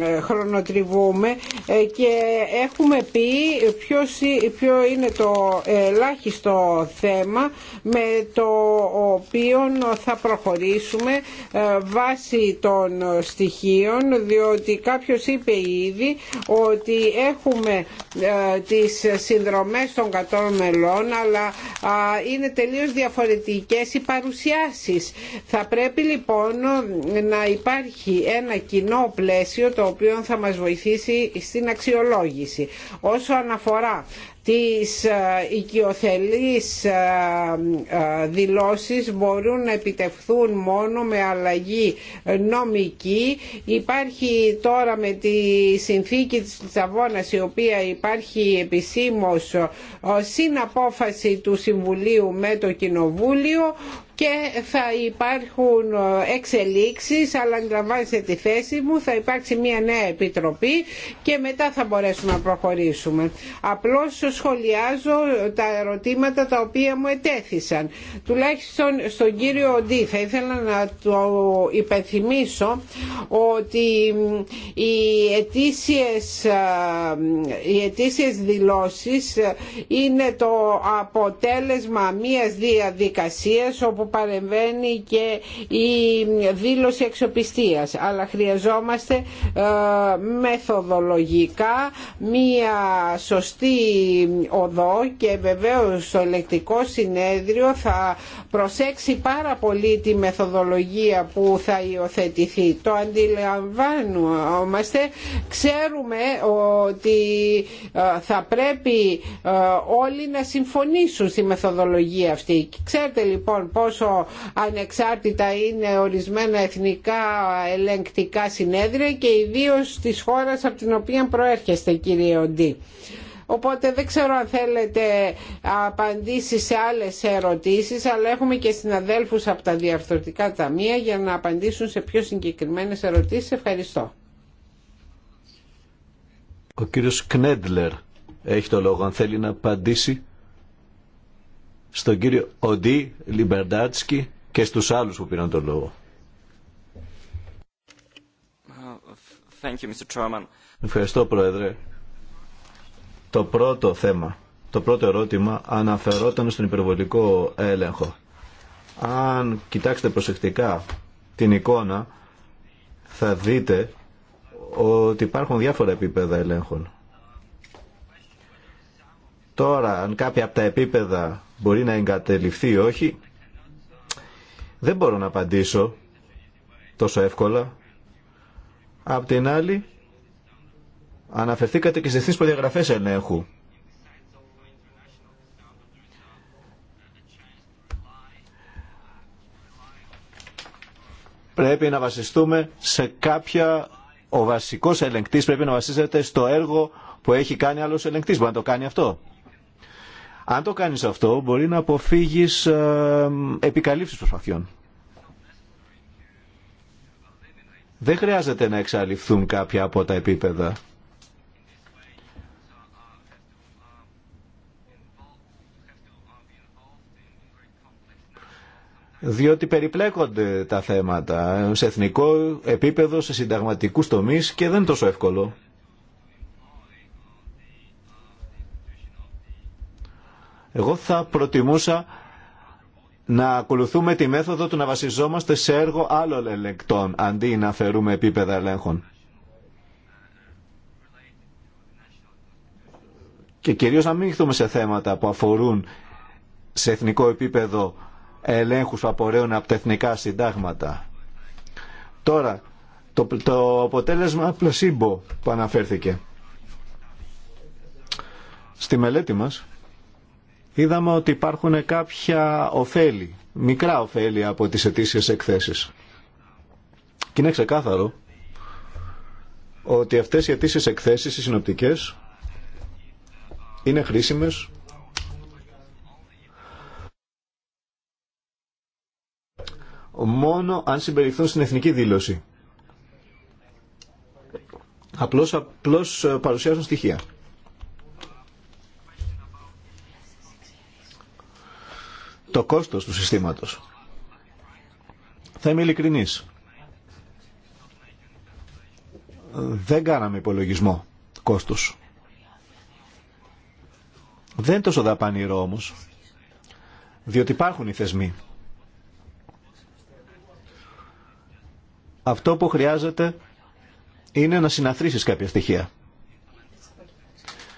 ε, ε, χρονοτριβούμε και έχουμε πει ποιο είναι το ελάχιστο θέμα με το οποίο θα προχωρήσουμε βάσει των στοιχείων διότι κάποιος είπε ήδη ότι έχουμε τις συνδρομές των κατών μελών αλλά είναι τελείως διαφορετικές οι παρουσιάσεις. Θα πρέπει λοιπόν να υπάρχει ένα κοινό πλαίσιο το οποίο θα μας βοηθήσει στην αξιολόγηση. Όσο αναφορά τις ε, οικειοθελείς ε, ε, δηλώσεις μπορούν να επιτευχθούν μόνο με αλλαγή νομική. Υπάρχει τώρα με τη συνθήκη της Λισαβόνας η οποία υπάρχει επισήμως συναπόφαση του Συμβουλίου με το Κοινοβούλιο και θα υπάρχουν ε, εξελίξεις αλλά αντιλαμβάνεστε τη θέση μου θα υπάρξει μια νέα επιτροπή και μετά θα μπορέσουμε να προχωρήσουμε απλώς σχολιάζω τα ερωτήματα τα οποία μου ετέθησαν τουλάχιστον στον κύριο Οντή θα ήθελα να το υπενθυμίσω ότι οι αιτήσιες ε, οι δηλώσεις ε, είναι το αποτέλεσμα μιας διαδικασίας όπου παρεμβαίνει και η δήλωση εξοπιστίας. Αλλά χρειαζόμαστε ε, μεθοδολογικά μία σωστή οδό και βεβαίως το ελεκτικό συνέδριο θα προσέξει πάρα πολύ τη μεθοδολογία που θα υιοθετηθεί. Το αντιλαμβάνομαστε, ξέρουμε ότι ε, θα πρέπει ε, όλοι να συμφωνήσουν στη μεθοδολογία αυτή. Ξέρετε λοιπόν πώς πόσο ανεξάρτητα είναι ορισμένα εθνικά ελεγκτικά συνέδρια και ιδίω τη χώρα από την οποία προέρχεστε κύριε Οντή. Οπότε δεν ξέρω αν θέλετε απαντήσεις σε άλλες ερωτήσεις, αλλά έχουμε και συναδέλφους από τα διαρθρωτικά ταμεία για να απαντήσουν σε πιο συγκεκριμένες ερωτήσεις. Ευχαριστώ. Ο κύριος Κνέντλερ έχει το λόγο αν θέλει να απαντήσει στον κύριο Οντί Λιμπερντάτσκι και στους άλλους που πήραν τον λόγο. Ευχαριστώ Πρόεδρε. Το πρώτο θέμα, το πρώτο ερώτημα αναφερόταν στον υπερβολικό έλεγχο. Αν κοιτάξετε προσεκτικά την εικόνα θα δείτε ότι υπάρχουν διάφορα επίπεδα ελέγχων. Τώρα, αν κάποια από τα επίπεδα μπορεί να εγκατελειφθεί ή όχι, δεν μπορώ να απαντήσω τόσο εύκολα. Απ' την άλλη, αναφερθήκατε και στις ευθύνες προδιαγραφές ελέγχου. Πρέπει να βασιστούμε σε κάποια... Ο βασικός ελεγκτής πρέπει να βασίζεται στο έργο που έχει κάνει άλλος ελεγκτής. Μπορεί να το κάνει αυτό. Αν το κάνεις αυτό μπορεί να αποφύγεις ε, επικαλύψεις προσπαθειών. Δεν χρειάζεται να εξαλειφθούν κάποια από τα επίπεδα. διότι περιπλέκονται τα θέματα σε εθνικό επίπεδο, σε συνταγματικούς τομείς και δεν είναι τόσο εύκολο. Εγώ θα προτιμούσα να ακολουθούμε τη μέθοδο του να βασιζόμαστε σε έργο άλλων ελεγκτών αντί να αφαιρούμε επίπεδα ελέγχων. Και κυρίως να μην σε θέματα που αφορούν σε εθνικό επίπεδο ελέγχους που απορρέουν από τα εθνικά συντάγματα. Τώρα, το, το αποτέλεσμα πλασίμπο που αναφέρθηκε. Στη μελέτη μας είδαμε ότι υπάρχουν κάποια ωφέλη, μικρά ωφέλη από τις ετήσιες εκθέσεις. Και είναι ξεκάθαρο ότι αυτές οι ετήσιες εκθέσεις, οι συνοπτικές, είναι χρήσιμες μόνο αν συμπεριφθούν στην εθνική δήλωση. Απλώς, απλώς παρουσιάζουν στοιχεία. το κόστος του συστήματος. Θα είμαι ειλικρινής. Δεν κάναμε υπολογισμό κόστους. Δεν τόσο δαπανηρό όμως, διότι υπάρχουν οι θεσμοί. Αυτό που χρειάζεται είναι να συναθρήσεις κάποια στοιχεία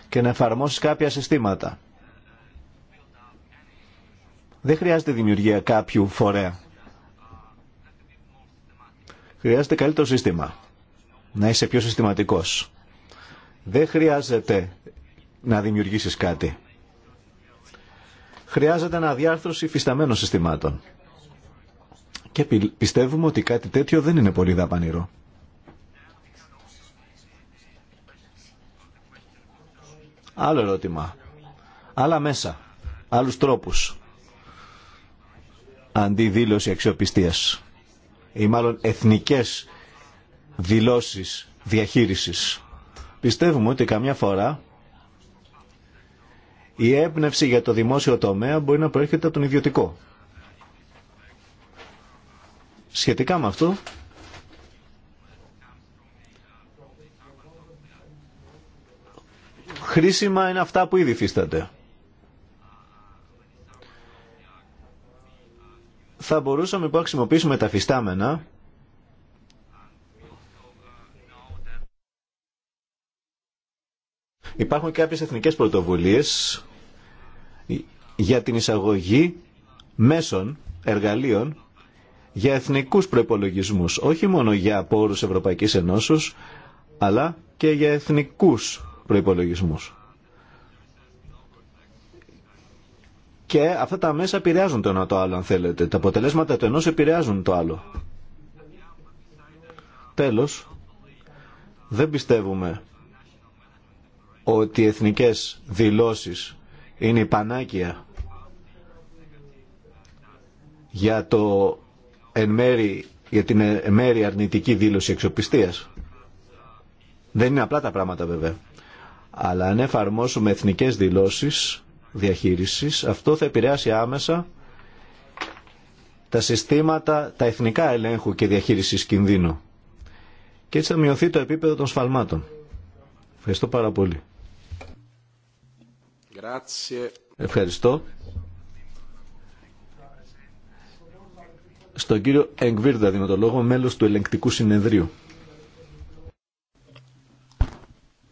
και να εφαρμόσεις κάποια συστήματα. Δεν χρειάζεται δημιουργία κάποιου φορέα. Χρειάζεται καλύτερο σύστημα. Να είσαι πιο συστηματικός. Δεν χρειάζεται να δημιουργήσεις κάτι. Χρειάζεται αναδιάρθρωση φυσταμένων συστημάτων. Και πιστεύουμε ότι κάτι τέτοιο δεν είναι πολύ δαπανηρό. Άλλο ερώτημα. Άλλα μέσα. Άλλους τρόπους αντί δήλωση αξιοπιστίας ή μάλλον εθνικές δηλώσεις διαχείρισης. Πιστεύουμε ότι καμιά φορά η έμπνευση για το δημόσιο τομέα μπορεί να προέρχεται από τον ιδιωτικό. Σχετικά με αυτό, χρήσιμα είναι αυτά που ήδη θα μπορούσαμε λοιπόν να χρησιμοποιήσουμε τα φυστάμενα Υπάρχουν κάποιες εθνικές πρωτοβουλίες για την εισαγωγή μέσων, εργαλείων για εθνικούς προϋπολογισμούς, όχι μόνο για πόρους Ευρωπαϊκής Ενώσεως, αλλά και για εθνικούς προϋπολογισμούς. και αυτά τα μέσα επηρεάζουν το ένα το άλλο αν θέλετε. Τα αποτελέσματα του ενός επηρεάζουν το άλλο. Τέλος, δεν πιστεύουμε ότι οι εθνικές δηλώσεις είναι η πανάκια για, το εν μέρη, για την εν μέρη αρνητική δήλωση εξοπιστίας. Δεν είναι απλά τα πράγματα βέβαια. Αλλά αν εφαρμόσουμε εθνικές δηλώσεις διαχείρισης. Αυτό θα επηρεάσει άμεσα τα συστήματα, τα εθνικά ελέγχου και διαχείρισης κινδύνου. Και έτσι θα μειωθεί το επίπεδο των σφαλμάτων. Ευχαριστώ πάρα πολύ. Ευχαριστώ. Στον κύριο Εγκβίρδα δίνω το λόγο, μέλος του ελεγκτικού συνεδρίου.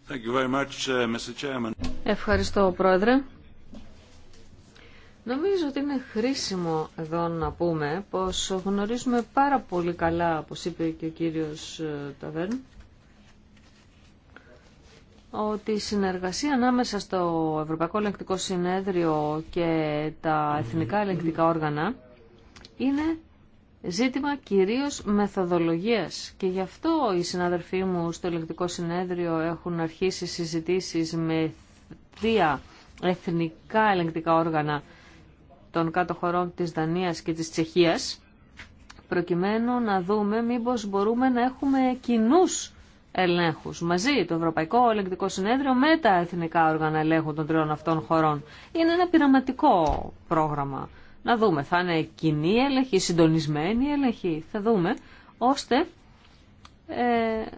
Uh, Ευχαριστώ, Πρόεδρε. Νομίζω ότι είναι χρήσιμο εδώ να πούμε πως γνωρίζουμε πάρα πολύ καλά, όπως είπε και ο κύριος ε, Ταβέρν, ότι η συνεργασία ανάμεσα στο Ευρωπαϊκό Ελεγκτικό Συνέδριο και τα εθνικά ελεγκτικά όργανα είναι ζήτημα κυρίως μεθοδολογίας και γι' αυτό οι συνάδελφοί μου στο Ελεγκτικό Συνέδριο έχουν αρχίσει συζητήσεις με τρία εθνικά ελεγκτικά όργανα των κάτω χωρών της Δανίας και της Τσεχίας προκειμένου να δούμε μήπως μπορούμε να έχουμε κοινού ελέγχους μαζί το Ευρωπαϊκό Ελεγκτικό Συνέδριο με τα εθνικά όργανα ελέγχου των τριών αυτών χωρών. Είναι ένα πειραματικό πρόγραμμα. Να δούμε, θα είναι κοινή έλεγχη, συντονισμένη έλεγχη, θα δούμε, ώστε ε,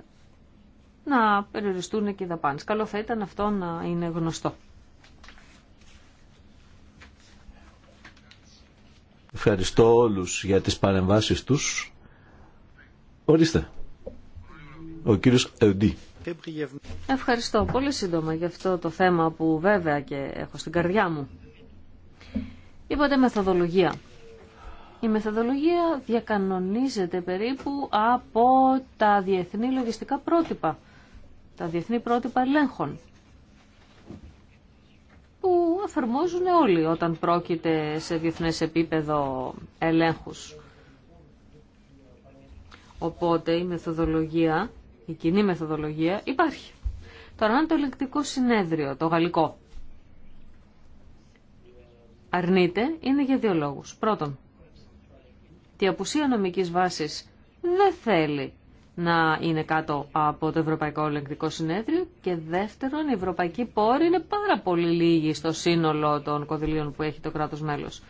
να περιοριστούν και οι δαπάνες. Καλό θα ήταν αυτό να είναι γνωστό. Ευχαριστώ όλους για τις παρεμβάσεις τους. Ορίστε. Ο κύριος Εουντή. Ευχαριστώ πολύ σύντομα για αυτό το θέμα που βέβαια και έχω στην καρδιά μου. Είπατε μεθοδολογία. Η μεθοδολογία διακανονίζεται περίπου από τα διεθνή λογιστικά πρότυπα, τα διεθνή πρότυπα ελέγχων που εφαρμόζουν όλοι όταν πρόκειται σε διεθνές επίπεδο ελέγχους. Οπότε η μεθοδολογία, η κοινή μεθοδολογία υπάρχει. Τώρα αν το ελεγκτικό συνέδριο, το γαλλικό, αρνείται, είναι για δύο λόγους. Πρώτον, τη απουσία νομικής βάσης δεν θέλει να είναι κάτω από το Ευρωπαϊκό Ολεκτικό Συνέδριο και δεύτερον οι ευρωπαϊκοί πόροι είναι πάρα πολύ λίγοι στο σύνολο των κονδυλίων που έχει το κράτος μέλος.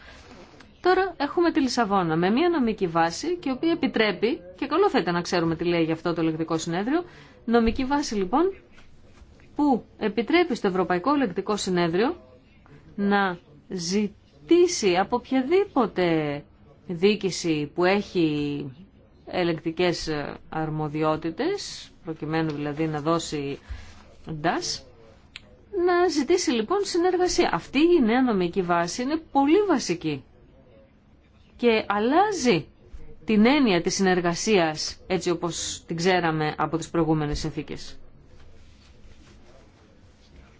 Τώρα έχουμε τη Λισαβόνα με μια νομική βάση και η οποία επιτρέπει, και καλό θα ήταν να ξέρουμε τι λέει γι' αυτό το Ολεκτικό συνέδριο, νομική βάση λοιπόν που επιτρέπει στο Ευρωπαϊκό Ολεκτικό Συνέδριο να ζητήσει από οποιαδήποτε δίκηση που έχει ελεκτικές ε, αρμοδιότητες, προκειμένου δηλαδή να δώσει ΝΤΑΣ, να ζητήσει λοιπόν συνεργασία. Αυτή η νέα νομική βάση είναι πολύ βασική και αλλάζει την έννοια της συνεργασίας έτσι όπως την ξέραμε από τις προηγούμενες συνθήκε.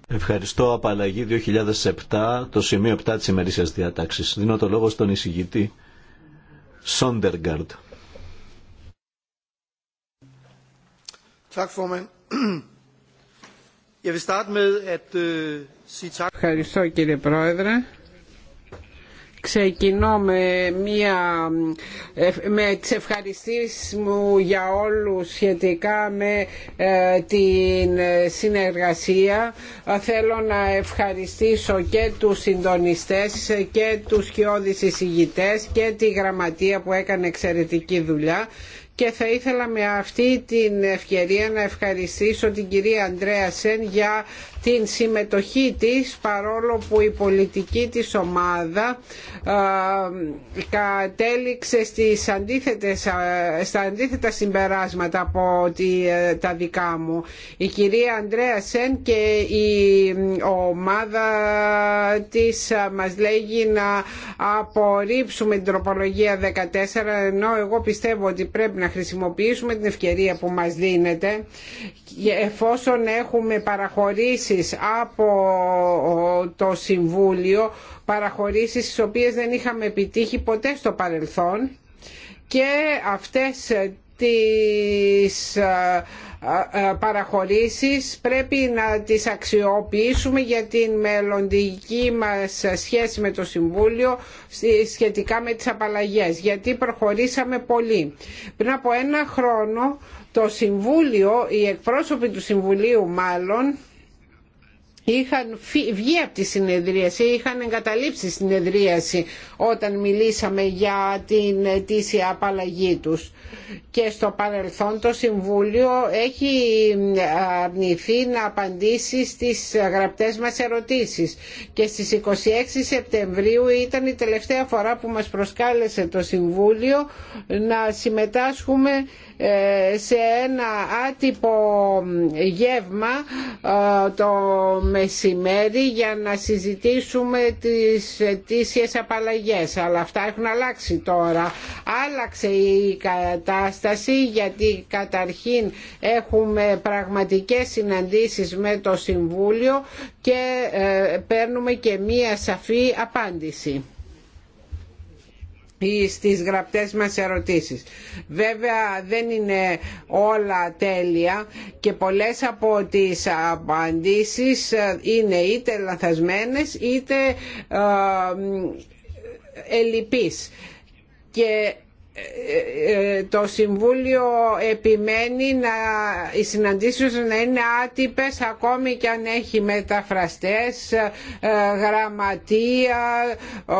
Ευχαριστώ. Απαλλαγή 2007, το σημείο 7 της ημερήσιας διατάξης. Δίνω το λόγο στον εισηγητή Σόντεργαρντ. Øh, Ευχαριστώ κύριε Πρόεδρε. Ξεκινώ με, μια, ε, με τις ευχαριστήσεις μου για όλους σχετικά με ε, την συνεργασία. Θέλω να ευχαριστήσω και τους συντονιστές και τους κοιόδης εισηγητές και τη γραμματεία που έκανε εξαιρετική δουλειά και θα ήθελα με αυτή την ευκαιρία να ευχαριστήσω την κυρία Σεν για την συμμετοχή της παρόλο που η πολιτική της ομάδα κατέληξε στις αντίθετες, στα αντίθετα συμπεράσματα από ε, τα δικά μου. Η κυρία Αντρέα Σεν και η ομάδα της μας λέγει να απορρίψουμε την τροπολογία 14 ενώ εγώ πιστεύω ότι πρέπει να χρησιμοποιήσουμε την ευκαιρία που μας δίνεται εφόσον έχουμε παραχωρήσεις από το Συμβούλιο, παραχωρήσεις τις οποίες δεν είχαμε επιτύχει ποτέ στο παρελθόν και αυτές τις ε, παραχωρήσεις πρέπει να τις αξιοποιήσουμε για την μελλοντική μας σχέση με το Συμβούλιο σχετικά με τις απαλλαγές γιατί προχωρήσαμε πολύ. Πριν από ένα χρόνο το Συμβούλιο, οι εκπρόσωποι του Συμβουλίου μάλλον είχαν βγει από τη συνεδρίαση, είχαν εγκαταλείψει τη συνεδρίαση όταν μιλήσαμε για την αιτήσια απαλλαγή τους. Και στο παρελθόν το Συμβούλιο έχει αρνηθεί να απαντήσει στις γραπτές μας ερωτήσεις. Και στις 26 Σεπτεμβρίου ήταν η τελευταία φορά που μας προσκάλεσε το Συμβούλιο να συμμετάσχουμε σε ένα άτυπο γεύμα ε, το μεσημέρι για να συζητήσουμε τις ετήσιες απαλλαγές αλλά αυτά έχουν αλλάξει τώρα άλλαξε η κατάσταση γιατί καταρχήν έχουμε πραγματικές συναντήσεις με το Συμβούλιο και ε, παίρνουμε και μία σαφή απάντηση ή στις γραπτές μας ερωτήσεις. Βέβαια δεν είναι όλα τέλεια και πολλές από τις απαντήσεις είναι είτε λαθασμένες, είτε ε, ε, ελλειπείς. Και ε, ε, το Συμβούλιο επιμένει να, οι συναντήσεις να είναι άτυπες ακόμη και αν έχει μεταφραστές, ε, γραμματεία,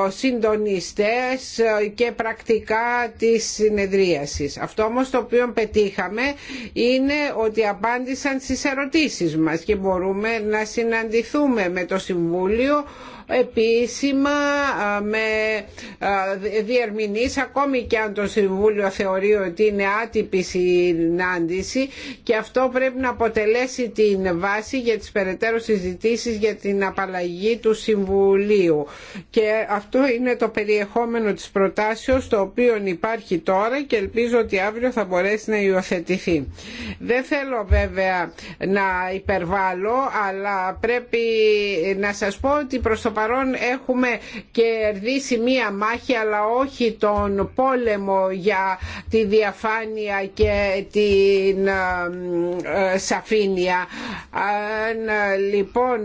συντονιστές και πρακτικά της συνεδρίασης. Αυτό όμως το οποίο πετύχαμε είναι ότι απάντησαν στις ερωτήσεις μας και μπορούμε να συναντηθούμε με το Συμβούλιο επίσημα με διερμηνείς ακόμη και αν το Συμβούλιο θεωρεί ότι είναι άτυπη συνάντηση και αυτό πρέπει να αποτελέσει την βάση για τις περαιτέρω συζητήσεις για την απαλλαγή του Συμβουλίου και αυτό είναι το περιεχόμενο της προτάσεως το οποίο υπάρχει τώρα και ελπίζω ότι αύριο θα μπορέσει να υιοθετηθεί. Δεν θέλω βέβαια να υπερβάλλω αλλά πρέπει να σας πω ότι προς παρόν έχουμε κερδίσει μία μάχη αλλά όχι τον πόλεμο για τη διαφάνεια και την ε, ε, σαφήνεια. Αν ε, λοιπόν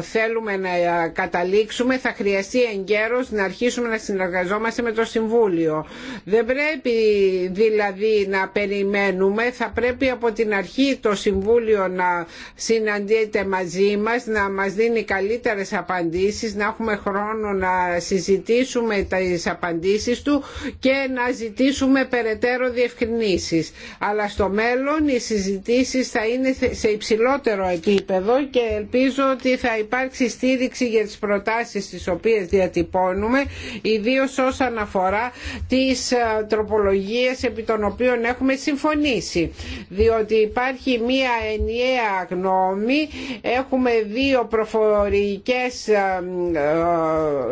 θέλουμε να καταλήξουμε θα χρειαστεί εγκαίρως να αρχίσουμε να συνεργαζόμαστε με το Συμβούλιο. Δεν πρέπει δηλαδή να περιμένουμε, θα πρέπει από την αρχή το Συμβούλιο να συναντιέται μαζί μας, να μας δίνει καλύτερες τις απαντήσεις, να έχουμε χρόνο να συζητήσουμε τις απαντήσεις του και να ζητήσουμε περαιτέρω διευκρινήσεις. Αλλά στο μέλλον οι συζητήσεις θα είναι σε υψηλότερο επίπεδο και ελπίζω ότι θα υπάρξει στήριξη για τις προτάσεις τις οποίες διατυπώνουμε, ιδίω όσον αφορά τις ε, τροπολογίες επί των οποίων έχουμε συμφωνήσει. Διότι υπάρχει μία ενιαία γνώμη, έχουμε δύο προφορικές ε,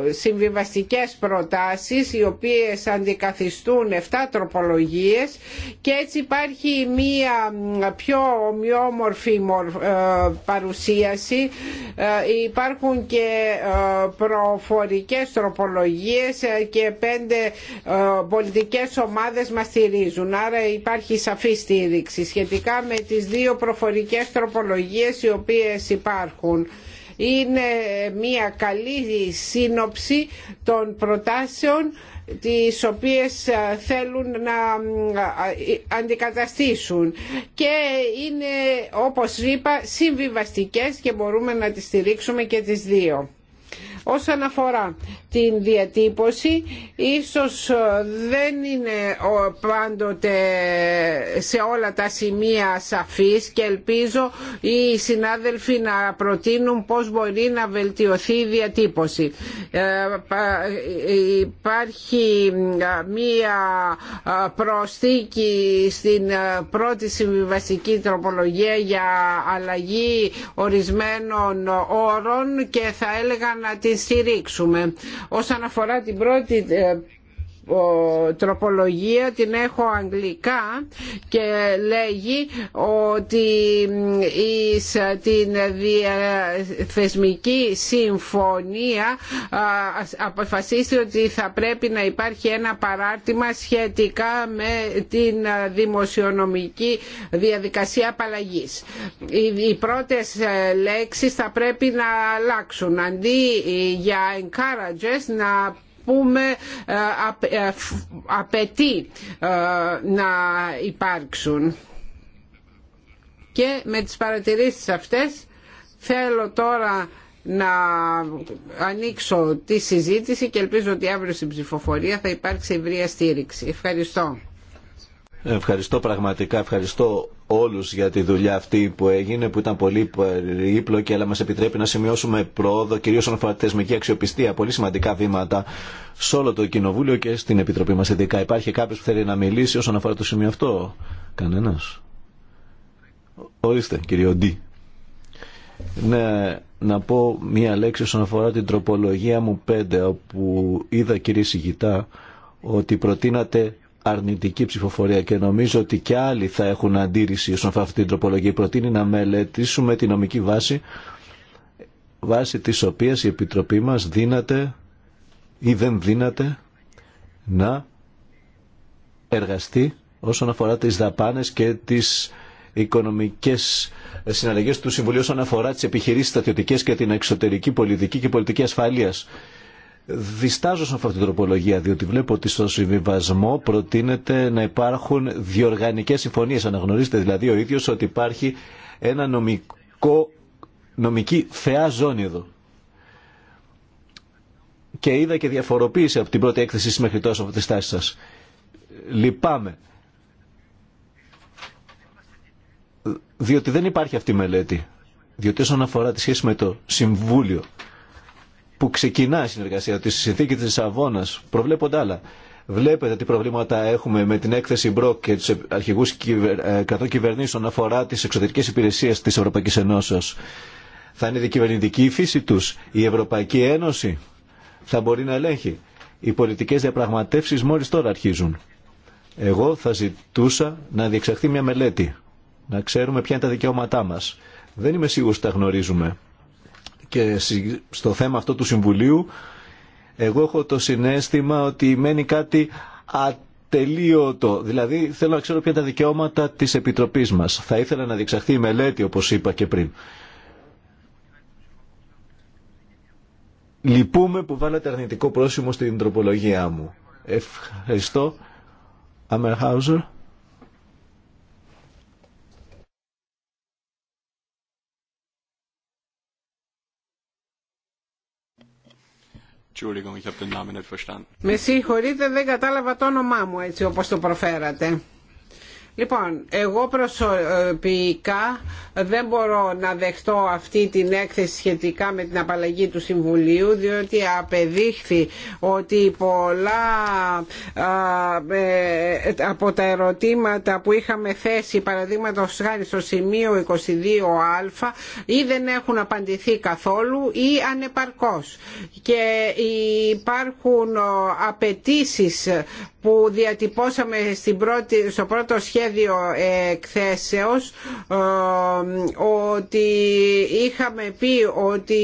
ε, συμβιβαστικές προτάσεις οι οποίες αντικαθιστούν 7 τροπολογίες και έτσι υπάρχει μία πιο ομοιόμορφη ε, παρουσίαση υπάρχουν και προφορικές τροπολογίες και πέντε πολιτικές ομάδες μας στηρίζουν άρα υπάρχει σαφή στήριξη σχετικά με τις δύο προφορικές τροπολογίες οι οποίες υπάρχουν είναι μια καλή σύνοψη των προτάσεων τις οποίες ε, θέλουν να ε, αντικαταστήσουν και είναι όπως είπα συμβιβαστικές και μπορούμε να τις στηρίξουμε και τις δύο. Όσον αφορά την διατύπωση, ίσως ε, δεν είναι πάντοτε σε όλα τα σημεία σαφής και ελπίζω οι συνάδελφοι να προτείνουν πώς μπορεί να βελτιωθεί η διατύπωση. Ε, ε, υπάρχει μία προσθήκη στην πρώτη συμβιβαστική τροπολογία για αλλαγή ορισμένων όρων και θα έλεγα να τη στηρίξουμε. Όσον αφορά την πρώτη ε, τροπολογία την έχω αγγλικά και λέγει ότι εις την διαθεσμική συμφωνία αποφασίστηκε ότι θα πρέπει να υπάρχει ένα παράρτημα σχετικά με την δημοσιονομική διαδικασία απαλλαγής. Οι πρώτες ε, λέξεις θα πρέπει να αλλάξουν αντί ε, για encourages να πούμε ε, ε, απαιτεί ε, να υπάρξουν. Και με τις παρατηρήσεις αυτές θέλω τώρα να ανοίξω τη συζήτηση και ελπίζω ότι αύριο στην ψηφοφορία θα υπάρξει ευρεία στήριξη. Ευχαριστώ. Ευχαριστώ πραγματικά, ευχαριστώ όλους για τη δουλειά αυτή που έγινε, που ήταν πολύ περίπλοκη, αλλά μας επιτρέπει να σημειώσουμε πρόοδο, κυρίως όσον αφορά τη θεσμική αξιοπιστία, πολύ σημαντικά βήματα σε όλο το Κοινοβούλιο και στην Επιτροπή μας ειδικά. Υπάρχει κάποιος που θέλει να μιλήσει όσον αφορά το σημείο αυτό. Κανένας. Ορίστε, κύριο Ντί. Ναι, να πω μία λέξη όσον αφορά την τροπολογία μου 5, όπου είδα κύριε Σιγητά ότι προτείνατε αρνητική ψηφοφορία και νομίζω ότι και άλλοι θα έχουν αντίρρηση όσον αφορά αυτή την τροπολογία. Προτείνει να μελετήσουμε τη νομική βάση βάση της οποίας η Επιτροπή μας δύναται ή δεν δύναται να εργαστεί όσον αφορά τις δαπάνες και τις οικονομικές συναλλαγές του Συμβουλίου όσον αφορά τις επιχειρήσεις στατιωτικές και την εξωτερική πολιτική και πολιτική ασφαλείας. Διστάζω σε αυτή την τροπολογία, διότι βλέπω ότι στο συμβιβασμό προτείνεται να υπάρχουν διοργανικές συμφωνίες. Αναγνωρίζετε δηλαδή ο ίδιος ότι υπάρχει ένα νομικό, νομική θεά ζώνη εδώ. Και είδα και διαφοροποίηση από την πρώτη έκθεση μέχρι τόσο από τη στάση σας. Λυπάμαι. Διότι δεν υπάρχει αυτή η μελέτη. Διότι όσον αφορά τη σχέση με το Συμβούλιο, που ξεκινά η συνεργασία τη συνθήκη τη Λισαβόνα, προβλέπονται άλλα. Βλέπετε τι προβλήματα έχουμε με την έκθεση Μπροκ και του αρχηγού ε, κρατών κυβερνήσεων αφορά τι εξωτερικέ υπηρεσίε τη Ευρωπαϊκή Ενώσεω. Θα είναι δικυβερνητική η φύση του. Η Ευρωπαϊκή Ένωση θα μπορεί να ελέγχει. Οι πολιτικέ διαπραγματεύσει μόλι τώρα αρχίζουν. Εγώ θα ζητούσα να διεξαχθεί μια μελέτη. Να ξέρουμε ποια είναι τα δικαιώματά μα. Δεν είμαι σίγουρο ότι τα γνωρίζουμε και στο θέμα αυτό του Συμβουλίου εγώ έχω το συνέστημα ότι μένει κάτι ατελείωτο. Δηλαδή θέλω να ξέρω ποια είναι τα δικαιώματα της Επιτροπής μας. Θα ήθελα να διεξαχθεί η μελέτη όπως είπα και πριν. Λυπούμε που βάλατε αρνητικό πρόσημο στην τροπολογία μου. Ευχαριστώ. Αμερχάουζερ. Με συγχωρείτε, δεν κατάλαβα το όνομά μου έτσι όπως το προφέρατε. Λοιπόν, εγώ προσωπικά δεν μπορώ να δεχτώ αυτή την έκθεση σχετικά με την απαλλαγή του Συμβουλίου διότι απεδείχθη ότι πολλά ε, από τα ερωτήματα που είχαμε θέσει παραδείγματο χάρη στο σημείο 22α ή δεν έχουν απαντηθεί καθόλου ή ανεπαρκώς και υπάρχουν απαιτήσει που διατυπώσαμε στο πρώτο σχέδιο εκθέσεως ε, ότι είχαμε πει ότι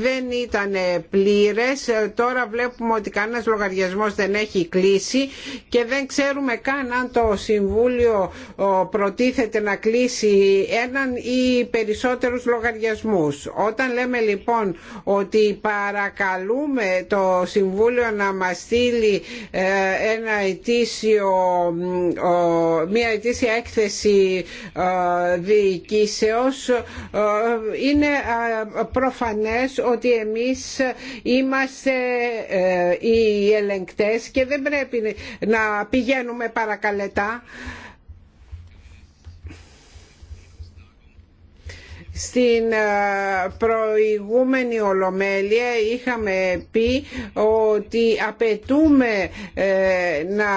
δεν ήταν πλήρες τώρα βλέπουμε ότι κανένας λογαριασμός δεν έχει κλείσει και δεν ξέρουμε καν αν το Συμβούλιο ε, προτίθεται να κλείσει έναν ή περισσότερους λογαριασμούς. Όταν λέμε λοιπόν ότι παρακαλούμε το Συμβούλιο να μας στείλει ε, ένα μια ετήσια έκθεση ε, διοικήσεως ε, είναι ε, προφανές ότι εμείς είμαστε οι ελεγκτές και δεν πρέπει να πηγαίνουμε παρακαλετά Στην ε, προηγούμενη Ολομέλεια είχαμε πει ότι απαιτούμε ε, να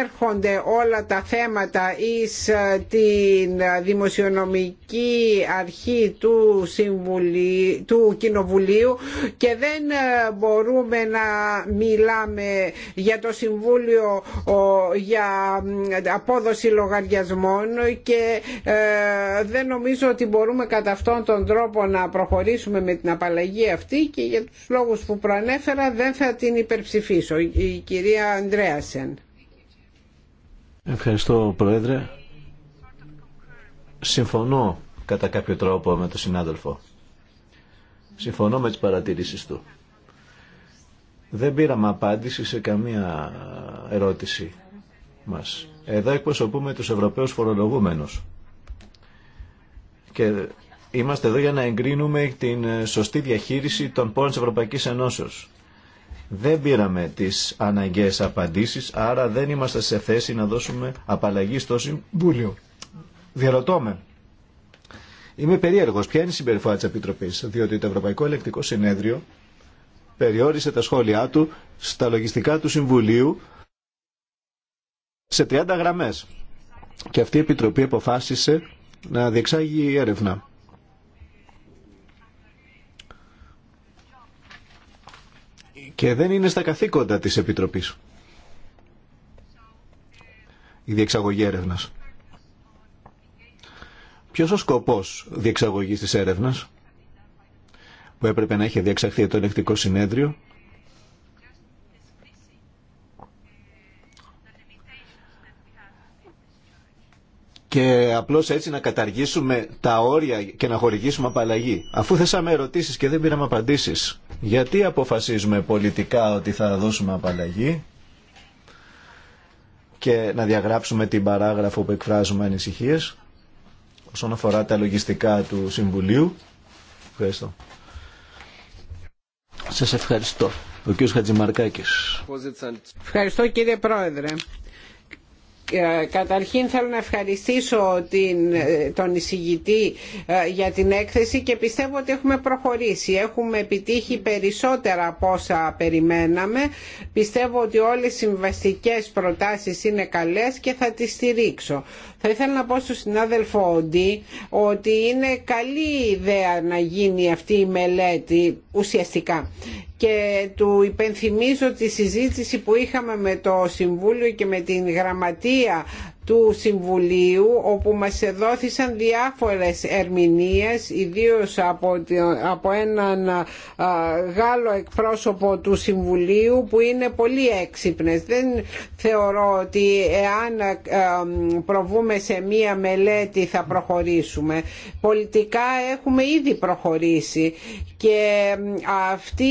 έρχονται όλα τα θέματα εις ε, την δημοσιονομική αρχή του, του Κοινοβουλίου και δεν μπορούμε να μιλάμε για το Συμβούλιο για απόδοση λογαριασμών και δεν νομίζω ότι μπορούμε μπορούμε κατά αυτόν τον τρόπο να προχωρήσουμε με την απαλλαγή αυτή και για τους λόγους που προανέφερα δεν θα την υπερψηφίσω. Η κυρία Ανδρέασεν. Ευχαριστώ Πρόεδρε. Συμφωνώ κατά κάποιο τρόπο με τον συνάδελφο. Συμφωνώ με τις παρατηρήσεις του. Δεν πήραμε απάντηση σε καμία ερώτηση μας. Εδώ εκπροσωπούμε τους Ευρωπαίους φορολογούμενους και είμαστε εδώ για να εγκρίνουμε την ε, σωστή διαχείριση των πόρων της Ευρωπαϊκής Ενώσεως. Δεν πήραμε τις αναγκαίες απαντήσεις, άρα δεν είμαστε σε θέση να δώσουμε απαλλαγή στο Συμβούλιο. Διαρωτώ με. Είμαι περίεργος. Ποια είναι η συμπεριφορά της Επιτροπής, διότι το Ευρωπαϊκό Ελεκτικό Συνέδριο περιόρισε τα σχόλιά του στα λογιστικά του Συμβουλίου σε 30 γραμμές. Και αυτή η Επιτροπή αποφάσισε να διεξάγει έρευνα. Και δεν είναι στα καθήκοντα της Επιτροπής η διεξαγωγή έρευνας. Ποιος ο σκοπός διεξαγωγής της έρευνας που έπρεπε να έχει διεξαχθεί το ελεκτικό συνέδριο και απλώς έτσι να καταργήσουμε τα όρια και να χορηγήσουμε απαλλαγή. Αφού θέσαμε ερωτήσει και δεν πήραμε απαντήσει. γιατί αποφασίζουμε πολιτικά ότι θα δώσουμε απαλλαγή και να διαγράψουμε την παράγραφο που εκφράζουμε ανησυχίε όσον αφορά τα λογιστικά του Συμβουλίου. Ευχαριστώ. Σας ευχαριστώ. Ο κ. Χατζημαρκάκης. Ευχαριστώ κύριε Πρόεδρε. Ε, καταρχήν θέλω να ευχαριστήσω την, ε, τον εισηγητή ε, για την έκθεση και πιστεύω ότι έχουμε προχωρήσει. Έχουμε επιτύχει περισσότερα από όσα περιμέναμε. Πιστεύω ότι όλες οι συμβαστικές προτάσεις είναι καλές και θα τις στηρίξω. Θα ήθελα να πω στον συνάδελφο Όντι ότι είναι καλή ιδέα να γίνει αυτή η μελέτη ουσιαστικά και του υπενθυμίζω τη συζήτηση που είχαμε με το Συμβούλιο και με την Γραμματεία του Συμβουλίου όπου μας δόθησαν διάφορες ερμηνείες ιδίως από, από έναν Γάλλο εκπρόσωπο του Συμβουλίου που είναι πολύ έξυπνες. Δεν θεωρώ ότι εάν προβούμε σε μία μελέτη θα προχωρήσουμε. Πολιτικά έχουμε ήδη προχωρήσει και αυτή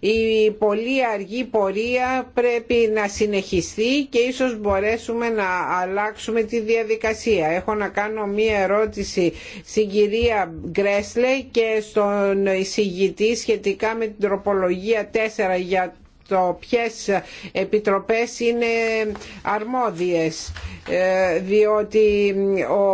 η πολύ αργή πορεία πρέπει να συνεχιστεί και ίσως μπορέσουμε να αλλάξουμε τη διαδικασία. Έχω να κάνω μία ερώτηση στην κυρία Γκρέσλε και στον εισηγητή σχετικά με την τροπολογία 4 για το ποιες επιτροπές είναι αρμόδιες ε, διότι ο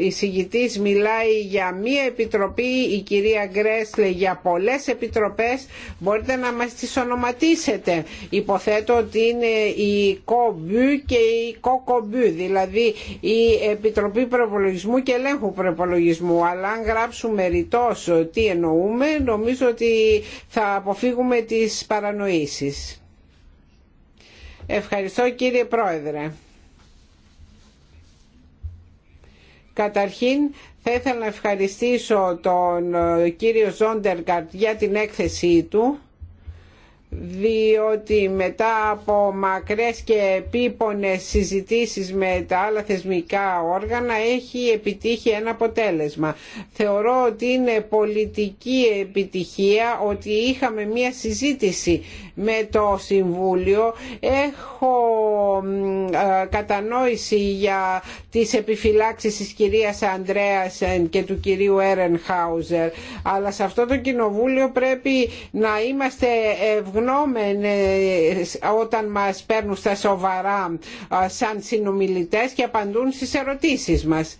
εισηγητής μιλάει για μία επιτροπή η κυρία Γκρέσλε για πολλές επιτροπές μπορείτε να μας τις ονοματίσετε υποθέτω ότι είναι η κομπού και η κοκομπού δηλαδή η Επιτροπή Προπολογισμού και Ελέγχου Προπολογισμού αλλά αν γράψουμε ρητός τι εννοούμε νομίζω ότι θα αποφύγουμε τη παρανοήσεις. Ευχαριστώ κύριε Πρόεδρε. Καταρχήν θα ήθελα να ευχαριστήσω τον ε, κύριο Ζόντερκαρτ για την έκθεσή του διότι μετά από μακρές και επίπονες συζητήσεις με τα άλλα θεσμικά όργανα έχει επιτύχει ένα αποτέλεσμα. Θεωρώ ότι είναι πολιτική επιτυχία ότι είχαμε μία συζήτηση με το Συμβούλιο. Έχω κατανόηση για τις επιφυλάξεις της κυρίας Ανδρέας και του κυρίου Έρενχάουζερ αλλά σε αυτό το κοινοβούλιο πρέπει να είμαστε ευγνώμενοι όταν μας παίρνουν στα σοβαρά σαν συνομιλητές και απαντούν στις ερωτήσεις μας.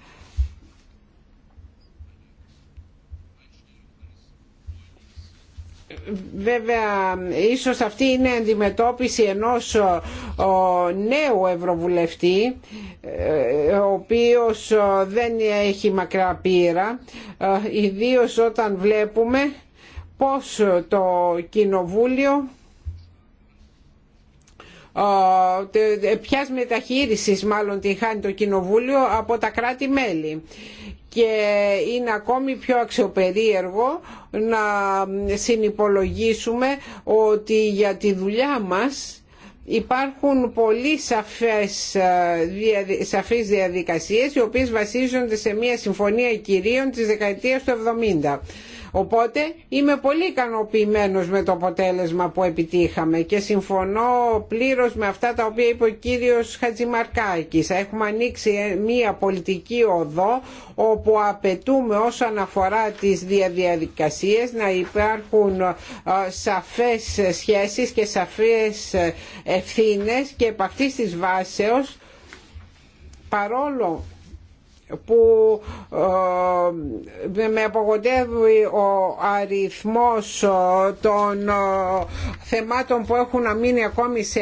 βέβαια ίσως αυτή είναι αντιμετώπιση ενός νέου ευρωβουλευτή ε, ο οποίος δεν έχει μακρά πείρα ε, ιδίως όταν βλέπουμε πως το κοινοβούλιο ε, ποιας μεταχείρισης μάλλον την χάνει το Κοινοβούλιο από τα κράτη-μέλη και είναι ακόμη πιο αξιοπερίεργο να συνυπολογίσουμε ότι για τη δουλειά μας υπάρχουν πολύ σαφές, σαφείς διαδικασίες οι οποίες βασίζονται σε μια συμφωνία κυρίων της δεκαετίας του 70 Οπότε είμαι πολύ ικανοποιημένο με το αποτέλεσμα που επιτύχαμε και συμφωνώ πλήρως με αυτά τα οποία είπε ο κύριος Χατζημαρκάκης. Έχουμε ανοίξει μία πολιτική οδό όπου απαιτούμε όσον αφορά τις διαδιαδικασίες να υπάρχουν σαφές σχέσεις και σαφές ευθύνες και επ' αυτής της βάσεως παρόλο που ε, με απογοντεύει ο αριθμός ε, των ε, θεμάτων που έχουν να μείνει ακόμη σε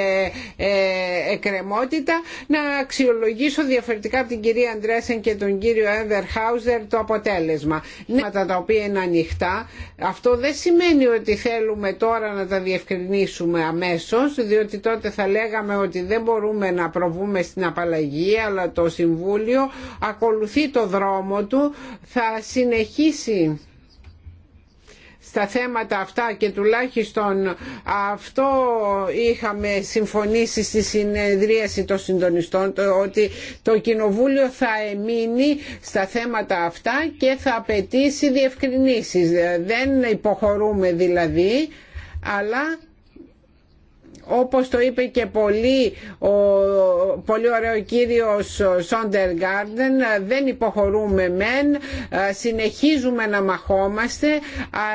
εκκρεμότητα να αξιολογήσω διαφορετικά από την κυρία Αντρέσεν και τον κύριο Χάουζερ το αποτέλεσμα. ναι, τα οποία είναι ανοιχτά. Αυτό δεν σημαίνει ότι θέλουμε τώρα να τα διευκρινίσουμε αμέσως διότι τότε θα λέγαμε ότι δεν μπορούμε να προβούμε στην απαλλαγή αλλά το Συμβούλιο ακολουθεί ακολουθεί το δρόμο του θα συνεχίσει στα θέματα αυτά και τουλάχιστον αυτό είχαμε συμφωνήσει στη συνεδρίαση των συντονιστών ότι το Κοινοβούλιο θα εμείνει στα θέματα αυτά και θα απαιτήσει διευκρινήσεις. Δεν υποχωρούμε δηλαδή αλλά όπως το είπε και πολύ, ο, πολύ ωραίο κύριος Σόντερ Γκάρντεν, δεν υποχωρούμε μεν, συνεχίζουμε να μαχόμαστε,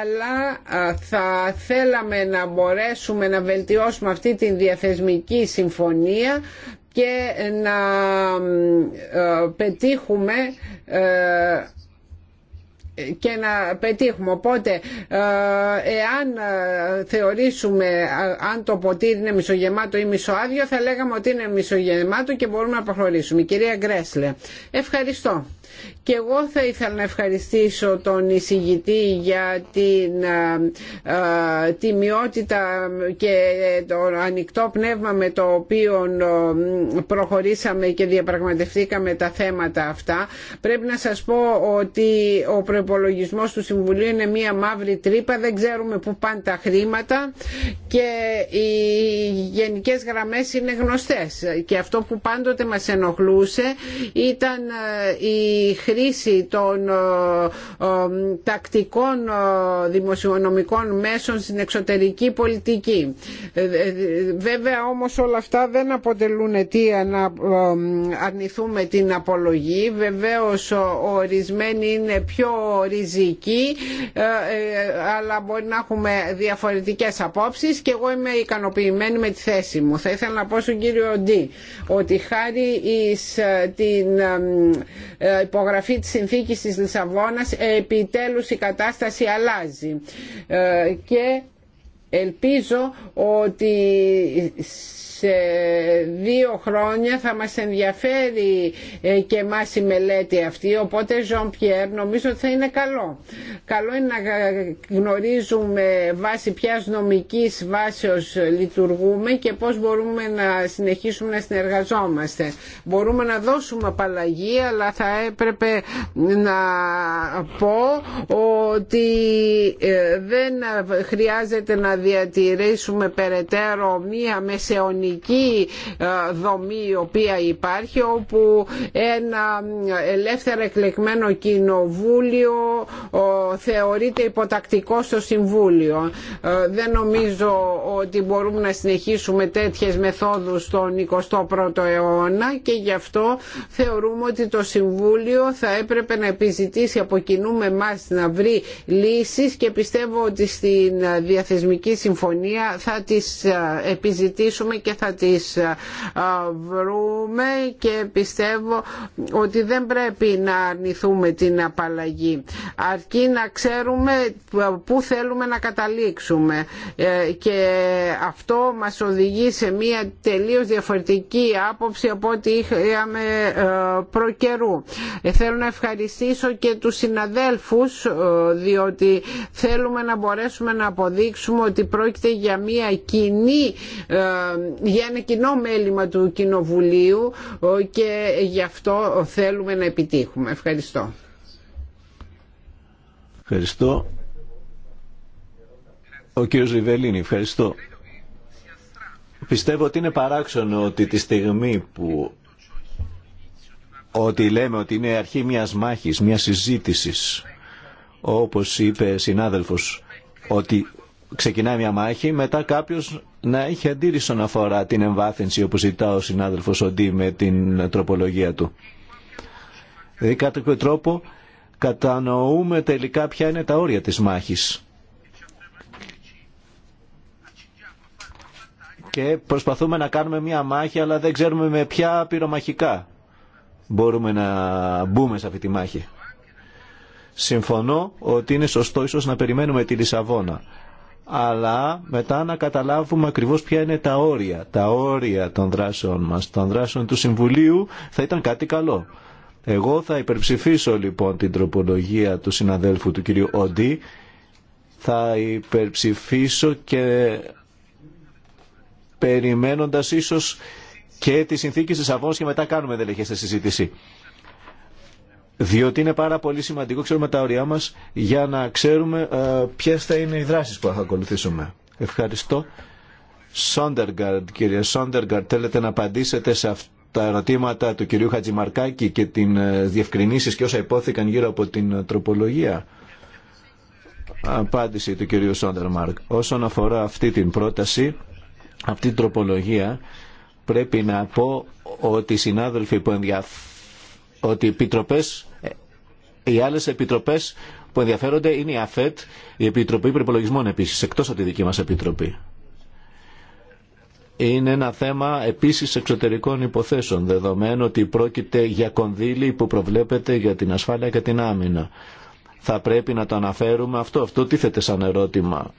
αλλά θα θέλαμε να μπορέσουμε να βελτιώσουμε αυτή τη διαθεσμική συμφωνία και να πετύχουμε ε, και να πετύχουμε. Οπότε, ε, εάν ε, θεωρήσουμε αν το ποτήρι είναι μισογεμάτο ή μισοάδιο, θα λέγαμε ότι είναι μισογεμάτο και μπορούμε να προχωρήσουμε. Κυρία Γκρέσλε, ευχαριστώ. Και εγώ θα ήθελα να ευχαριστήσω τον εισηγητή για την ε, ε, τιμιότητα και το ανοιχτό πνεύμα με το οποίο ε, προχωρήσαμε και διαπραγματευτήκαμε τα θέματα αυτά. Πρέπει να σας πω ότι ο προπολογισμό του Συμβουλίου είναι μία μαύρη τρύπα, δεν ξέρουμε πού πάνε τα χρήματα και οι γενικές γραμμές είναι γνωστές. Και αυτό που πάντοτε μας ενοχλούσε ήταν η η χρήση των ε, ε, τακτικών ε, δημοσιονομικών μέσων στην εξωτερική πολιτική. Βέβαια όμως όλα αυτά δεν αποτελούν αιτία να αρνηθούμε την απολογή. Βεβαίως ορισμένοι είναι πιο ριζικοί αλλά μπορεί να έχουμε διαφορετικές απόψεις και εγώ είμαι ικανοποιημένη με τη θέση μου. Θα ήθελα να πω στον κύριο Ντί ότι χάρη εις την υπογραφή της συνθήκης της Λισαβόνας επιτέλους η κατάσταση αλλάζει ε, και ελπίζω ότι σε δύο χρόνια θα μας ενδιαφέρει ε, και εμάς η μελέτη αυτή οπότε Ζων Πιέρ νομίζω ότι θα είναι καλό καλό είναι να γνωρίζουμε βάσει ποιας νομικής βάσεως λειτουργούμε και πώς μπορούμε να συνεχίσουμε να συνεργαζόμαστε μπορούμε να δώσουμε απαλλαγή αλλά θα έπρεπε να πω ότι ε, δεν χρειάζεται να διατηρήσουμε περαιτέρω μία μεσαιωνική ε, δομή η οποία υπάρχει όπου ένα ελεύθερα εκλεγμένο κοινοβούλιο θεωρείται υποτακτικό στο Συμβούλιο. Ε, δεν νομίζω ότι μπορούμε να συνεχίσουμε τέτοιες μεθόδους στον 21ο αιώνα και γι' αυτό θεωρούμε ότι το Συμβούλιο θα έπρεπε να επιζητήσει από κοινού με εμάς να βρει λύσεις και πιστεύω ότι στην διαθεσμική συμφωνία θα τις ε, επιζητήσουμε και θα τις ε, ε, βρούμε και πιστεύω ότι δεν πρέπει να αρνηθούμε την απαλλαγή αρκεί να ξέρουμε πού θέλουμε να καταλήξουμε ε, και αυτό μας οδηγεί σε μια τελείως διαφορετική άποψη από ό,τι είχαμε προκαιρού. Θέλω να ευχαριστήσω και τους συναδέλφους διότι θέλουμε να μπορέσουμε να αποδείξουμε ότι πρόκειται για μια κοινή για ένα κοινό μέλημα του Κοινοβουλίου και γι' αυτό θέλουμε να επιτύχουμε. Ευχαριστώ. Ευχαριστώ. Ο κύριος Ριβελίνη, ευχαριστώ. Πιστεύω ότι είναι παράξενο ότι τη στιγμή που ότι λέμε ότι είναι αρχή μιας μάχης, μιας συζήτησης, όπως είπε συνάδελφος, ότι ξεκινάει μια μάχη, μετά κάποιος να έχει αντίρρηση όσον αφορά την εμβάθυνση όπως ζητά ο συνάδελφος Οντί με την τροπολογία του. Δηλαδή κατά τρόπο κατανοούμε τελικά ποια είναι τα όρια της μάχης. Και προσπαθούμε να κάνουμε μια μάχη αλλά δεν ξέρουμε με ποια πυρομαχικά μπορούμε να μπούμε σε αυτή τη μάχη. Συμφωνώ ότι είναι σωστό ίσως να περιμένουμε τη Λισαβόνα αλλά μετά να καταλάβουμε ακριβώς ποια είναι τα όρια, τα όρια των δράσεων μας, των δράσεων του Συμβουλίου θα ήταν κάτι καλό. Εγώ θα υπερψηφίσω λοιπόν την τροπολογία του συναδέλφου του κυρίου Οντί, θα υπερψηφίσω και περιμένοντας ίσως και τη συνθήκη της Αβώνας και μετά κάνουμε δελεχές στη συζήτηση διότι είναι πάρα πολύ σημαντικό, ξέρουμε τα όρια μας, για να ξέρουμε ε, ποιες θα είναι οι δράσεις που θα ακολουθήσουμε. Ευχαριστώ. Σόντεργαρντ, κύριε Σόντεργαρντ, θέλετε να απαντήσετε σε αυτά ερωτήματα του κυρίου Χατζημαρκάκη και την ε, και όσα υπόθηκαν γύρω από την ε, τροπολογία. Απάντηση του κυρίου Σόντερμαρκ. Όσον αφορά αυτή την πρόταση, αυτή την τροπολογία, πρέπει να πω ότι οι συνάδελφοι που ενδιαφέρονται ότι οι οι άλλε επιτροπέ που ενδιαφέρονται είναι η ΑΦΕΤ, η Επιτροπή Προπολογισμών επίση, εκτό από τη δική μα επιτροπή. Είναι ένα θέμα επίση εξωτερικών υποθέσεων, δεδομένου ότι πρόκειται για κονδύλι που προβλέπεται για την ασφάλεια και την άμυνα. Θα πρέπει να το αναφέρουμε αυτό. Αυτό τίθεται σαν ερώτημα.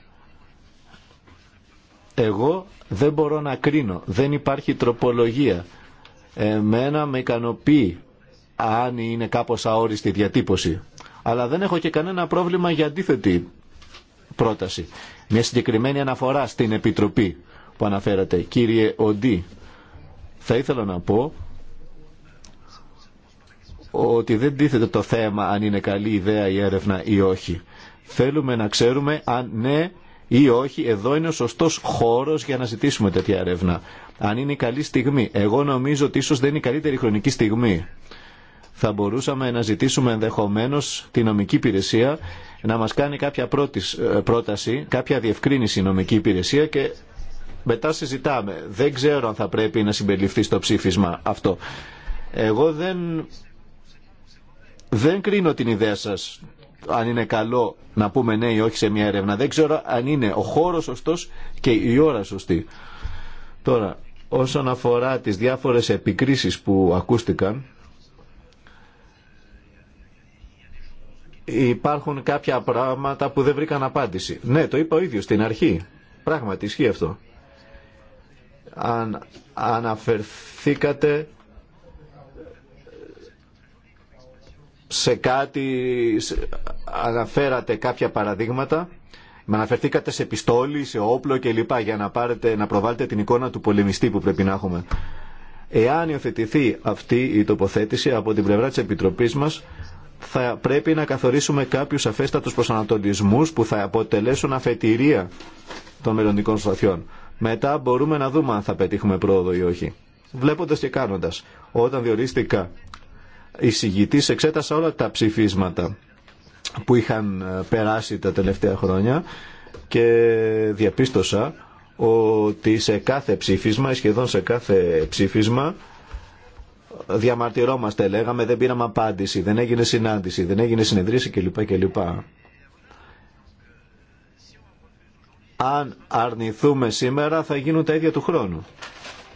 Εγώ δεν μπορώ να κρίνω. Δεν υπάρχει τροπολογία. Εμένα με ικανοποιεί αν είναι κάπως αόριστη διατύπωση. Αλλά δεν έχω και κανένα πρόβλημα για αντίθετη πρόταση. Μια συγκεκριμένη αναφορά στην Επιτροπή που αναφέρατε. Κύριε Οντί, θα ήθελα να πω ότι δεν τίθεται το θέμα αν είναι καλή ιδέα η έρευνα ή όχι. Θέλουμε να ξέρουμε αν ναι ή όχι, εδώ είναι ο σωστός χώρος για να ζητήσουμε τέτοια έρευνα. Αν είναι η καλή στιγμή. Εγώ νομίζω ότι ίσως δεν είναι η καλύτερη χρονική στιγμή θα μπορούσαμε να ζητήσουμε ενδεχομένως τη νομική υπηρεσία να μας κάνει κάποια ε, πρόταση, κάποια διευκρίνηση νομική υπηρεσία και μετά συζητάμε. Δεν ξέρω αν θα πρέπει να συμπεριληφθεί στο ψήφισμα αυτό. Εγώ δεν, δεν κρίνω την ιδέα σας αν είναι καλό να πούμε ναι ή όχι σε μια έρευνα. Δεν ξέρω αν είναι ο χώρος σωστός και η ώρα σωστή. Τώρα, όσον αφορά τις διάφορες επικρίσεις που ακούστηκαν, υπάρχουν κάποια πράγματα που δεν βρήκαν απάντηση. Ναι, το είπα ο ίδιος στην αρχή. Πράγματι, ισχύει αυτό. Αν αναφερθήκατε σε κάτι, αναφέρατε κάποια παραδείγματα, με αναφερθήκατε σε πιστόλι, σε όπλο κλπ. για να, πάρετε, να προβάλλετε την εικόνα του πολεμιστή που πρέπει να έχουμε. Εάν υιοθετηθεί αυτή η τοποθέτηση από την πλευρά της Επιτροπής μας, θα πρέπει να καθορίσουμε κάποιους αφέστατου προσανατολισμούς που θα αποτελέσουν αφετηρία των μελλοντικών στρατιών. Μετά μπορούμε να δούμε αν θα πετύχουμε πρόοδο ή όχι. Βλέποντα και κάνοντα, Όταν διορίστηκα εισηγητή, εξέτασα όλα τα ψηφίσματα που είχαν ε, περάσει τα τελευταία χρόνια και διαπίστωσα ότι σε κάθε ψήφισμα, σχεδόν σε κάθε ψήφισμα, διαμαρτυρόμαστε, λέγαμε, δεν πήραμε απάντηση, δεν έγινε συνάντηση, δεν έγινε συνεδρίαση κλπ. κλπ. Αν αρνηθούμε σήμερα θα γίνουν τα ίδια του χρόνου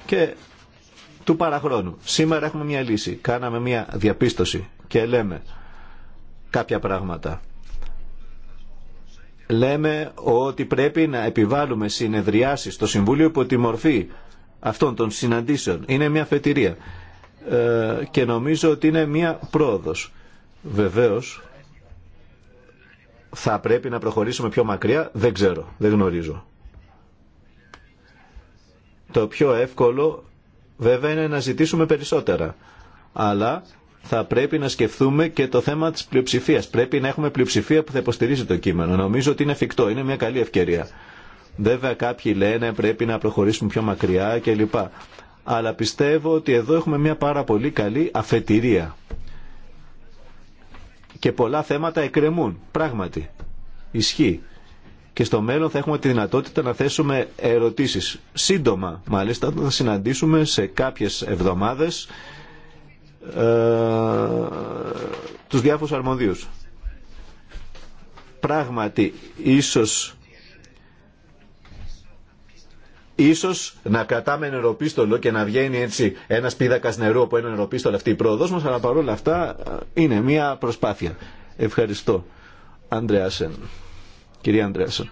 και του παραχρόνου. Σήμερα έχουμε μια λύση, κάναμε μια διαπίστωση και λέμε κάποια πράγματα. Λέμε ότι πρέπει να επιβάλλουμε συνεδριάσεις στο Συμβούλιο υπό τη μορφή αυτών των συναντήσεων. Είναι μια φετηρία. Ε, και νομίζω ότι είναι μία πρόοδος. Βεβαίως θα πρέπει να προχωρήσουμε πιο μακριά, δεν ξέρω, δεν γνωρίζω. Το πιο εύκολο βέβαια είναι να ζητήσουμε περισσότερα, αλλά θα πρέπει να σκεφτούμε και το θέμα της πλειοψηφίας. Πρέπει να έχουμε πλειοψηφία που θα υποστηρίζει το κείμενο. Νομίζω ότι είναι εφικτό, είναι μια καλή ευκαιρία. Βέβαια κάποιοι λένε πρέπει να προχωρήσουμε πιο μακριά κλπ αλλά πιστεύω ότι εδώ έχουμε μια πάρα πολύ καλή αφετηρία. Και πολλά θέματα εκκρεμούν, πράγματι. Ισχύει. Και στο μέλλον θα έχουμε τη δυνατότητα να θέσουμε ερωτήσεις. Σύντομα, μάλιστα, θα συναντήσουμε σε κάποιες εβδομάδες ε, τους διάφορους αρμοδίους. Πράγματι, ίσως Ίσως να κρατάμε νεροπίστολο και να βγαίνει έτσι ένα πίδακας νερού από ένα νεροπίστολο αυτή η πρόοδο μα, αλλά παρόλα αυτά ε, είναι μια προσπάθεια. Ευχαριστώ. Αντρέασεν. Κυρία Αντρέασεν.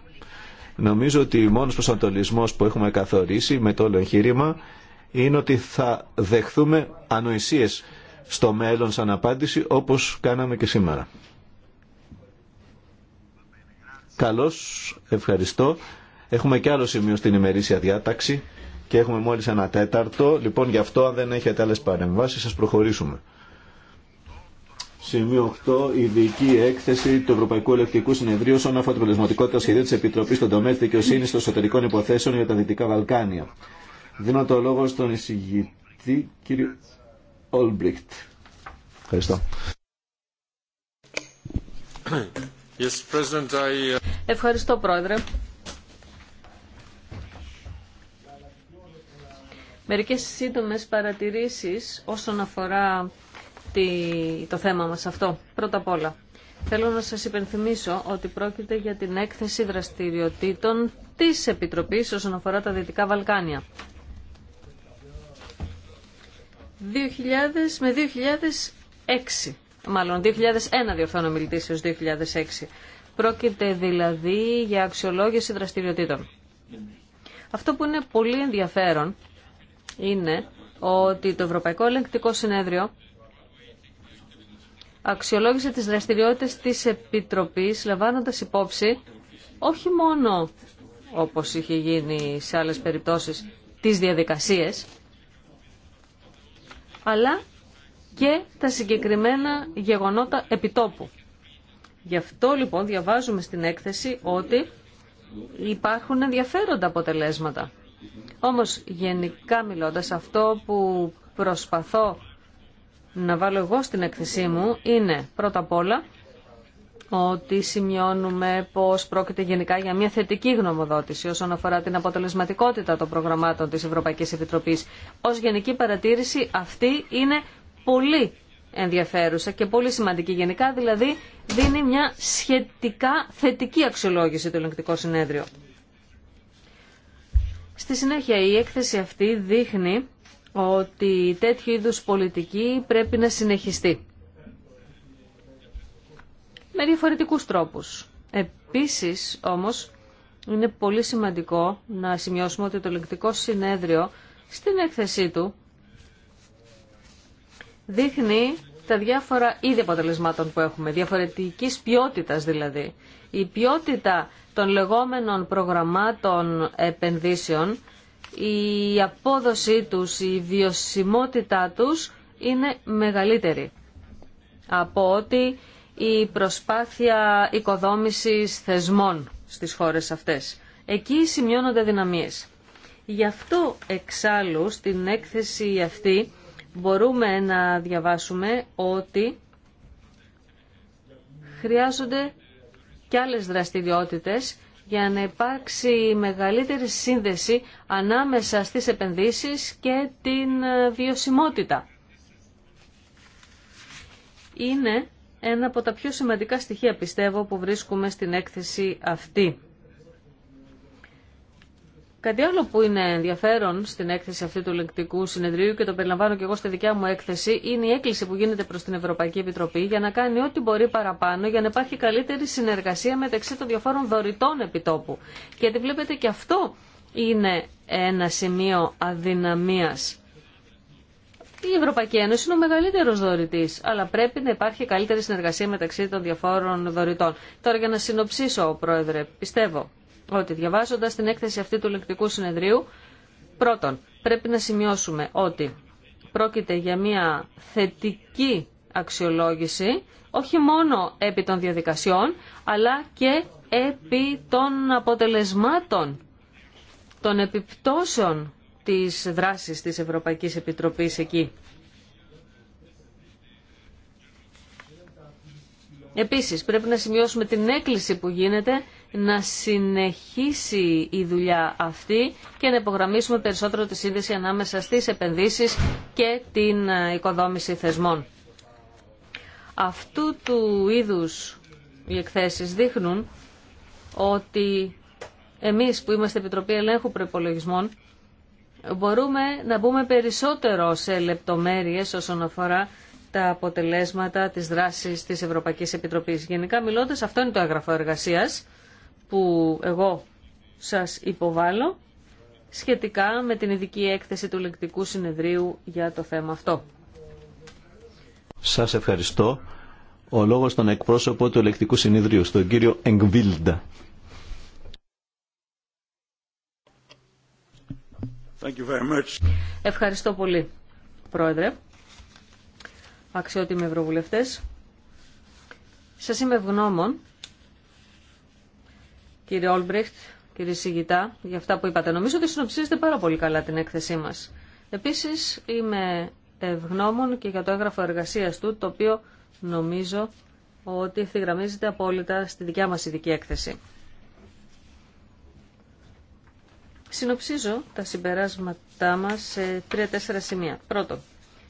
Νομίζω ότι ο μόνος προσανατολισμό που έχουμε καθορίσει με το όλο εγχείρημα είναι ότι θα δεχθούμε ανοησίε στο μέλλον σαν απάντηση όπως κάναμε και σήμερα. Καλώς, ευχαριστώ. Έχουμε και άλλο σημείο στην ημερήσια διάταξη και έχουμε μόλι ένα τέταρτο. Λοιπόν, γι' αυτό αν δεν έχετε άλλε παρεμβάσει, σα προχωρήσουμε. Σημείο 8. Ειδική έκθεση του Ευρωπαϊκού Ελεκτικού Συνεδρίου όσον αφορά την σχεδίου τη Επιτροπή στον Τομέα τη Δικαιοσύνη των Εσωτερικών Υποθέσεων για τα Δυτικά Βαλκάνια. Δίνω το λόγο στον εισηγητή, κύριο Ολμπριχτ. Ευχαριστώ. Uh, Ευχαριστώ, Πρόεδρε. Μερικές σύντομες παρατηρήσεις όσον αφορά το θέμα μας αυτό. Πρώτα απ' όλα, θέλω να σας υπενθυμίσω ότι πρόκειται για την έκθεση δραστηριοτήτων της Επιτροπής όσον αφορά τα Δυτικά Βαλκάνια. 2000 με 2006, μάλλον 2001 διορθώνω μιλητής 2006. Πρόκειται δηλαδή για αξιολόγηση δραστηριοτήτων. Αυτό που είναι πολύ ενδιαφέρον είναι ότι το Ευρωπαϊκό Ελεγκτικό Συνέδριο αξιολόγησε τις δραστηριότητες της Επιτροπής λαμβάνοντας υπόψη όχι μόνο όπως είχε γίνει σε άλλες περιπτώσεις τις διαδικασίες αλλά και τα συγκεκριμένα γεγονότα επιτόπου. Γι' αυτό λοιπόν διαβάζουμε στην έκθεση ότι υπάρχουν ενδιαφέροντα αποτελέσματα. Όμως γενικά μιλώντας αυτό που προσπαθώ να βάλω εγώ στην έκθεσή μου είναι πρώτα απ' όλα ότι σημειώνουμε πως πρόκειται γενικά για μια θετική γνωμοδότηση όσον αφορά την αποτελεσματικότητα των προγραμμάτων της Ευρωπαϊκής Επιτροπής. Ως γενική παρατήρηση αυτή είναι πολύ ενδιαφέρουσα και πολύ σημαντική γενικά, δηλαδή δίνει μια σχετικά θετική αξιολόγηση του ελεγκτικό συνέδριο. Στη συνέχεια η έκθεση αυτή δείχνει ότι τέτοιου είδους πολιτική πρέπει να συνεχιστεί. Με διαφορετικούς τρόπους. Επίσης όμως είναι πολύ σημαντικό να σημειώσουμε ότι το λεκτικό συνέδριο στην έκθεσή του δείχνει τα διάφορα είδη αποτελεσμάτων που έχουμε, διαφορετικής ποιότητας δηλαδή. Η ποιότητα των λεγόμενων προγραμμάτων επενδύσεων, η απόδοσή τους, η βιωσιμότητά τους είναι μεγαλύτερη από ότι η προσπάθεια οικοδόμησης θεσμών στις χώρες αυτές. Εκεί σημειώνονται δυναμίες. Γι' αυτό εξάλλου στην έκθεση αυτή μπορούμε να διαβάσουμε ότι χρειάζονται και άλλες δραστηριότητες για να υπάρξει μεγαλύτερη σύνδεση ανάμεσα στις επενδύσεις και την ε, βιωσιμότητα. Είναι ένα από τα πιο σημαντικά στοιχεία, πιστεύω, που βρίσκουμε στην έκθεση αυτή. Κάτι άλλο που είναι ενδιαφέρον στην έκθεση αυτή του λεκτικού συνεδρίου και το περιλαμβάνω και εγώ στη δικιά μου έκθεση είναι η έκκληση που γίνεται προ την Ευρωπαϊκή Επιτροπή για να κάνει ό,τι μπορεί παραπάνω για να υπάρχει καλύτερη συνεργασία μεταξύ των διαφόρων δωρητών επιτόπου. Γιατί βλέπετε και αυτό είναι ένα σημείο αδυναμίας. Η Ευρωπαϊκή Ένωση είναι ο μεγαλύτερο δωρητή, αλλά πρέπει να υπάρχει καλύτερη συνεργασία μεταξύ των διαφόρων δωρητών. Τώρα για να συνοψίσω, Πρόεδρε, πιστεύω ότι διαβάζοντας την έκθεση αυτή του λεκτικού συνεδρίου, πρώτον, πρέπει να σημειώσουμε ότι πρόκειται για μια θετική αξιολόγηση, όχι μόνο επί των διαδικασιών, αλλά και επί των αποτελεσμάτων, των επιπτώσεων της δράσης της Ευρωπαϊκής Επιτροπής εκεί. Επίσης, πρέπει να σημειώσουμε την έκκληση που γίνεται να συνεχίσει η δουλειά αυτή και να υπογραμμίσουμε περισσότερο τη σύνδεση ανάμεσα στις επενδύσεις και την ε, οικοδόμηση θεσμών. Αυτού του είδους οι εκθέσεις δείχνουν ότι εμείς που είμαστε Επιτροπή Ελέγχου Προπολογισμών μπορούμε να μπούμε περισσότερο σε λεπτομέρειες όσον αφορά τα αποτελέσματα της δράσης της Ευρωπαϊκής Επιτροπής. Γενικά μιλώντας, αυτό είναι το έγγραφο εργασίας που εγώ σας υποβάλλω σχετικά με την ειδική έκθεση του Λεκτικού Συνεδρίου για το θέμα αυτό. Σας ευχαριστώ. Ο λόγος στον εκπρόσωπο του Λεκτικού Συνεδρίου, στον κύριο Εγκβίλντα. Thank you very much. Ευχαριστώ πολύ, Πρόεδρε. Αξιότιμοι Ευρωβουλευτές, σας είμαι ευγνώμων κύριε Όλμπριχτ, κύριε Σιγητά, για αυτά που είπατε. Νομίζω ότι συνοψίζετε πάρα πολύ καλά την έκθεσή μας. Επίσης, είμαι ευγνώμων και για το έγγραφο εργασίας του, το οποίο νομίζω ότι ευθυγραμμίζεται απόλυτα στη δικιά μας ειδική έκθεση. Συνοψίζω τα συμπεράσματά μας σε τρία-τέσσερα σημεία. Πρώτον,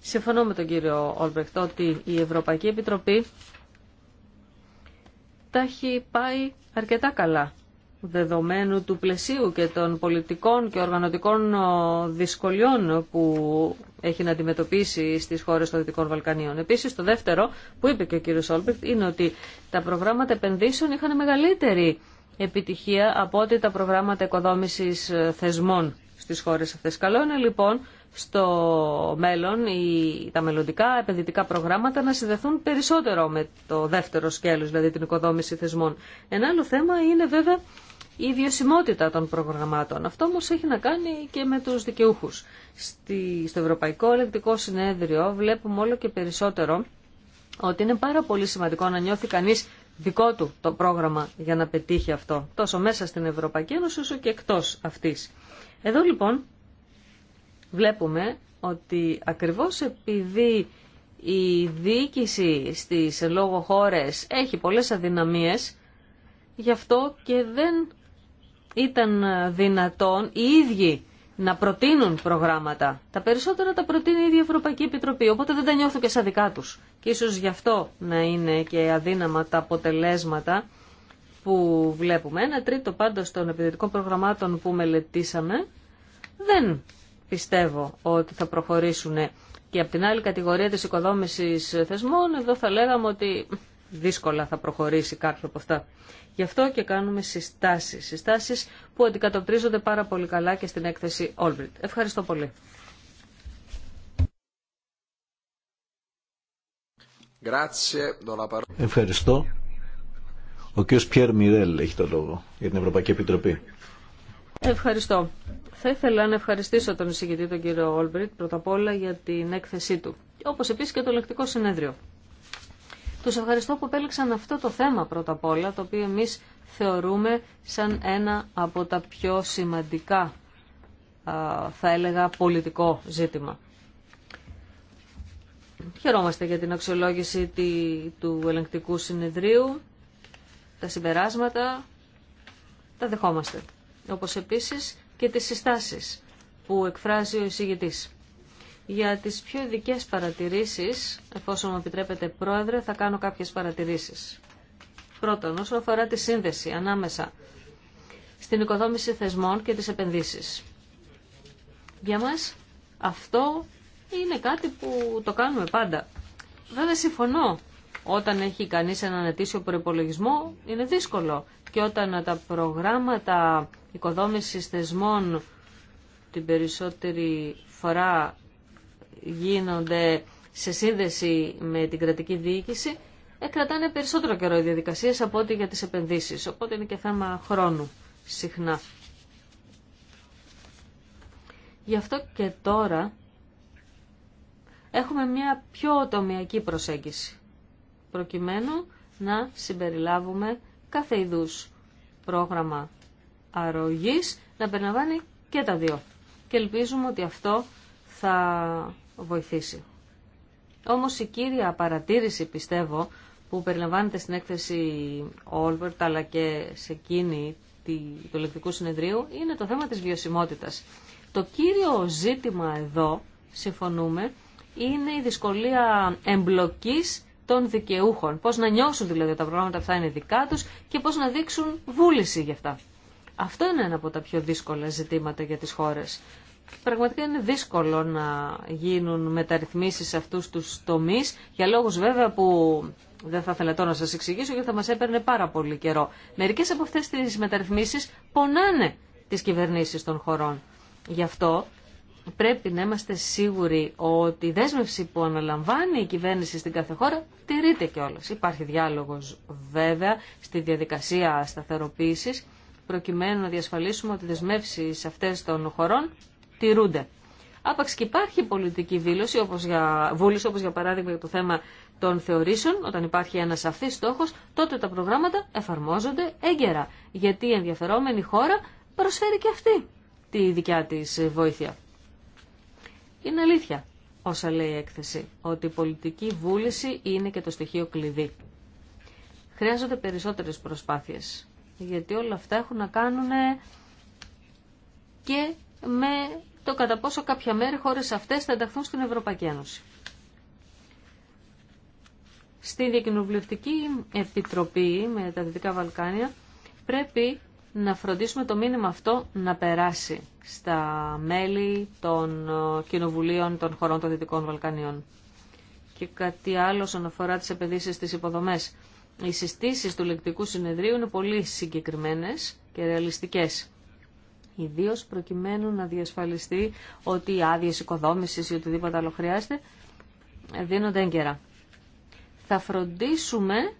συμφωνώ με τον κύριο Όλμπριχτ ότι η Ευρωπαϊκή Επιτροπή τα έχει πάει αρκετά καλά δεδομένου του πλαισίου και των πολιτικών και οργανωτικών δυσκολιών που έχει να αντιμετωπίσει στις χώρες των Δυτικών Βαλκανίων. Επίσης, το δεύτερο που είπε και ο κύριος Όλμπερτ είναι ότι τα προγράμματα επενδύσεων είχαν μεγαλύτερη επιτυχία από ότι τα προγράμματα οικοδόμησης ε, θεσμών στις χώρες αυτές. Καλό είναι λοιπόν στο μέλλον τα μελλοντικά επενδυτικά προγράμματα να συνδεθούν περισσότερο με το δεύτερο σκέλος, δηλαδή την οικοδόμηση θεσμών. Ένα άλλο θέμα είναι βέβαια η βιωσιμότητα των προγραμμάτων. Αυτό όμω έχει να κάνει και με τους δικαιούχου. στο Ευρωπαϊκό Ελεκτικό Συνέδριο βλέπουμε όλο και περισσότερο ότι είναι πάρα πολύ σημαντικό να νιώθει κανείς δικό του το πρόγραμμα για να πετύχει αυτό, τόσο μέσα στην Ευρωπαϊκή Ένωση όσο και εκτός αυτής. Εδώ λοιπόν βλέπουμε ότι ακριβώς επειδή η διοίκηση στις λόγω χώρες έχει πολλές αδυναμίες, γι' αυτό και δεν ήταν δυνατόν οι ίδιοι να προτείνουν προγράμματα. Τα περισσότερα τα προτείνει η ίδια Ευρωπαϊκή Επιτροπή, οπότε δεν τα νιώθω και σαν δικά τους. Και ίσως γι' αυτό να είναι και αδύναμα τα αποτελέσματα που βλέπουμε. Ένα τρίτο πάντως των επιδετικών προγραμμάτων που μελετήσαμε δεν πιστεύω ότι θα προχωρήσουν και από την άλλη κατηγορία της οικοδόμησης θεσμών εδώ θα λέγαμε ότι δύσκολα θα προχωρήσει κάποιο από αυτά. Γι' αυτό και κάνουμε συστάσεις. Συστάσεις που αντικατοπτρίζονται πάρα πολύ καλά και στην έκθεση Όλμπριτ. Ευχαριστώ πολύ. Ευχαριστώ. Ο κ. Πιέρ Μιρέλ έχει το λόγο για την Ευρωπαϊκή Επιτροπή. Ευχαριστώ. Θα ήθελα να ευχαριστήσω τον εισηγητή τον κύριο Όλμπριτ πρώτα απ' όλα για την έκθεσή του. Όπως επίσης και το λεκτικό συνέδριο. Τους ευχαριστώ που επέλεξαν αυτό το θέμα πρώτα απ' όλα, το οποίο εμείς θεωρούμε σαν ένα από τα πιο σημαντικά, θα έλεγα, πολιτικό ζήτημα. Χαιρόμαστε για την αξιολόγηση του ελεγκτικού συνεδρίου, τα συμπεράσματα, τα δεχόμαστε. Όπως επίσης και τις συστάσεις που εκφράζει ο εισηγητής. Για τις πιο ειδικέ παρατηρήσεις, εφόσον μου επιτρέπετε πρόεδρε, θα κάνω κάποιες παρατηρήσεις. Πρώτον, όσον αφορά τη σύνδεση ανάμεσα στην οικοδόμηση θεσμών και τις επενδύσεις. Για μας αυτό είναι κάτι που το κάνουμε πάντα. Δεν συμφωνώ. Όταν έχει κανείς έναν ετήσιο προπολογισμό είναι δύσκολο. Και όταν τα προγράμματα οικοδόμησης θεσμών την περισσότερη φορά γίνονται σε σύνδεση με την κρατική διοίκηση, ε, κρατάνε περισσότερο καιρό οι διαδικασίες από ό,τι για τι επενδύσει. Οπότε είναι και θέμα χρόνου συχνά. Γι' αυτό και τώρα έχουμε μια πιο οτομιακή προσέγγιση, προκειμένου να συμπεριλάβουμε κάθε είδους πρόγραμμα αρρωγής, να περιλαμβάνει και τα δύο. Και ελπίζουμε ότι αυτό θα βοηθήσει. Όμως η κύρια παρατήρηση πιστεύω που περιλαμβάνεται στην έκθεση Όλβερτ αλλά και σε εκείνη του λεκτικού συνεδρίου είναι το θέμα της βιωσιμότητα. Το κύριο ζήτημα εδώ, συμφωνούμε, είναι η δυσκολία εμπλοκής των δικαιούχων. Πώς να νιώσουν δηλαδή ότι τα προγράμματα αυτά είναι δικά τους και πώς να δείξουν βούληση γι' αυτά. Αυτό είναι ένα από τα πιο δύσκολα ζητήματα για τις χώρες πραγματικά είναι δύσκολο να γίνουν μεταρρυθμίσεις σε αυτούς τους τομείς, για λόγους βέβαια που δεν θα ήθελα τώρα να σας εξηγήσω γιατί θα μας έπαιρνε πάρα πολύ καιρό. Μερικές από αυτές τις μεταρρυθμίσεις πονάνε τις κυβερνήσεις των χωρών. Γι' αυτό πρέπει να είμαστε σίγουροι ότι η δέσμευση που αναλαμβάνει η κυβέρνηση στην κάθε χώρα τηρείται κιόλα. Υπάρχει διάλογος βέβαια στη διαδικασία σταθεροποίησης προκειμένου να διασφαλίσουμε ότι δεσμεύσει αυτές των χωρών τηρούνται. Άπαξ και υπάρχει πολιτική δήλωση, όπως για, βούληση, όπως για παράδειγμα για το θέμα των θεωρήσεων, όταν υπάρχει ένα σαφής στόχος, τότε τα προγράμματα εφαρμόζονται έγκαιρα, γιατί η ενδιαφερόμενη χώρα προσφέρει και αυτή τη δικιά της βοήθεια. Είναι αλήθεια όσα λέει η έκθεση, ότι η πολιτική βούληση είναι και το στοιχείο κλειδί. Χρειάζονται περισσότερες προσπάθειες, γιατί όλα αυτά έχουν να κάνουν και με το κατά πόσο κάποια μέρη χώρες αυτές θα ενταχθούν στην Ευρωπαϊκή Ένωση. Στην Διακοινοβουλευτική Επιτροπή με τα Δυτικά Βαλκάνια πρέπει να φροντίσουμε το μήνυμα αυτό να περάσει στα μέλη των ε, κοινοβουλίων των χωρών των Δυτικών Βαλκανίων. Και κάτι άλλο όσον αφορά τις επενδύσεις στις υποδομές. Οι συστήσεις του λεκτικού συνεδρίου είναι πολύ συγκεκριμένες και ρεαλιστικές ιδίω προκειμένου να διασφαλιστεί ότι οι άδειε οικοδόμηση ή οτιδήποτε άλλο χρειάζεται δίνονται έγκαιρα. Θα φροντίσουμε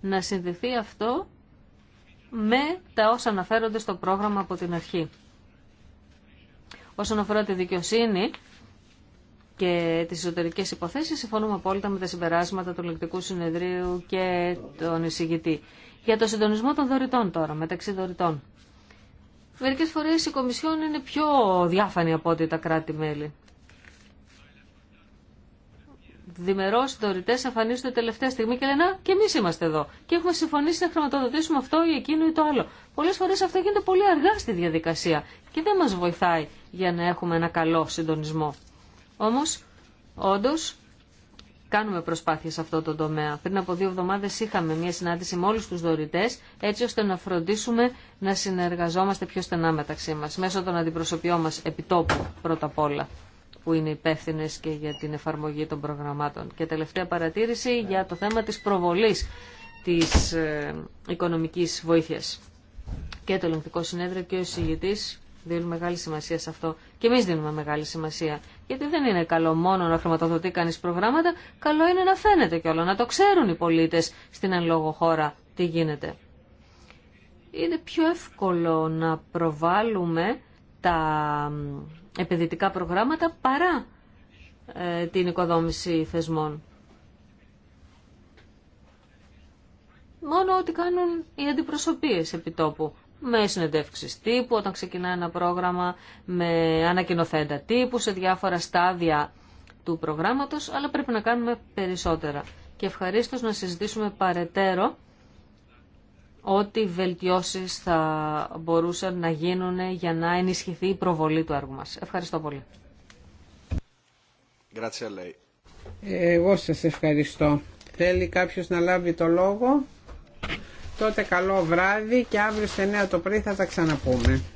να συνδεθεί αυτό με τα όσα αναφέρονται στο πρόγραμμα από την αρχή. Όσον αφορά τη δικαιοσύνη και τις εσωτερικές υποθέσεις, συμφωνούμε απόλυτα με τα συμπεράσματα του Λεκτικού Συνεδρίου και τον εισηγητή. Για το συντονισμό των δωρητών τώρα, μεταξύ δωρητών. Μερικές φορές η Κομισιόν είναι πιο διάφανη από ό,τι τα κράτη-μέλη. Δημερός οι δωρητές εμφανίζονται τελευταία στιγμή και λένε «Α, και εμείς είμαστε εδώ και έχουμε συμφωνήσει να χρηματοδοτήσουμε αυτό ή εκείνο ή το άλλο». Πολλές φορές αυτό γίνεται πολύ αργά στη διαδικασία και δεν μας βοηθάει για να έχουμε ένα καλό συντονισμό. Όμως, όντως, κάνουμε προσπάθειε σε αυτό το τομέα. Πριν από δύο εβδομάδε είχαμε μια συνάντηση με όλου του δωρητέ, έτσι ώστε να φροντίσουμε να συνεργαζόμαστε πιο στενά μεταξύ μα μέσω των αντιπροσωπιών μα επιτόπου πρώτα απ' όλα που είναι υπεύθυνε και για την εφαρμογή των προγραμμάτων. Και τελευταία παρατήρηση για το θέμα της προβολής της ε, οικονομικής βοήθειας. Και το ελεγκτικό συνέδριο και ο εισηγητής δίνουν μεγάλη σημασία σε αυτό. Και εμείς δίνουμε μεγάλη σημασία. Γιατί δεν είναι καλό μόνο να χρηματοδοτεί κανεί προγράμματα, καλό είναι να φαίνεται κιόλα, να το ξέρουν οι πολίτες στην εν χώρα τι γίνεται. Είναι πιο εύκολο να προβάλλουμε τα επενδυτικά προγράμματα παρά ε, την οικοδόμηση θεσμών. Μόνο ότι κάνουν οι αντιπροσωπείες επιτόπου με συνεντεύξει τύπου, όταν ξεκινά ένα πρόγραμμα, με ανακοινοθέντα τύπου, σε διάφορα στάδια του προγράμματος, αλλά πρέπει να κάνουμε περισσότερα. Και ευχαρίστως να συζητήσουμε παρετέρω ό,τι βελτιώσεις θα μπορούσαν να γίνουν για να ενισχυθεί η προβολή του έργου μας. Ευχαριστώ πολύ. Εγώ σας ευχαριστώ. Θέλει κάποιος να λάβει το λόγο τότε καλό βράδυ και αύριο στις 9 το πρωί θα τα ξαναπούμε.